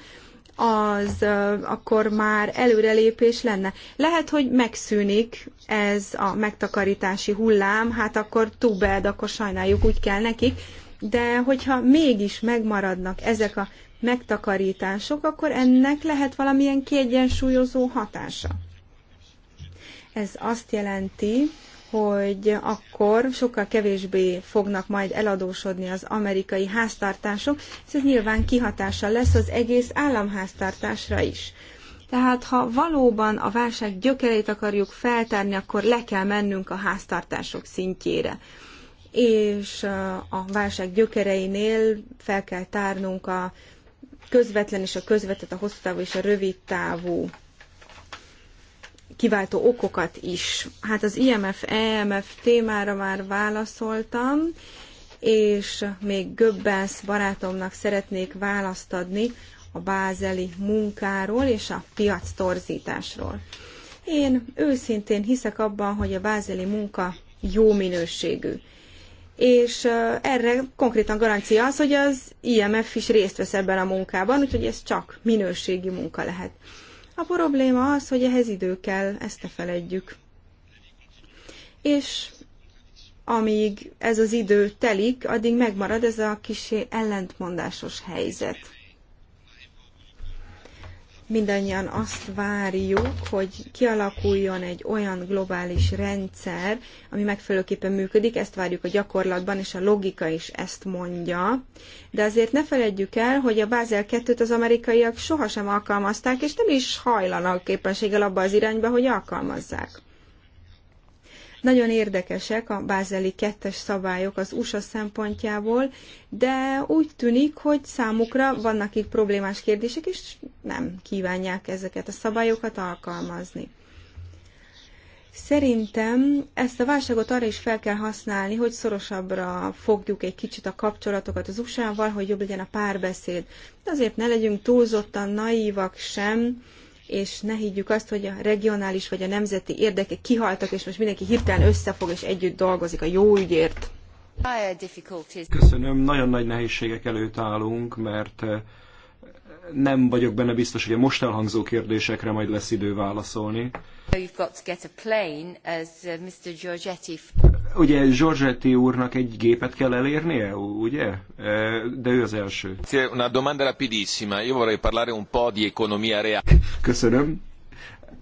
az akkor már előrelépés lenne. Lehet, hogy megszűnik ez a megtakarítási hullám, hát akkor too bad, akkor sajnáljuk, úgy kell nekik, de hogyha mégis megmaradnak ezek a megtakarítások, akkor ennek lehet valamilyen kiegyensúlyozó hatása. Ez azt jelenti, hogy akkor sokkal kevésbé fognak majd eladósodni az amerikai háztartások, és ez nyilván kihatása lesz az egész államháztartásra is. Tehát ha valóban a válság gyökereit akarjuk feltárni, akkor le kell mennünk a háztartások szintjére. És a válság gyökereinél fel kell tárnunk a közvetlen és a közvetett, a hosszú távú és a rövid távú kiváltó okokat is. Hát az IMF-EMF e témára már válaszoltam, és még Göbbels barátomnak szeretnék választ adni a bázeli munkáról és a piac torzításról. Én őszintén hiszek abban, hogy a bázeli munka jó minőségű. És erre konkrétan garancia az, hogy az IMF is részt vesz ebben a munkában, úgyhogy ez csak minőségi munka lehet. A probléma az, hogy ehhez idő kell, ezt ne feledjük. És amíg ez az idő telik, addig megmarad ez a kis ellentmondásos helyzet mindannyian azt várjuk, hogy kialakuljon egy olyan globális rendszer, ami megfelelőképpen működik, ezt várjuk a gyakorlatban, és a logika is ezt mondja. De azért ne feledjük el, hogy a Bázel 2-t az amerikaiak sohasem alkalmazták, és nem is hajlanak képességgel abba az irányba, hogy alkalmazzák. Nagyon érdekesek a bázeli kettes szabályok az USA szempontjából, de úgy tűnik, hogy számukra vannak itt problémás kérdések, és nem kívánják ezeket a szabályokat alkalmazni. Szerintem ezt a válságot arra is fel kell használni, hogy szorosabbra fogjuk egy kicsit a kapcsolatokat az USA-val, hogy jobb legyen a párbeszéd. De azért ne legyünk túlzottan naívak sem, és ne higgyük azt, hogy a regionális vagy a nemzeti érdekek kihaltak, és most mindenki hirtelen összefog és együtt dolgozik a jó ügyért. Köszönöm, nagyon nagy nehézségek előtt állunk, mert eh, nem vagyok benne biztos, hogy a most elhangzó kérdésekre majd lesz idő válaszolni. Ugye Giorgetti úrnak egy gépet kell elérnie, ugye? E, de ő az első. Una domanda rapidissima. Io vorrei parlare un po' di economia reale. Köszönöm.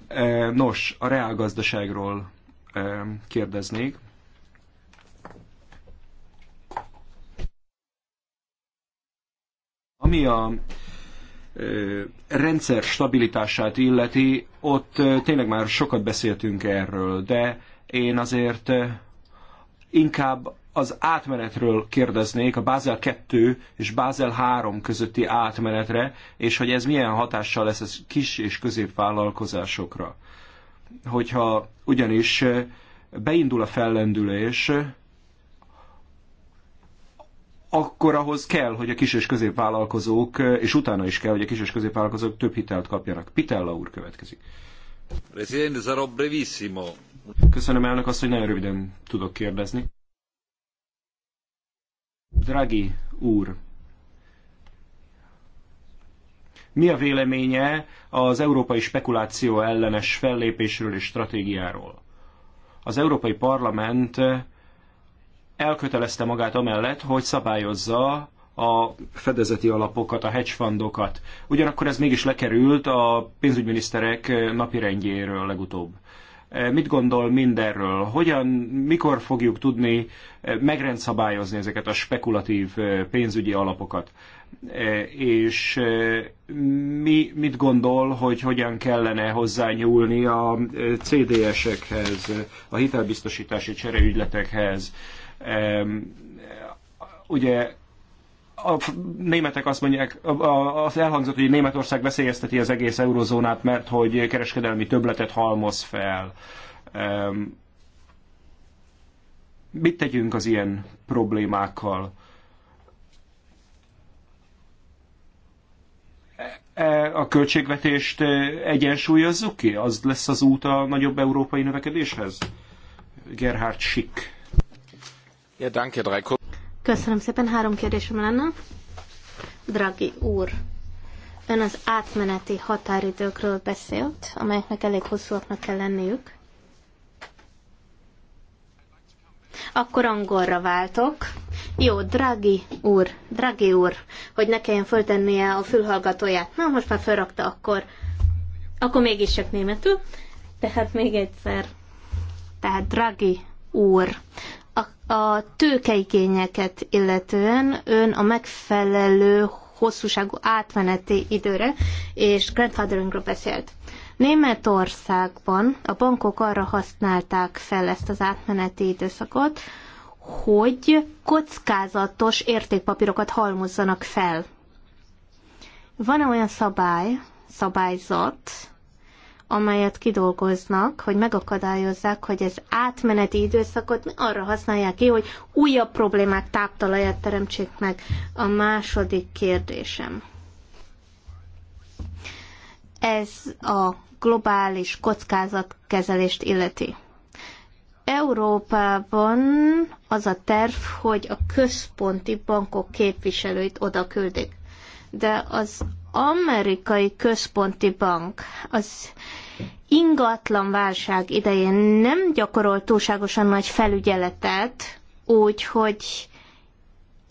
E, nos, a reálgazdaságról e, kérdeznék. Ami a rendszer stabilitását illeti, ott tényleg már sokat beszéltünk erről, de én azért inkább az átmenetről kérdeznék, a Bázel 2 és Bázel 3 közötti átmenetre, és hogy ez milyen hatással lesz a kis és középvállalkozásokra. Hogyha ugyanis beindul a fellendülés, akkor ahhoz kell, hogy a kis és középvállalkozók, és utána is kell, hogy a kis és középvállalkozók több hitelt kapjanak. Pitella úr következik. Presidente, sarò brevissimo. Köszönöm elnök azt, hogy nagyon röviden tudok kérdezni. Dragi úr, mi a véleménye az európai spekuláció ellenes fellépésről és stratégiáról? Az Európai Parlament elkötelezte magát amellett, hogy szabályozza a fedezeti alapokat, a hedge fundokat. Ugyanakkor ez mégis lekerült a pénzügyminiszterek napirendjéről legutóbb. Mit gondol mindenről? Hogyan, mikor fogjuk tudni eh, megrendszabályozni ezeket a spekulatív eh, pénzügyi alapokat? Eh, és mi, mit gondol, hogy hogyan kellene hozzányúlni a CDS-ekhez, a hitelbiztosítási csereügyletekhez? Ugye a németek azt mondják, az elhangzott, hogy Németország veszélyezteti az egész eurozónát, mert hogy kereskedelmi töbletet halmoz fel. Mit tegyünk az ilyen problémákkal? E, e, a költségvetést e, egyensúlyozzuk ki? Az lesz az út a nagyobb európai növekedéshez? Gerhard Schick. Ja, danke, Drei Köszönöm szépen, három kérdésem lenne. Dragi úr, ön az átmeneti határidőkről beszélt, amelyeknek elég hosszúaknak kell lenniük. Akkor angolra váltok. Jó, Dragi úr, Dragi úr, hogy ne kelljen föltennie a fülhallgatóját. Na, most már felrakta, akkor, akkor mégis csak németül. Tehát még egyszer. Tehát Dragi úr, a tőkeigényeket illetően ön a megfelelő hosszúságú átmeneti időre és grandfatheringről beszélt. Németországban a bankok arra használták fel ezt az átmeneti időszakot, hogy kockázatos értékpapírokat halmozzanak fel. Van-e olyan szabály, szabályzat, amelyet kidolgoznak, hogy megakadályozzák, hogy ez átmeneti időszakot arra használják ki, hogy újabb problémák táptalaját teremtsék meg. A második kérdésem. Ez a globális kockázatkezelést illeti. Európában az a terv, hogy a központi bankok képviselőit oda küldik. De az amerikai központi bank az ingatlan válság idején nem gyakorolt túlságosan nagy felügyeletet, úgyhogy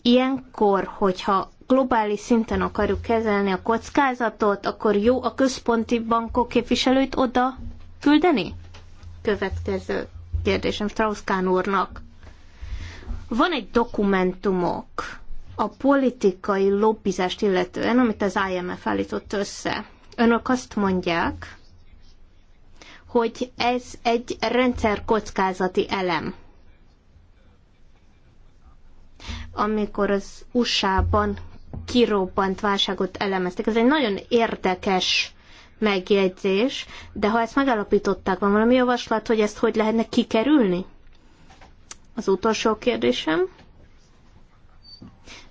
ilyenkor, hogyha globális szinten akarjuk kezelni a kockázatot, akkor jó a központi bankok képviselőit oda küldeni? Következő kérdésem Strauss-Kahn úrnak. Van egy dokumentumok, a politikai lobbizást illetően, amit az IMF állított össze. Önök azt mondják, hogy ez egy rendszerkockázati elem. Amikor az USA-ban kirobbant válságot elemeztek, ez egy nagyon érdekes megjegyzés, de ha ezt megalapították, van valami javaslat, hogy ezt hogy lehetne kikerülni? Az utolsó kérdésem.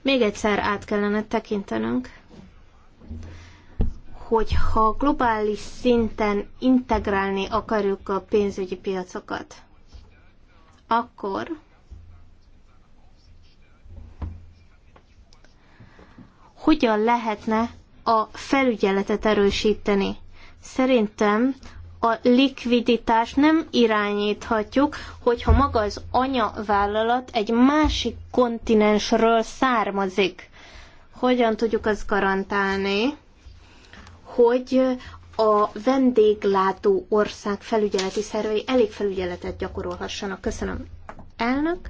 Még egyszer át kellene tekintenünk, hogyha globális szinten integrálni akarjuk a pénzügyi piacokat, akkor hogyan lehetne a felügyeletet erősíteni? Szerintem a likviditást nem irányíthatjuk, hogyha maga az anyavállalat egy másik kontinensről származik. Hogyan tudjuk azt garantálni, hogy a vendéglátó ország felügyeleti szervei elég felügyeletet gyakorolhassanak. Köszönöm. Elnök?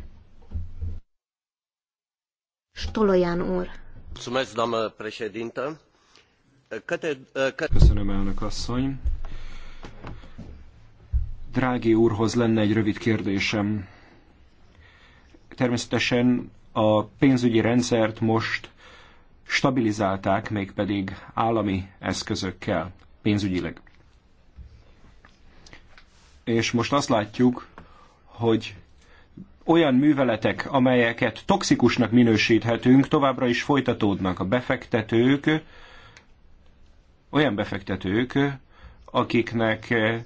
Stolojan úr. Köszönöm, elnök asszony. Drági úrhoz lenne egy rövid kérdésem. Természetesen a pénzügyi rendszert most stabilizálták, mégpedig állami eszközökkel, pénzügyileg. És most azt látjuk, hogy olyan műveletek, amelyeket toxikusnak minősíthetünk, továbbra is folytatódnak. A befektetők, olyan befektetők, akiknek eh,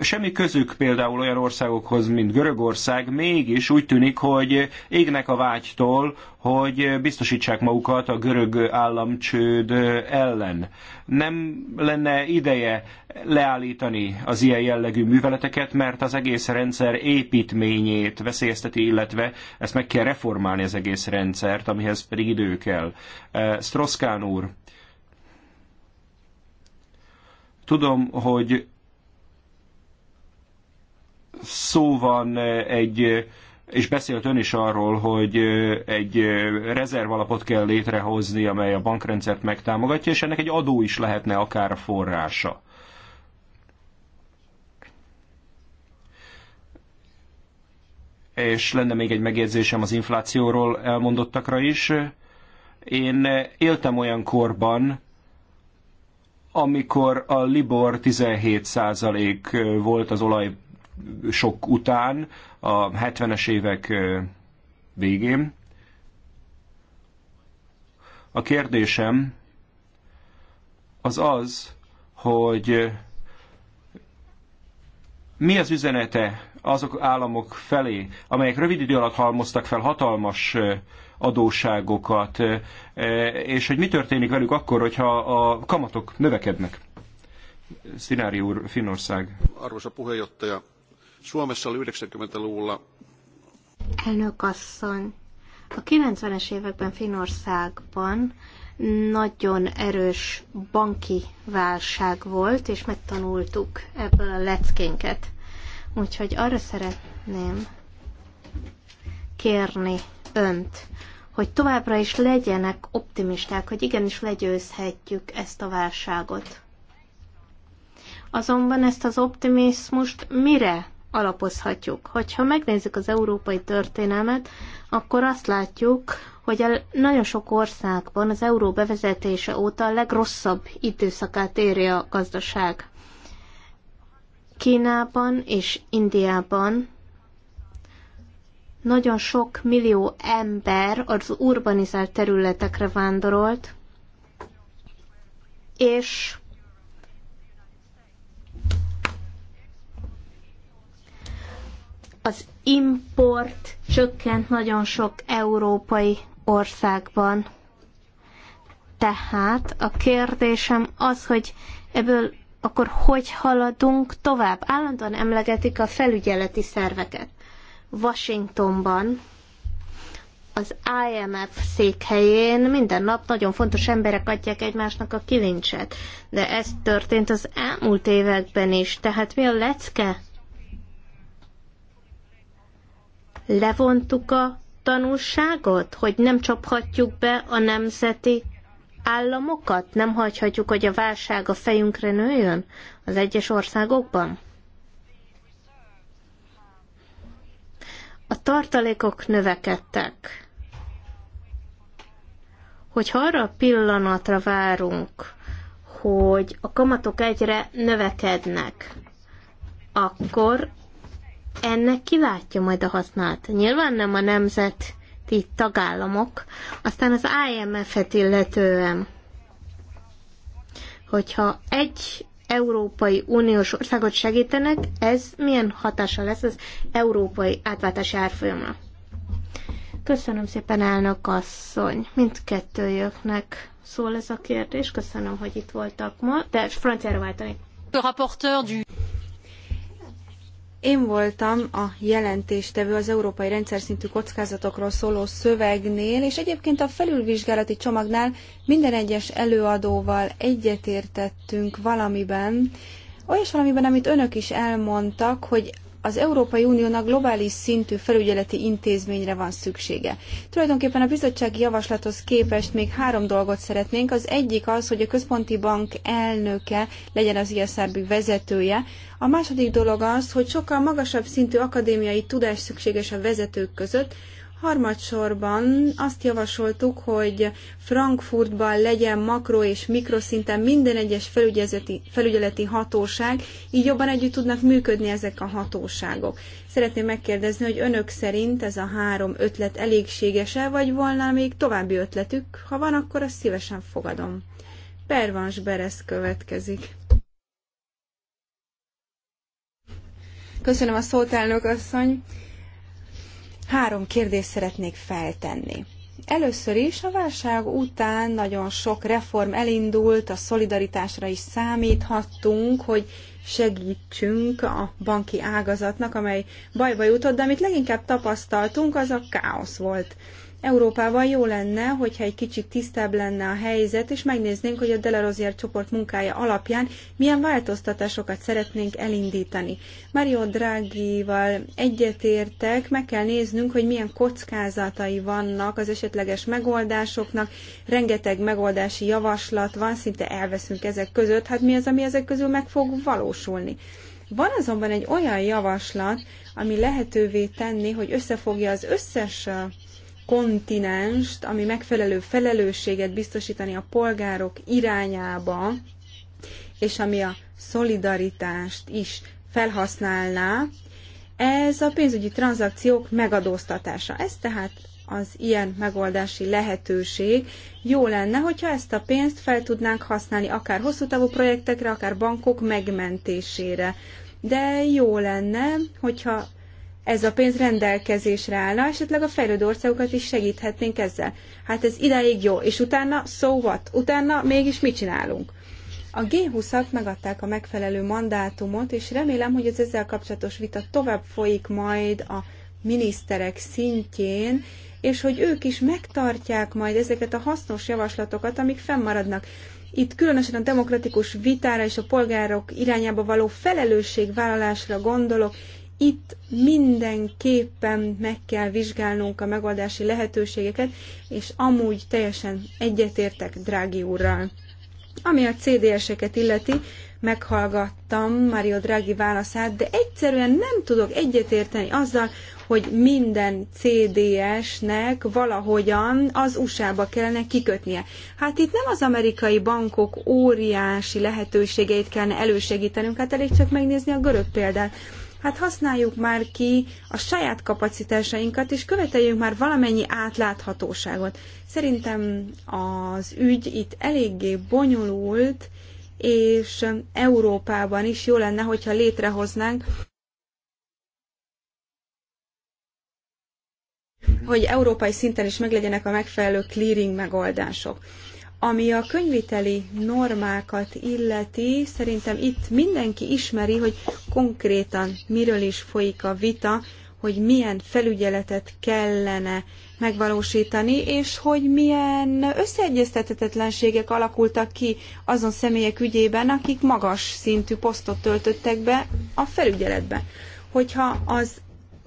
semmi közük például olyan országokhoz, mint Görögország, mégis úgy tűnik, hogy égnek a vágytól, hogy biztosítsák magukat a görög államcsőd eh, ellen. Nem lenne ideje leállítani az ilyen jellegű műveleteket, mert az egész rendszer építményét veszélyezteti, illetve ezt meg kell reformálni az egész rendszert, amihez pedig idő kell. Eh, Stroszkán úr, Tudom, hogy szó van egy, és beszélt ön is arról, hogy egy rezervalapot kell létrehozni, amely a bankrendszert megtámogatja, és ennek egy adó is lehetne akár a forrása. És lenne még egy megjegyzésem az inflációról elmondottakra is. Én éltem olyan korban, amikor a Libor 17% volt az olaj sok után, a 70-es évek végén. A kérdésem az az, hogy mi az üzenete azok államok felé, amelyek rövid idő alatt halmoztak fel hatalmas adósságokat, és hogy mi történik velük akkor, hogyha a kamatok növekednek. Szinári úr, Finnország. Arvosa puheenjohtaja, Suomessa oli 90-luvulla... Elnök asszony, a 90-es években Finnországban nagyon erős banki válság volt, és megtanultuk ebből a leckénket. Úgyhogy arra szeretném kérni önt, hogy továbbra is legyenek optimisták, hogy igenis legyőzhetjük ezt a válságot. Azonban ezt az optimizmust mire alapozhatjuk? Hogyha megnézzük az európai történelmet, akkor azt látjuk, hogy a nagyon sok országban az euró bevezetése óta a legrosszabb időszakát éri a gazdaság. Kínában és Indiában nagyon sok millió ember az urbanizált területekre vándorolt, és az import csökkent nagyon sok európai országban. Tehát a kérdésem az, hogy ebből akkor hogy haladunk tovább? Állandóan emlegetik a felügyeleti szerveket. Washingtonban, az IMF székhelyén minden nap nagyon fontos emberek adják egymásnak a kilincset. De ez történt az elmúlt években is. Tehát mi a lecke? Levontuk a tanulságot, hogy nem csaphatjuk be a nemzeti államokat? Nem hagyhatjuk, hogy a válság a fejünkre nőjön az egyes országokban? A tartalékok növekedtek. Hogyha arra a pillanatra várunk, hogy a kamatok egyre növekednek, akkor ennek kilátja majd a hasznát. Nyilván nem a nemzeti tagállamok, aztán az IMF-et illetően, hogyha egy Európai Uniós országot segítenek, ez milyen hatása lesz az európai átváltási árfolyamra? Köszönöm szépen, elnök asszony. Mindkettőjöknek szól ez a kérdés. Köszönöm, hogy itt voltak ma, de franciára váltani. Én voltam a jelentéstevő az Európai Rendszer szintű kockázatokról szóló szövegnél, és egyébként a felülvizsgálati csomagnál minden egyes előadóval egyetértettünk valamiben, olyas valamiben, amit önök is elmondtak, hogy az Európai Uniónak globális szintű felügyeleti intézményre van szüksége. Tulajdonképpen a bizottsági javaslathoz képest még három dolgot szeretnénk. Az egyik az, hogy a központi bank elnöke legyen az ISRB vezetője. A második dolog az, hogy sokkal magasabb szintű akadémiai tudás szükséges a vezetők között, Harmadsorban azt javasoltuk, hogy Frankfurtban legyen makro és mikroszinten minden egyes felügyeleti, hatóság, így jobban együtt tudnak működni ezek a hatóságok. Szeretném megkérdezni, hogy önök szerint ez a három ötlet elégséges-e, vagy volna még további ötletük? Ha van, akkor azt szívesen fogadom. Pervans Beresz következik. Köszönöm a szót, elnök asszony! Három kérdést szeretnék feltenni. Először is a válság után nagyon sok reform elindult, a szolidaritásra is számíthattunk, hogy segítsünk a banki ágazatnak, amely bajba jutott, de amit leginkább tapasztaltunk, az a káosz volt. Európában jó lenne, hogyha egy kicsit tisztább lenne a helyzet, és megnéznénk, hogy a Delarozier csoport munkája alapján milyen változtatásokat szeretnénk elindítani. Mario Draghi-val egyetértek, meg kell néznünk, hogy milyen kockázatai vannak az esetleges megoldásoknak. Rengeteg megoldási javaslat van, szinte elveszünk ezek között. Hát mi az, ami ezek közül meg fog valósulni? Van azonban egy olyan javaslat, ami lehetővé tenni, hogy összefogja az összes kontinenst, ami megfelelő felelősséget biztosítani a polgárok irányába, és ami a szolidaritást is felhasználná, ez a pénzügyi tranzakciók megadóztatása. Ez tehát az ilyen megoldási lehetőség. Jó lenne, hogyha ezt a pénzt fel tudnánk használni akár hosszú távú projektekre, akár bankok megmentésére. De jó lenne, hogyha ez a pénz rendelkezésre állna, esetleg a fejlődő országokat is segíthetnénk ezzel. Hát ez idáig jó, és utána so what? Utána mégis mit csinálunk? A G20-ak megadták a megfelelő mandátumot, és remélem, hogy az ezzel kapcsolatos vita tovább folyik majd a miniszterek szintjén, és hogy ők is megtartják majd ezeket a hasznos javaslatokat, amik fennmaradnak. Itt különösen a demokratikus vitára és a polgárok irányába való felelősségvállalásra gondolok, itt mindenképpen meg kell vizsgálnunk a megoldási lehetőségeket, és amúgy teljesen egyetértek Drági úrral. Ami a CDS-eket illeti, meghallgattam Mario Draghi válaszát, de egyszerűen nem tudok egyetérteni azzal, hogy minden CDS-nek valahogyan az USA-ba kellene kikötnie. Hát itt nem az amerikai bankok óriási lehetőségeit kellene elősegítenünk, hát elég csak megnézni a görög példát hát használjuk már ki a saját kapacitásainkat, és követeljünk már valamennyi átláthatóságot. Szerintem az ügy itt eléggé bonyolult, és Európában is jó lenne, hogyha létrehoznánk hogy európai szinten is meglegyenek a megfelelő clearing megoldások. Ami a könyviteli normákat illeti, szerintem itt mindenki ismeri, hogy konkrétan miről is folyik a vita, hogy milyen felügyeletet kellene megvalósítani, és hogy milyen összeegyeztetetlenségek alakultak ki azon személyek ügyében, akik magas szintű posztot töltöttek be a felügyeletbe. Hogyha az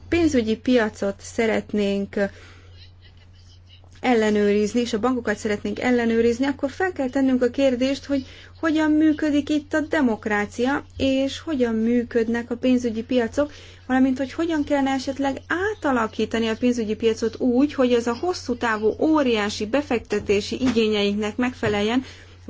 pénzügyi piacot szeretnénk ellenőrizni, és a bankokat szeretnénk ellenőrizni, akkor fel kell tennünk a kérdést, hogy hogyan működik itt a demokrácia, és hogyan működnek a pénzügyi piacok, valamint hogy hogyan kellene esetleg átalakítani a pénzügyi piacot úgy, hogy ez a hosszú távú óriási befektetési igényeinknek megfeleljen,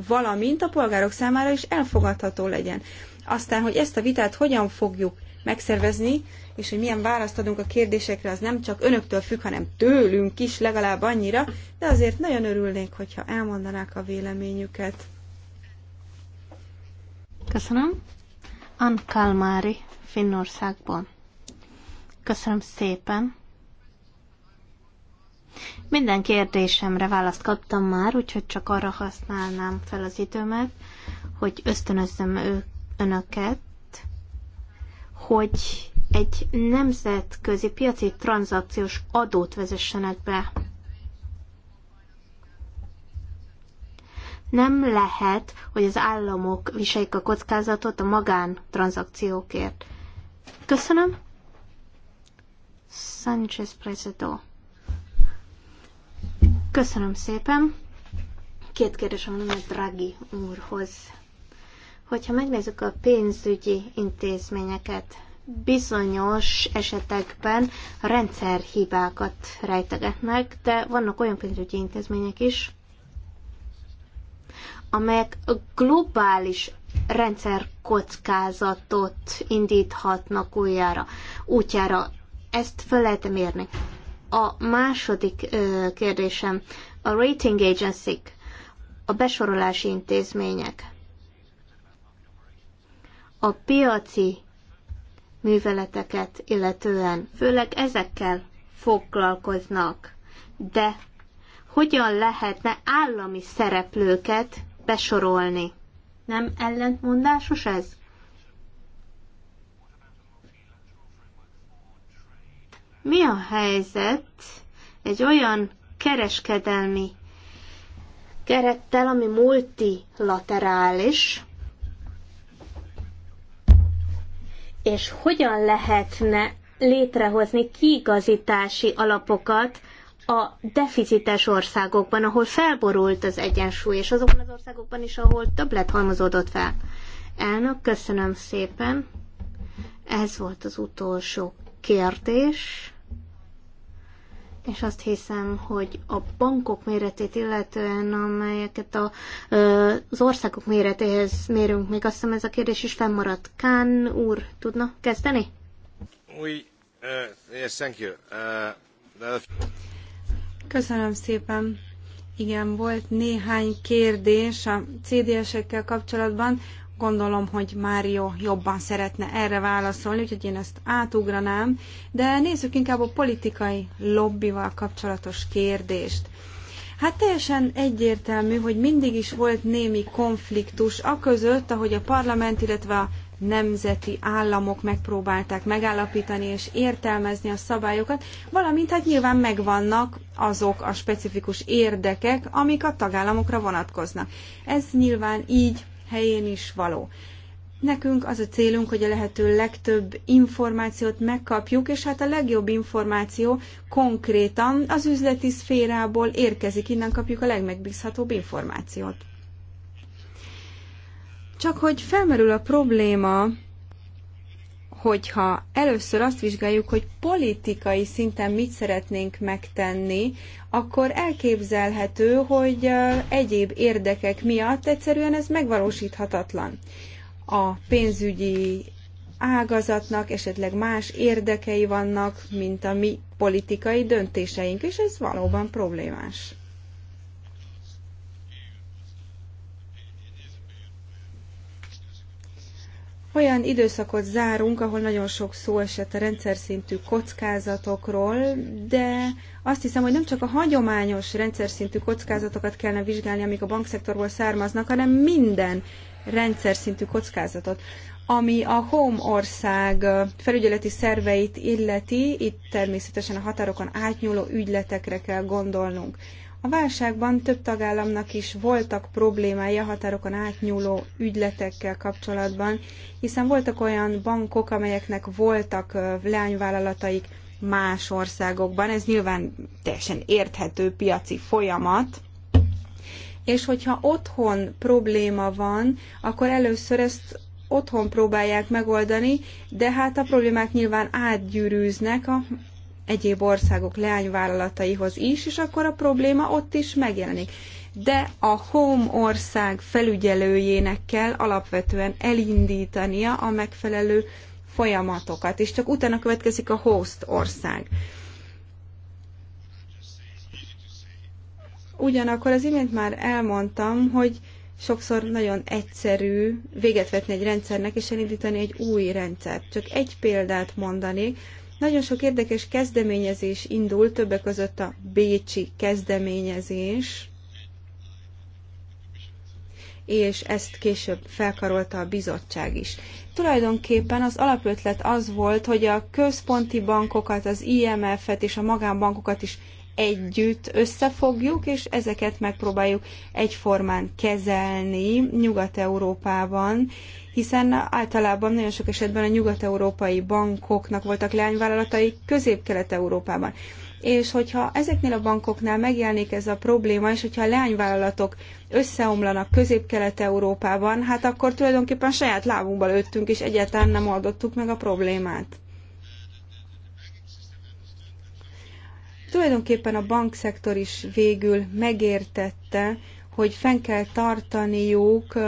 valamint a polgárok számára is elfogadható legyen. Aztán, hogy ezt a vitát hogyan fogjuk megszervezni, és hogy milyen választ adunk a kérdésekre, az nem csak önöktől függ, hanem tőlünk is legalább annyira, de azért nagyon örülnék, hogyha elmondanák a véleményüket. Köszönöm. Ann Kalmári, Finnországból. Köszönöm szépen. Minden kérdésemre választ kaptam már, úgyhogy csak arra használnám fel az időmet, hogy ösztönözzem ő, önöket, hogy egy nemzetközi piaci tranzakciós adót vezessenek be. Nem lehet, hogy az államok viseljék a kockázatot a magán tranzakciókért. Köszönöm. Sanchez Presedo. Köszönöm szépen. Két kérdésem a Draghi úrhoz. Hogyha megnézzük a pénzügyi intézményeket, bizonyos esetekben rendszerhibákat rejtegetnek, de vannak olyan pénzügyi intézmények is, amelyek globális rendszerkockázatot indíthatnak újjára, útjára. Ezt fel lehet mérni. A második ö, kérdésem, a rating agency a besorolási intézmények, a piaci műveleteket illetően. Főleg ezekkel foglalkoznak. De hogyan lehetne állami szereplőket besorolni? Nem ellentmondásos ez? Mi a helyzet egy olyan kereskedelmi kerettel, ami multilaterális, és hogyan lehetne létrehozni kiigazítási alapokat a deficites országokban, ahol felborult az egyensúly, és azokban az országokban is, ahol többlet halmozódott fel. Elnök, köszönöm szépen. Ez volt az utolsó kérdés és azt hiszem, hogy a bankok méretét illetően, amelyeket a, az országok méretéhez mérünk, még azt hiszem ez a kérdés is fennmaradt. Kán úr, tudna kezdeni? Oui, uh, yes, thank you. Uh, Köszönöm szépen. Igen, volt néhány kérdés a CDS-ekkel kapcsolatban gondolom, hogy Mário jobban szeretne erre válaszolni, úgyhogy én ezt átugranám, de nézzük inkább a politikai lobbival kapcsolatos kérdést. Hát teljesen egyértelmű, hogy mindig is volt némi konfliktus a között, ahogy a parlament, illetve a nemzeti államok megpróbálták megállapítani és értelmezni a szabályokat, valamint hát nyilván megvannak azok a specifikus érdekek, amik a tagállamokra vonatkoznak. Ez nyilván így helyén is való. Nekünk az a célunk, hogy a lehető legtöbb információt megkapjuk, és hát a legjobb információ konkrétan az üzleti szférából érkezik, innen kapjuk a legmegbízhatóbb információt. Csak hogy felmerül a probléma, hogyha először azt vizsgáljuk, hogy politikai szinten mit szeretnénk megtenni, akkor elképzelhető, hogy egyéb érdekek miatt egyszerűen ez megvalósíthatatlan. A pénzügyi ágazatnak esetleg más érdekei vannak, mint a mi politikai döntéseink, és ez valóban problémás. olyan időszakot zárunk, ahol nagyon sok szó esett a rendszer szintű kockázatokról, de azt hiszem, hogy nem csak a hagyományos rendszer szintű kockázatokat kellene vizsgálni, amik a bankszektorból származnak, hanem minden rendszer szintű kockázatot. Ami a home ország felügyeleti szerveit illeti, itt természetesen a határokon átnyúló ügyletekre kell gondolnunk. A válságban több tagállamnak is voltak problémája határokon átnyúló ügyletekkel kapcsolatban, hiszen voltak olyan bankok, amelyeknek voltak leányvállalataik más országokban. Ez nyilván teljesen érthető piaci folyamat. És hogyha otthon probléma van, akkor először ezt otthon próbálják megoldani, de hát a problémák nyilván átgyűrűznek a egyéb országok leányvállalataihoz is, és akkor a probléma ott is megjelenik. De a home ország felügyelőjének kell alapvetően elindítania a megfelelő folyamatokat, és csak utána következik a host ország. Ugyanakkor az imént már elmondtam, hogy sokszor nagyon egyszerű véget vetni egy rendszernek és elindítani egy új rendszert. Csak egy példát mondanék, nagyon sok érdekes kezdeményezés indul, többek között a Bécsi kezdeményezés, és ezt később felkarolta a bizottság is. Tulajdonképpen az alapötlet az volt, hogy a központi bankokat, az IMF-et és a magánbankokat is együtt összefogjuk, és ezeket megpróbáljuk egyformán kezelni Nyugat-Európában, hiszen általában nagyon sok esetben a nyugat-európai bankoknak voltak leányvállalatai közép-kelet-európában. És hogyha ezeknél a bankoknál megjelenik ez a probléma, és hogyha a leányvállalatok összeomlanak közép-kelet-európában, hát akkor tulajdonképpen saját lábunkba lőttünk, és egyáltalán nem oldottuk meg a problémát. tulajdonképpen a bankszektor is végül megértette, hogy fenn kell tartaniuk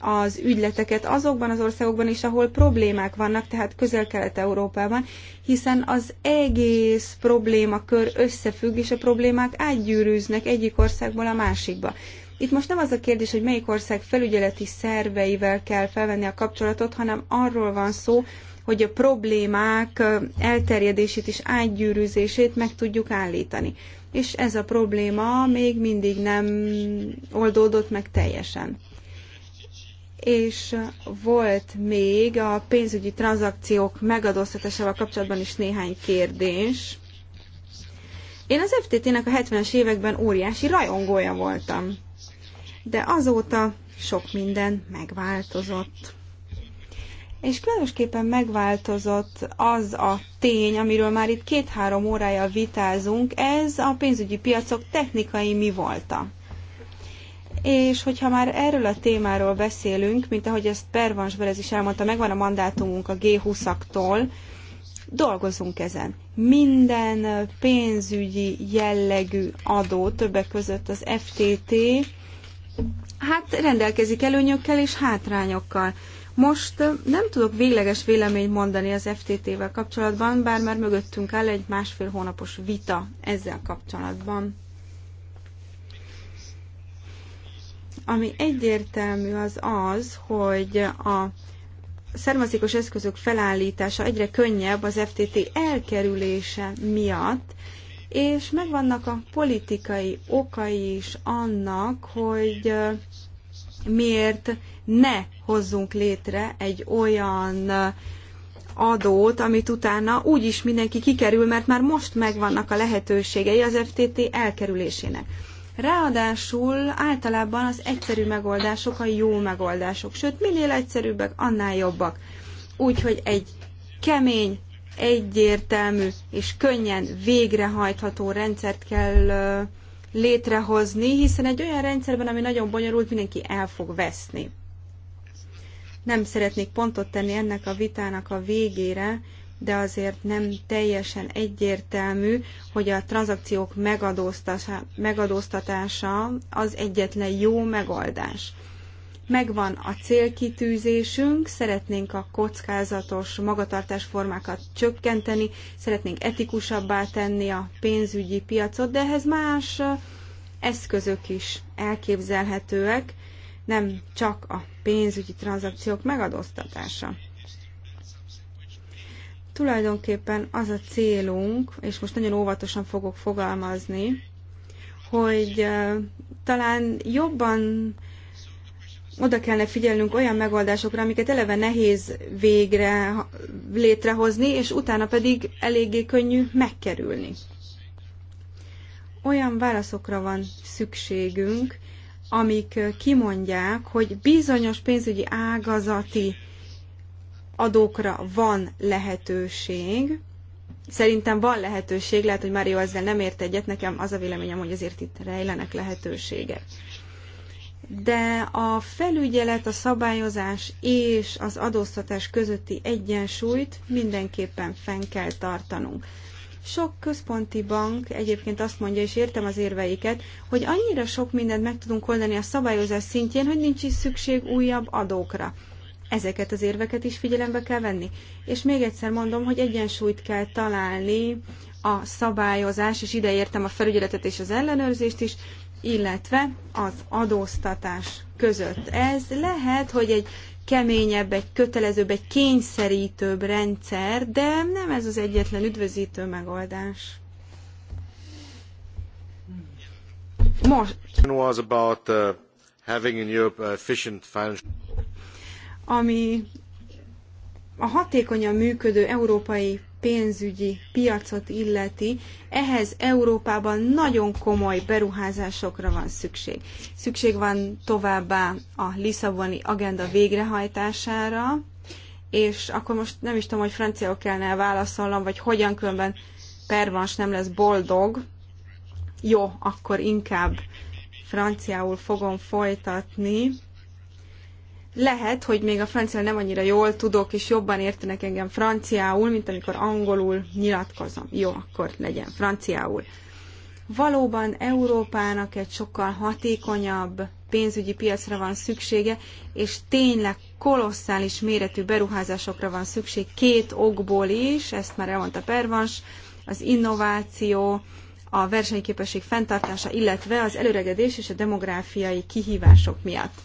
az ügyleteket azokban az országokban is, ahol problémák vannak, tehát közel-kelet-európában, hiszen az egész problémakör összefügg, és a problémák átgyűrűznek egyik országból a másikba. Itt most nem az a kérdés, hogy melyik ország felügyeleti szerveivel kell felvenni a kapcsolatot, hanem arról van szó, hogy a problémák elterjedését és átgyűrűzését meg tudjuk állítani. És ez a probléma még mindig nem oldódott meg teljesen. És volt még a pénzügyi tranzakciók megadóztatásával kapcsolatban is néhány kérdés. Én az FTT-nek a 70-es években óriási rajongója voltam, de azóta sok minden megváltozott és különösképpen megváltozott az a tény, amiről már itt két-három órája vitázunk, ez a pénzügyi piacok technikai mi volta. És hogyha már erről a témáról beszélünk, mint ahogy ezt Pervans Berez is elmondta, megvan a mandátumunk a G20-aktól, dolgozunk ezen. Minden pénzügyi jellegű adó, többek között az FTT, hát rendelkezik előnyökkel és hátrányokkal. Most nem tudok végleges véleményt mondani az FTT-vel kapcsolatban, bár már mögöttünk áll egy másfél hónapos vita ezzel kapcsolatban. Ami egyértelmű az az, hogy a származékos eszközök felállítása egyre könnyebb az FTT elkerülése miatt, és megvannak a politikai okai is annak, hogy miért ne hozzunk létre egy olyan adót, amit utána úgyis mindenki kikerül, mert már most megvannak a lehetőségei az FTT elkerülésének. Ráadásul általában az egyszerű megoldások a jó megoldások, sőt, minél egyszerűbbek, annál jobbak. Úgyhogy egy kemény, egyértelmű és könnyen végrehajtható rendszert kell létrehozni, hiszen egy olyan rendszerben, ami nagyon bonyolult, mindenki el fog veszni. Nem szeretnék pontot tenni ennek a vitának a végére, de azért nem teljesen egyértelmű, hogy a tranzakciók megadóztatása, az egyetlen jó megoldás. Megvan a célkitűzésünk, szeretnénk a kockázatos magatartásformákat csökkenteni, szeretnénk etikusabbá tenni a pénzügyi piacot, de ehhez más eszközök is elképzelhetőek, nem csak a pénzügyi tranzakciók megadóztatása. Tulajdonképpen az a célunk, és most nagyon óvatosan fogok fogalmazni, hogy talán jobban oda kellene figyelnünk olyan megoldásokra, amiket eleve nehéz végre létrehozni, és utána pedig eléggé könnyű megkerülni. Olyan válaszokra van szükségünk, amik kimondják, hogy bizonyos pénzügyi ágazati adókra van lehetőség. Szerintem van lehetőség, lehet, hogy Mário ezzel nem ért egyet, nekem az a véleményem, hogy azért itt rejlenek lehetőségek. De a felügyelet, a szabályozás és az adóztatás közötti egyensúlyt mindenképpen fenn kell tartanunk. Sok központi bank egyébként azt mondja, és értem az érveiket, hogy annyira sok mindent meg tudunk oldani a szabályozás szintjén, hogy nincs is szükség újabb adókra. Ezeket az érveket is figyelembe kell venni. És még egyszer mondom, hogy egyensúlyt kell találni a szabályozás, és ide értem a felügyeletet és az ellenőrzést is, illetve az adóztatás között. Ez lehet, hogy egy keményebb, egy kötelezőbb, egy kényszerítőbb rendszer, de nem ez az egyetlen üdvözítő megoldás. Most. Was about, uh, having in Europe efficient financial... Ami a hatékonyan működő európai pénzügyi piacot illeti, ehhez Európában nagyon komoly beruházásokra van szükség. Szükség van továbbá a Lisszaboni agenda végrehajtására, és akkor most nem is tudom, hogy franciául kellene válaszolnom, vagy hogyan különben pervans nem lesz boldog. Jó, akkor inkább franciául fogom folytatni lehet, hogy még a francia nem annyira jól tudok, és jobban értenek engem franciául, mint amikor angolul nyilatkozom. Jó, akkor legyen franciául. Valóban Európának egy sokkal hatékonyabb pénzügyi piacra van szüksége, és tényleg kolosszális méretű beruházásokra van szükség két okból is, ezt már elmondta Pervans, az innováció, a versenyképesség fenntartása, illetve az előregedés és a demográfiai kihívások miatt.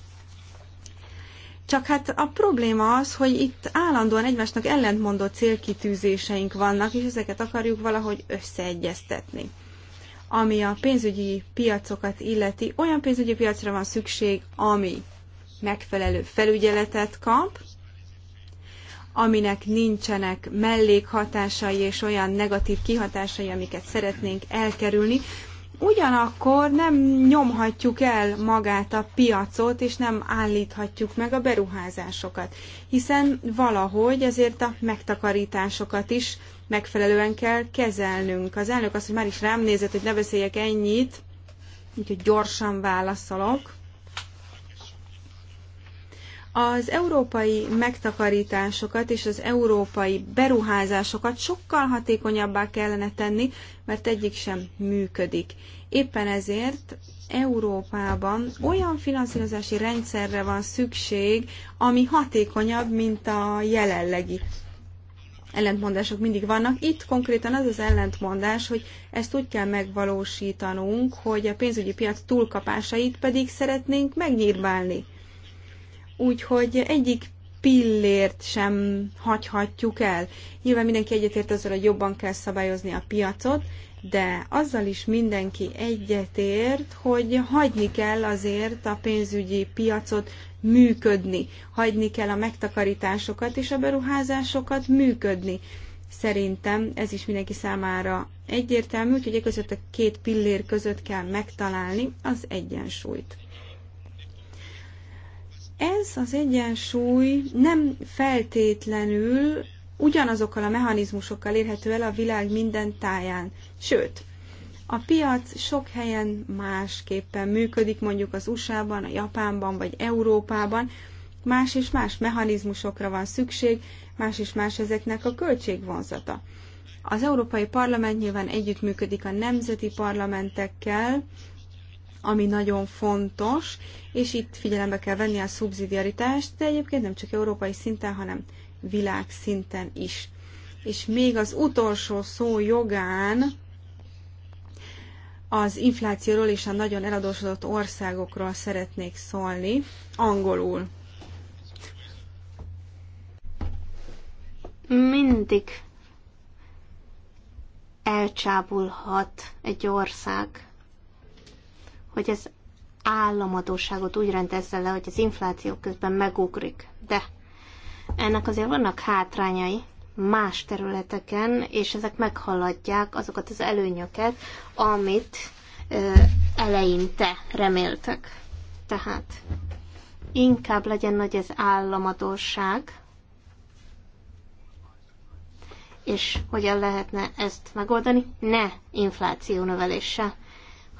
Csak hát a probléma az, hogy itt állandóan egymásnak ellentmondó célkitűzéseink vannak, és ezeket akarjuk valahogy összeegyeztetni. Ami a pénzügyi piacokat illeti, olyan pénzügyi piacra van szükség, ami megfelelő felügyeletet kap, aminek nincsenek mellékhatásai és olyan negatív kihatásai, amiket szeretnénk elkerülni, Ugyanakkor nem nyomhatjuk el magát a piacot, és nem állíthatjuk meg a beruházásokat, hiszen valahogy azért a megtakarításokat is megfelelően kell kezelnünk. Az elnök azt, hogy már is rám nézett, hogy ne beszéljek ennyit, úgyhogy gyorsan válaszolok az európai megtakarításokat és az európai beruházásokat sokkal hatékonyabbá kellene tenni, mert egyik sem működik. Éppen ezért Európában olyan finanszírozási rendszerre van szükség, ami hatékonyabb, mint a jelenlegi ellentmondások mindig vannak. Itt konkrétan az az ellentmondás, hogy ezt úgy kell megvalósítanunk, hogy a pénzügyi piac túlkapásait pedig szeretnénk megnyírbálni. Úgyhogy egyik pillért sem hagyhatjuk el. Nyilván mindenki egyetért azzal, hogy jobban kell szabályozni a piacot, de azzal is mindenki egyetért, hogy hagyni kell azért a pénzügyi piacot működni, hagyni kell a megtakarításokat és a beruházásokat működni. Szerintem ez is mindenki számára egyértelmű, úgyhogy e között a két pillér között kell megtalálni az egyensúlyt. Ez az egyensúly nem feltétlenül ugyanazokkal a mechanizmusokkal érhető el a világ minden táján. Sőt, a piac sok helyen másképpen működik, mondjuk az USA-ban, a Japánban vagy Európában. Más és más mechanizmusokra van szükség, más és más ezeknek a költségvonzata. Az Európai Parlament nyilván együttműködik a nemzeti parlamentekkel, ami nagyon fontos, és itt figyelembe kell venni a szubszidiaritást, de egyébként nem csak európai szinten, hanem világszinten is. És még az utolsó szó jogán az inflációról és a nagyon eladósodott országokról szeretnék szólni, angolul. Mindig elcsábulhat egy ország hogy az államadóságot úgy rendezze le, hogy az infláció közben megugrik. De ennek azért vannak hátrányai más területeken, és ezek meghaladják azokat az előnyöket, amit ö, eleinte reméltek. Tehát inkább legyen nagy az államadóság, és hogyan lehetne ezt megoldani? Ne infláció növeléssel.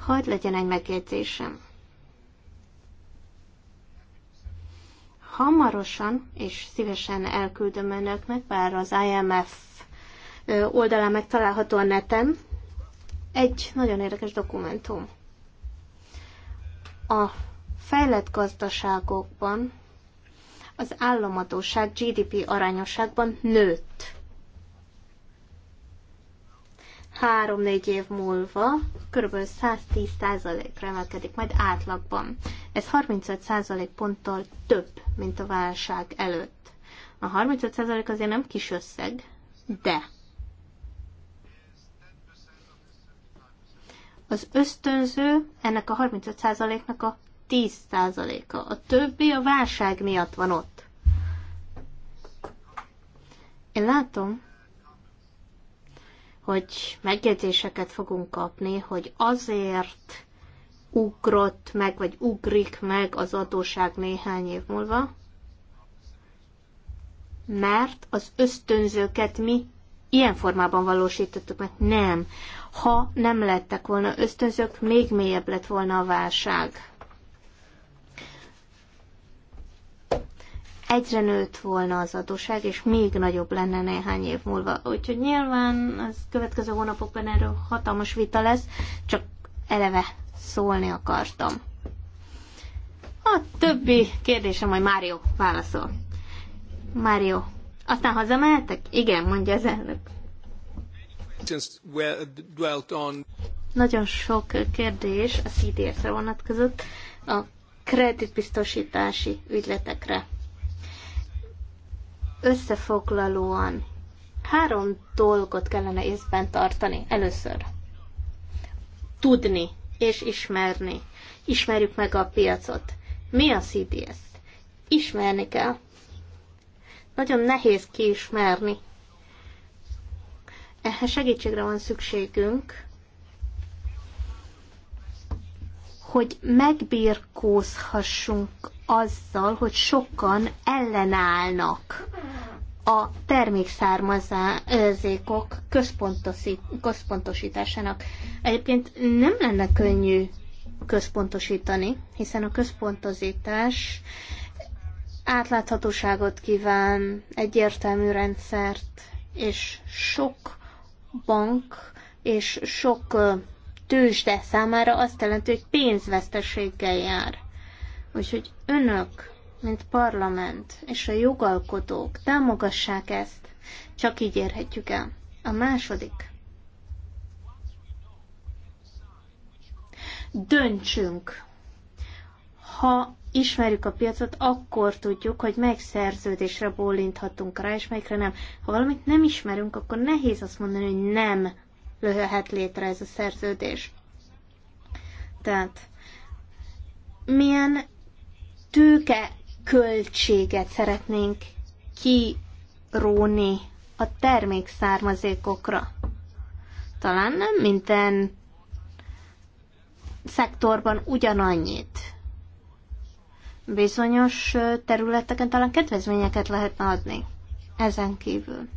Hadd legyen egy megjegyzésem. Hamarosan, és szívesen elküldöm önöknek, bár az IMF oldalán megtalálható a neten, egy nagyon érdekes dokumentum. A fejlett gazdaságokban az államadóság GDP arányosságban nőtt. 3-4 év múlva kb. 110%-ra emelkedik majd átlagban. Ez 35% ponttal több, mint a válság előtt. A 35% azért nem kis összeg, de az ösztönző ennek a 35%-nak a 10%-a. A többi a válság miatt van ott. Én látom, hogy megjegyzéseket fogunk kapni, hogy azért ugrott meg, vagy ugrik meg az adóság néhány év múlva, mert az ösztönzőket mi ilyen formában valósítottuk meg. Nem. Ha nem lettek volna ösztönzők, még mélyebb lett volna a válság. egyre nőtt volna az adóság, és még nagyobb lenne néhány év múlva. Úgyhogy nyilván az következő hónapokban erről hatalmas vita lesz, csak eleve szólni akartam. A többi kérdése majd Mário válaszol. Mário, aztán hazamehetek? Igen, mondja az elnök. Nagyon sok kérdés a CDS-re vonatkozott, a kreditbiztosítási ügyletekre. Összefoglalóan három dolgot kellene észben tartani. Először tudni és ismerni. Ismerjük meg a piacot. Mi a CDS? Ismerni kell. Nagyon nehéz kiismerni. Ehhez segítségre van szükségünk, hogy megbirkózhassunk azzal, hogy sokan ellenállnak a termékszármazékok központosításának. Egyébként nem lenne könnyű központosítani, hiszen a központosítás átláthatóságot kíván, egyértelmű rendszert, és sok bank és sok tőzsde számára azt jelenti, hogy pénzveszteséggel jár. Úgyhogy önök, mint parlament és a jogalkotók támogassák ezt, csak így érhetjük el. A második. Döntsünk. Ha ismerjük a piacot, akkor tudjuk, hogy melyik szerződésre bólinthatunk rá, és melyikre nem. Ha valamit nem ismerünk, akkor nehéz azt mondani, hogy nem lőhet létre ez a szerződés. Tehát milyen tőke költséget szeretnénk kiróni a termék származékokra. Talán nem minden szektorban ugyanannyit. Bizonyos területeken talán kedvezményeket lehetne adni ezen kívül.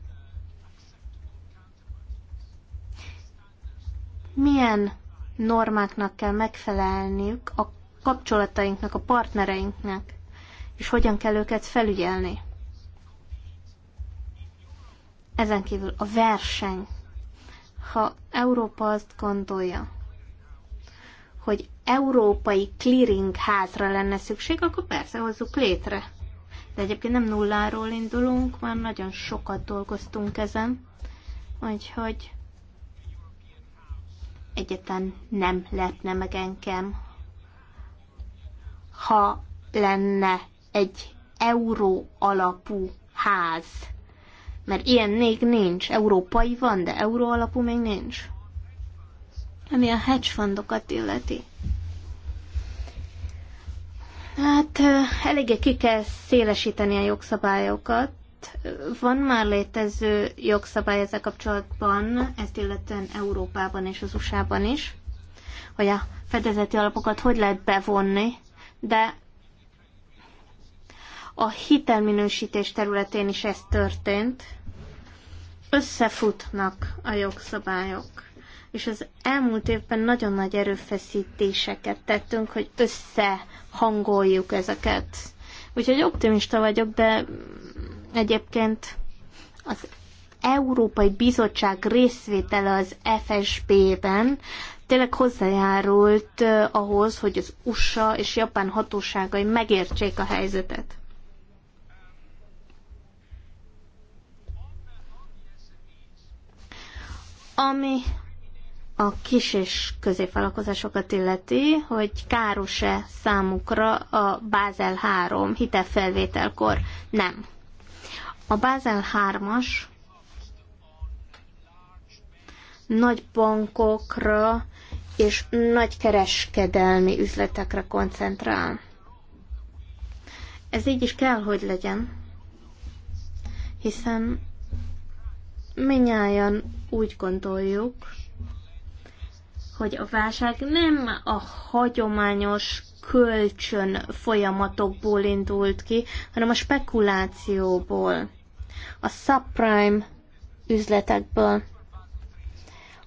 milyen normáknak kell megfelelniük a kapcsolatainknak, a partnereinknek, és hogyan kell őket felügyelni. Ezen kívül a verseny. Ha Európa azt gondolja, hogy európai clearing házra lenne szükség, akkor persze hozzuk létre. De egyébként nem nulláról indulunk, már nagyon sokat dolgoztunk ezen. Úgyhogy egyetlen nem lehetne meg engem, ha lenne egy euró alapú ház. Mert ilyen még nincs. Európai van, de euró alapú még nincs. Ami a hedge fundokat illeti. Hát eléggé ki kell szélesíteni a jogszabályokat, Hát, van már létező jogszabály ezzel kapcsolatban, ezt illetően Európában és az USA-ban is, hogy a fedezeti alapokat hogy lehet bevonni, de a hitelminősítés területén is ez történt. Összefutnak a jogszabályok. És az elmúlt évben nagyon nagy erőfeszítéseket tettünk, hogy összehangoljuk ezeket. Úgyhogy optimista vagyok, de Egyébként az Európai Bizottság részvétele az FSB-ben tényleg hozzájárult ahhoz, hogy az USA és Japán hatóságai megértsék a helyzetet. Ami a kis és középvállalkozásokat illeti, hogy káros-e számukra a Bázel 3 hitelfelvételkor? Nem. A Bázel 3-as nagy bankokra és nagy kereskedelmi üzletekre koncentrál. Ez így is kell, hogy legyen, hiszen minnyáján úgy gondoljuk, hogy a válság nem a hagyományos kölcsön folyamatokból indult ki, hanem a spekulációból a subprime üzletekből.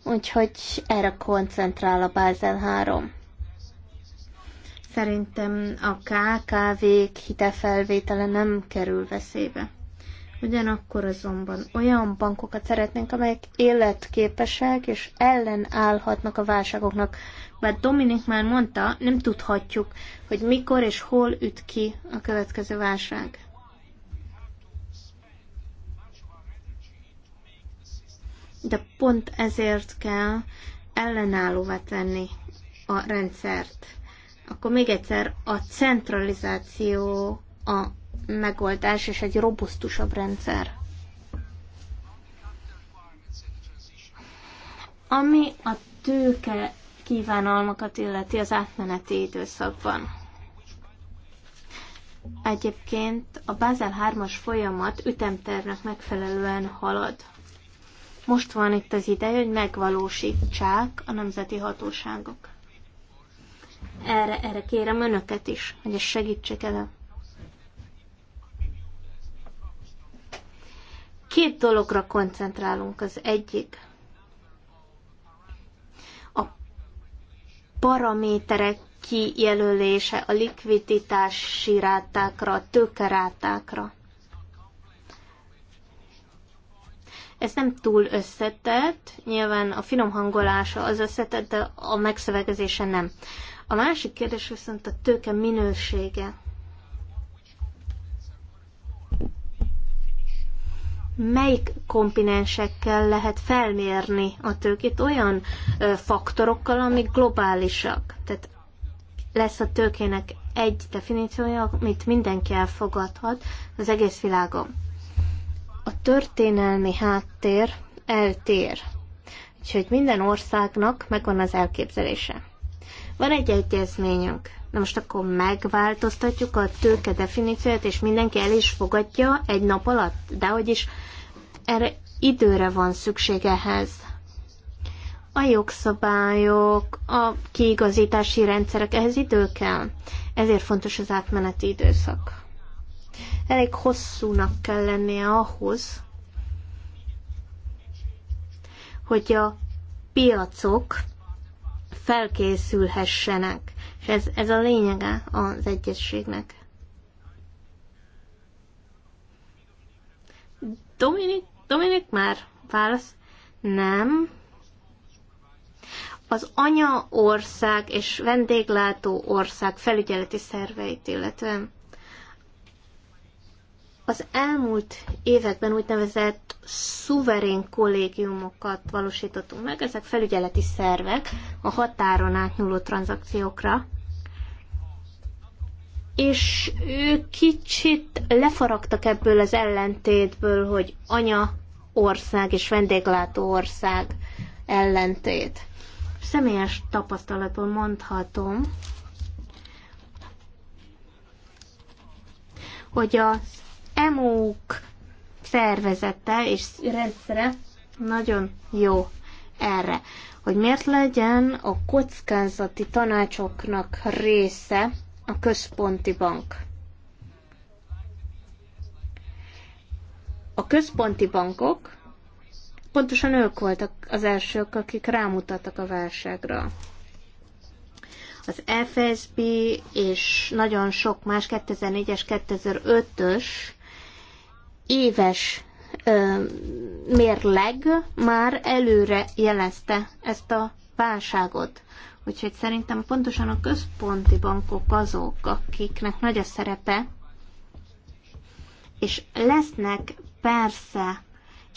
Úgyhogy erre koncentrál a Basel 3. Szerintem a KKV-k hitelfelvétele nem kerül veszélybe. Ugyanakkor azonban olyan bankokat szeretnénk, amelyek életképesek és ellenállhatnak a válságoknak. Bár Dominik már mondta, nem tudhatjuk, hogy mikor és hol üt ki a következő válság. de pont ezért kell ellenállóvá tenni a rendszert. Akkor még egyszer, a centralizáció a megoldás és egy robusztusabb rendszer. Ami a tőke kívánalmakat illeti az átmeneti időszakban. Egyébként a Basel 3-as folyamat ütemtervnek megfelelően halad. Most van itt az ideje, hogy megvalósítsák a nemzeti hatóságok. Erre, erre kérem önöket is, hogy ezt segítsék el. Két dologra koncentrálunk. Az egyik a paraméterek kijelölése a likviditási rátákra, a tőkerátákra Ez nem túl összetett, nyilván a finom hangolása az összetett, de a megszövegezése nem. A másik kérdés viszont a tőke minősége. melyik komponensekkel lehet felmérni a tőkét olyan ö, faktorokkal, amik globálisak. Tehát lesz a tőkének egy definíciója, amit mindenki elfogadhat az egész világon a történelmi háttér eltér. Úgyhogy minden országnak megvan az elképzelése. Van egy egyezményünk. Na most akkor megváltoztatjuk a tőke definícióját, és mindenki el is fogadja egy nap alatt. De hogy is erre időre van szükség ehhez. A jogszabályok, a kiigazítási rendszerek, ehhez idő kell. Ezért fontos az átmeneti időszak. Elég hosszúnak kell lennie ahhoz, hogy a piacok felkészülhessenek. És ez, ez a lényege az egyességnek. Dominik, Dominik már válasz. Nem. Az anyaország és vendéglátó ország felügyeleti szerveit, illetően az elmúlt években úgynevezett szuverén kollégiumokat valósítottunk meg, ezek felügyeleti szervek a határon átnyúló tranzakciókra, és ők kicsit lefaragtak ebből az ellentétből, hogy anya ország és vendéglátó ország ellentét. Személyes tapasztalatból mondhatom, hogy az emók szervezete és rendszere nagyon jó erre, hogy miért legyen a kockázati tanácsoknak része a központi bank. A központi bankok, pontosan ők voltak az elsők, akik rámutattak a válságra. Az FSB és nagyon sok más 2004-es, 2005-ös éves ö, mérleg már előre jelezte ezt a válságot. Úgyhogy szerintem pontosan a központi bankok azok, akiknek nagy a szerepe, és lesznek persze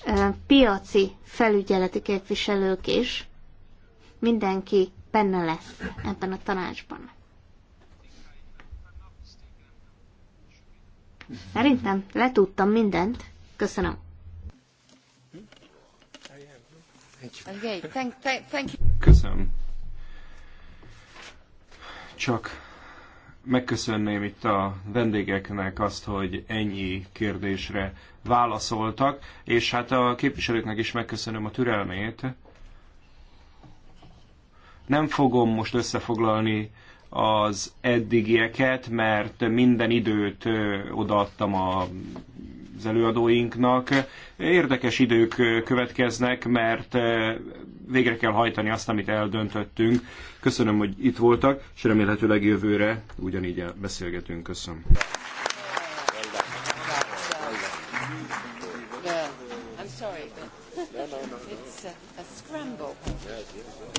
ö, piaci felügyeleti képviselők is, mindenki benne lesz ebben a tanácsban. Szerintem letudtam mindent. Köszönöm. Köszönöm. Csak megköszönném itt a vendégeknek azt, hogy ennyi kérdésre válaszoltak, és hát a képviselőknek is megköszönöm a türelmét. Nem fogom most összefoglalni az eddigieket, mert minden időt odaadtam a az előadóinknak. Érdekes idők következnek, mert végre kell hajtani azt, amit eldöntöttünk. Köszönöm, hogy itt voltak, és remélhetőleg jövőre ugyanígy beszélgetünk. Köszönöm. sorry, but it's a, a scramble.